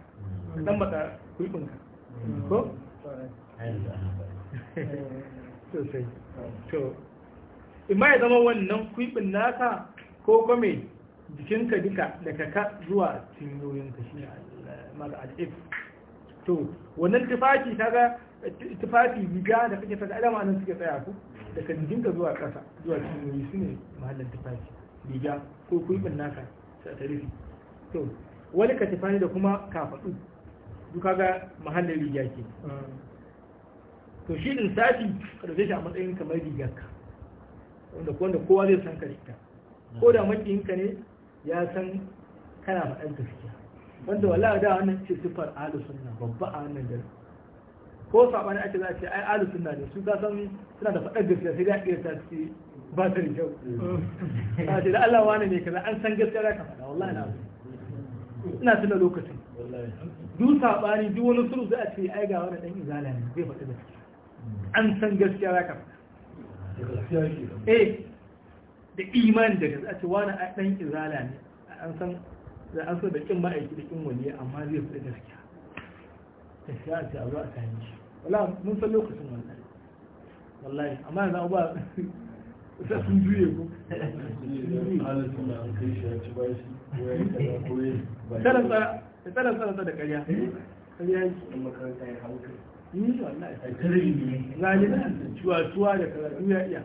dan matsa kuibinka ko sosai to imma ya zama wannan kuifin naka ko kome jikinka duka daga ka zuwa cinyoyinka shi ne mara al'if to wannan tufafi kaga tufafi riga da kake saka adam anan suke tsaya ku da kan dinka zuwa kasa zuwa cinyoyi su ne mahallin tufafi riga ko kuibin naka ta rufi to wani ka tufafi da kuma kafaɗu duka ga mahallin riga ke to shi lissafi ka da shi a matsayin kamar ka wanda wanda kowa zai san ka rikta ko da makiyinka ne ya san kana faɗar gaskiya wanda wala da wannan ce sifar ahlus sunna babba a wannan gari ko sabani ake za a ce ai ahlus sunna ne su ka san suna da fadar gaskiya sai da iya ta ce ba ta da kyau mm. a ce da Allah wani ne kaza an san gaskiya za ka fada wallahi na ina tuna lokacin duk sabani duk wani suru za a ce ai ga wani dan izala ne zai faɗi gaskiya an san gaskiya za ka fada eh da imani da gaskiya a ce wani dan izala ne an san da an so da kin ba aiki da kin wani amma zai fi gaskiya da shi a ce a zo a shi wala mun san lokacin wannan wallahi amma yanzu abuwa sa sun juye ko tsara tsara tsara da ƙarya eh? ƙarya yi makaranta ya Ni kai yi wallahi a tarihi ne zalimin cuwa-cuwa da karatu ya iya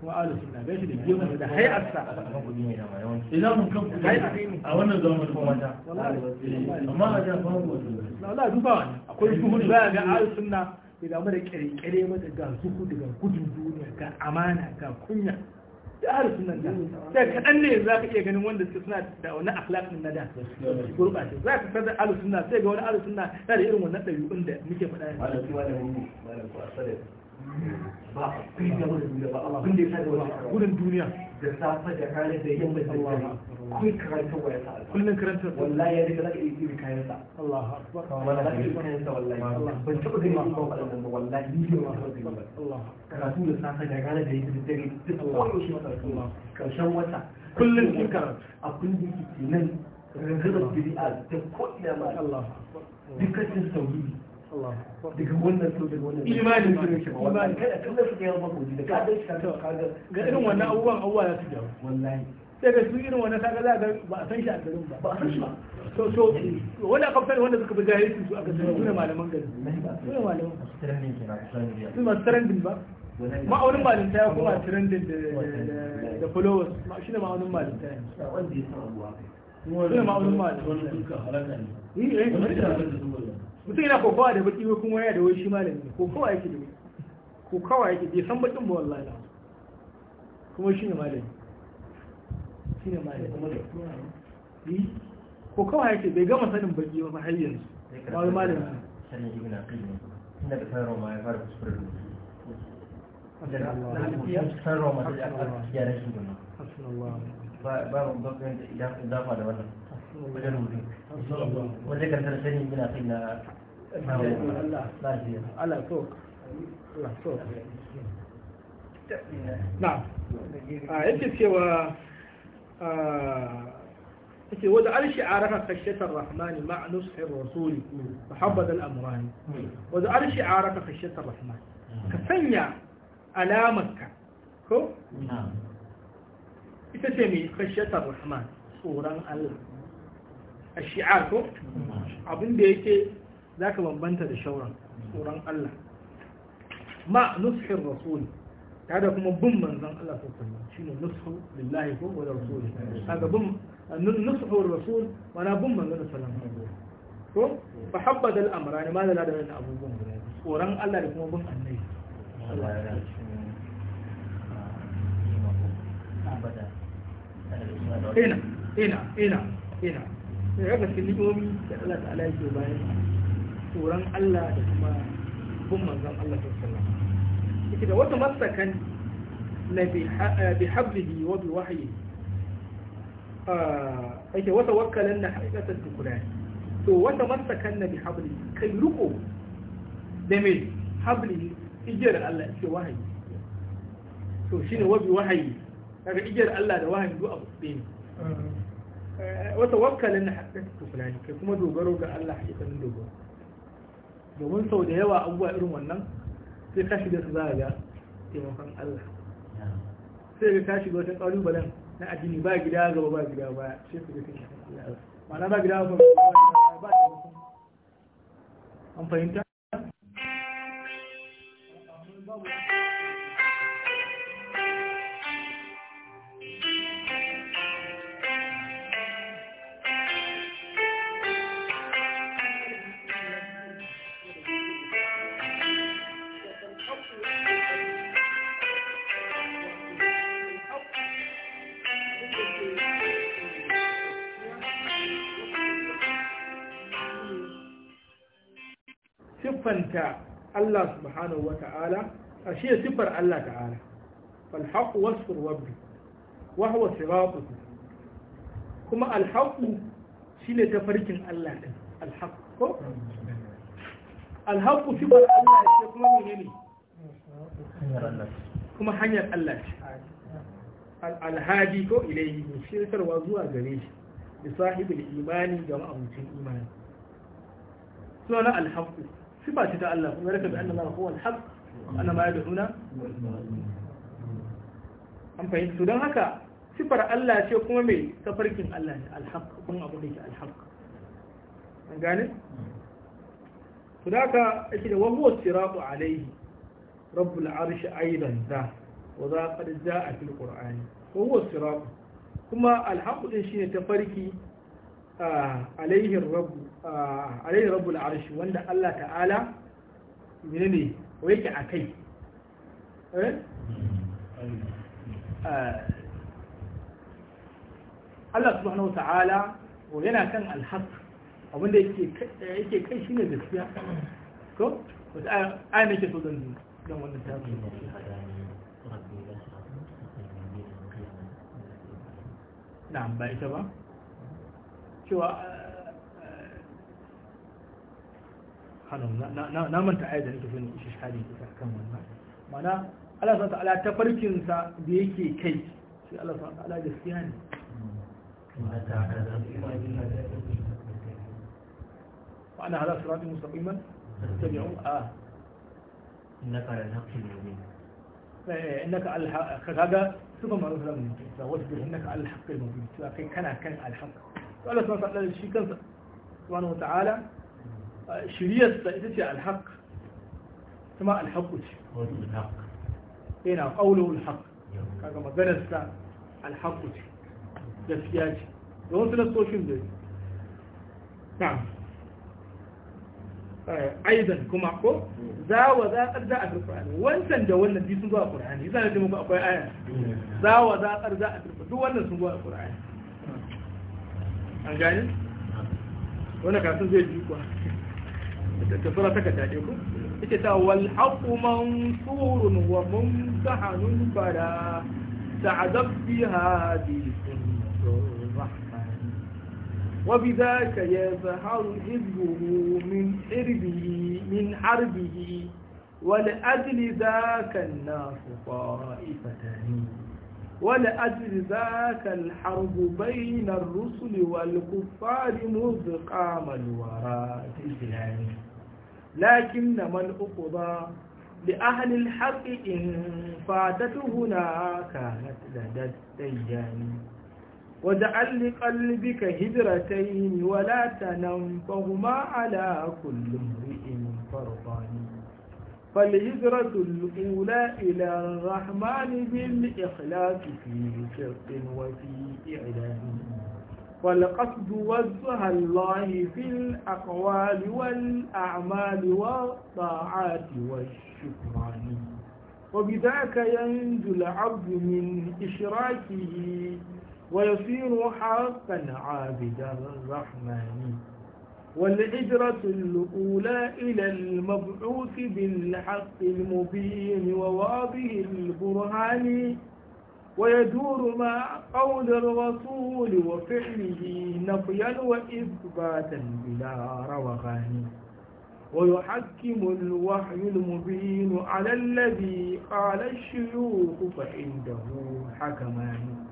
kuma alu sunna gashi da gina da hayarsa idan kan kudi a wannan zamanin kuma ta amma a da babu wata la duba wani akwai shuhuri ba ga alu sunna ya damu da kirkire mata ga zuku daga gudun duniya ga amana ga kunya da alu sunna da sai kaɗan ne za ka iya ganin wanda suka suna da wani akhlaqin na da gurɓace za ka sadar alu sunna sai ga wani alu sunna da irin wannan ɗabi'un da muke faɗa yanzu ba abin da wani duniya ba abin da ya sa da wani gudun duniya da safe da rana da yamma da dare kun karanta waya sa kullun karanta wallahi ya daga zaka yi kayan sa Allahu akbar wallahi yi kayan sa wallahi ban taba gani ba wannan ba wallahi ni ba taɓa ba Allah karatu da safe da rana da yamma da dare duk koyo shi maka Allah karshen wata Kullum kin karanta abin da yake nan rangazar bid'a ta ko ina ma Allah dukkan tauhidi daga kan yi ka dai ka ka irin wannan abubuwan abuwa za su jawo sai ga sun irin wannan kaga za ga ba a san shi a garin ba ba a san shi ba so so wani a kafin wanda suka bi jahilci su aka san sune malaman gari sune malaman su masu trending ba ma'aunin malinta ya kuma trending da followers shi ne ma'aunin malinta ya zai ma'aunin ma da wannan mutum yana kokawa da baki wai kuma yana da shi malami yake da yake bai san bakin kuma shi ne malami shi ne malami eh, yake bai gama sanin baki ba har yanzu malami sanin ibn aqil inda da ma ya fara kuskure Allah ya ma da ya rashin gama ba mu bakar dafa da wannan wajen rubutu wajen karkar sani muna kai na Allah so Allah so na a yake cewa yake wadda arshi arafa kashatar rahmani ma nushin rasuli muhammad al'amurani wadda arshi arafa kashatar rahmani ka sanya alamarka ko ita ce mai khashiyatar rahman tsoron Allah a shi'a ko abinda yake za ka bambanta da shauran tsoron Allah ma nushin rasul ta da kuma bin manzan Allah sosai shi ne nushu lillahi ko wadda rasul ta ga bin nushu rasul wana bin manzan salam ko ba habba da al'amura ne ma da ladarin abubuwan tsoron Allah da kuma bin annai Allah ya rasu ina ina ina ina ya ga cikin ni'omi da Allah ta'ala yake bayan Turan Allah da kuma bin manzon Allah sallallahu alaihi yake da wata masakan na bi hablihi wa bi wahyi ah, yake wata wakkalan na da tukurani to wata masakan na bi hablihi kai riko da mai hablihi igiyar Allah ce wahayi to shine wa wahayi kaga igiyar Allah da wahayi duk abu ɗaya ne eh, wata wakkalin na haɗin tukula kai kuma dogaro ga Allah haƙiƙanin dogaro domin sau da yawa abubuwa irin wannan sai ka shiga su za ga taimakon Allah sai ka shiga wata ƙalubalen na addini ba gida gaba ba gida ba sai su ga taimakon Allah ma'ana ba gida ba ba taimakon an fahimta babu siffanta Allah subhanahu wa ta’ala a siffar Allah ta’ala, falhaƙu wasu rabbi, wahawa siraku, kuma alhaƙu shi ne ta farkin Allah alhaƙu, alhaƙu siffar Allah ce kuma wuni kuma hanyar Allah ce, alhaji ko ilayi ne, shi sarwa zuwa gare shi, da sahibin imani ga ma'amucin imani. Suna na alhaƙu, sifa ta Allah kuma raka bi annan Allah huwa al-haq annan ma an fahimta to don haka sifar Allah ce kuma mai tafarkin Allah ne al-haq kun abu da ke al-haq an gane to da wa huwa siratu alayhi wa za kuma al shine tafarki alaihi rabbul arshi wanda Allah ta'ala ne wa yake a kai Allah subhanahu ta'ala yana kan alhaq abinda yake kai shi shine gaskiya ko wata ayyana nake so don dan wannan tafi na ba ita ba cewa hannun na manta ayat da nake so ne ishi shahadi kan wannan mana Allah subhanahu wa ta'ala tafarkinsa da yake kai sai Allah subhanahu wa ta'ala gaskiya ne وأنا على صراط مستقيما تتبعون آه إنك على الحق اليمين إنك على الحق هذا سوف ما نقول إنك على الحق المبين كان كان على الحق Allah sun faɗa da shi kansa subhanahu wata'ala shiryarsa ita ce alhaq kuma alhaq ce yana qawluhu alhaq kaga maganarsa alhaq ce gaskiya ce don wasu nasoshin da na'am aidan kuma ko za wa za ƙar za a turfani wancan da wannan bi sun zo a ƙur'ani zan da muku akwai aya za wa za ƙar za a turfani duk wannan sun zo a ƙur'ani an gani wani kasu zai ji kuwa da sura ta kata ko ita ta wal haqu mansurun wa mumtahanun fara ta'adab biha bi وبذاك يظهر حزبه من حربه من حربه ولأجل ذاك الناس طائفتين wani ajiri za ka harbu bai na rusuli walkufari muzu kamaluwara ta isilami lakin na man uku ba da ahalin haƙiƙin fatatuhuna ka da daddayyani alli ƙalbi ka hijira ta yi ni wadata nan ba kuma ala kullum ri'in فالهجرة الأولى إلى الرحمن بالإخلاص في شرق وفي إعلام والقصد وجه الله في الأقوال والأعمال والطاعات والشكران وبذاك ينجو العبد من إشراكه ويصير حقا عابدا الرحمن والهجرة الأولى إلى المبعوث بالحق المبين وواضح البرهان ويدور مع قول الرسول وفعله نفيا وإثباتا بلا روغان ويحكم الوحي المبين على الذي قال الشيوخ فعنده حكمان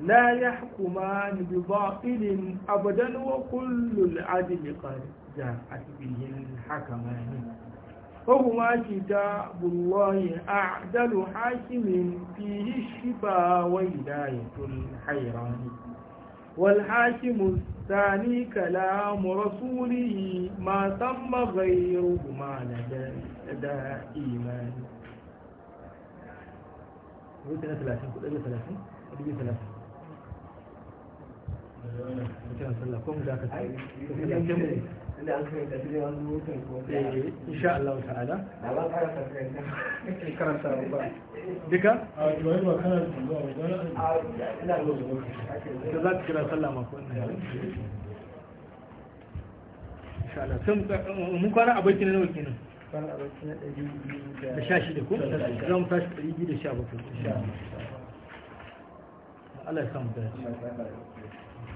لا يحكمان بباطل أبدا وكل العدل قد جاءت به الحكمان وهما كتاب الله أعدل حاكم فيه الشفاء ولاية الحيران والحاكم الثاني كلام رسوله ما تم غيرهما لدى, لدى إيمان ان شاء الله تعالى بك ان شاء الله ثم ممكن انا ابيت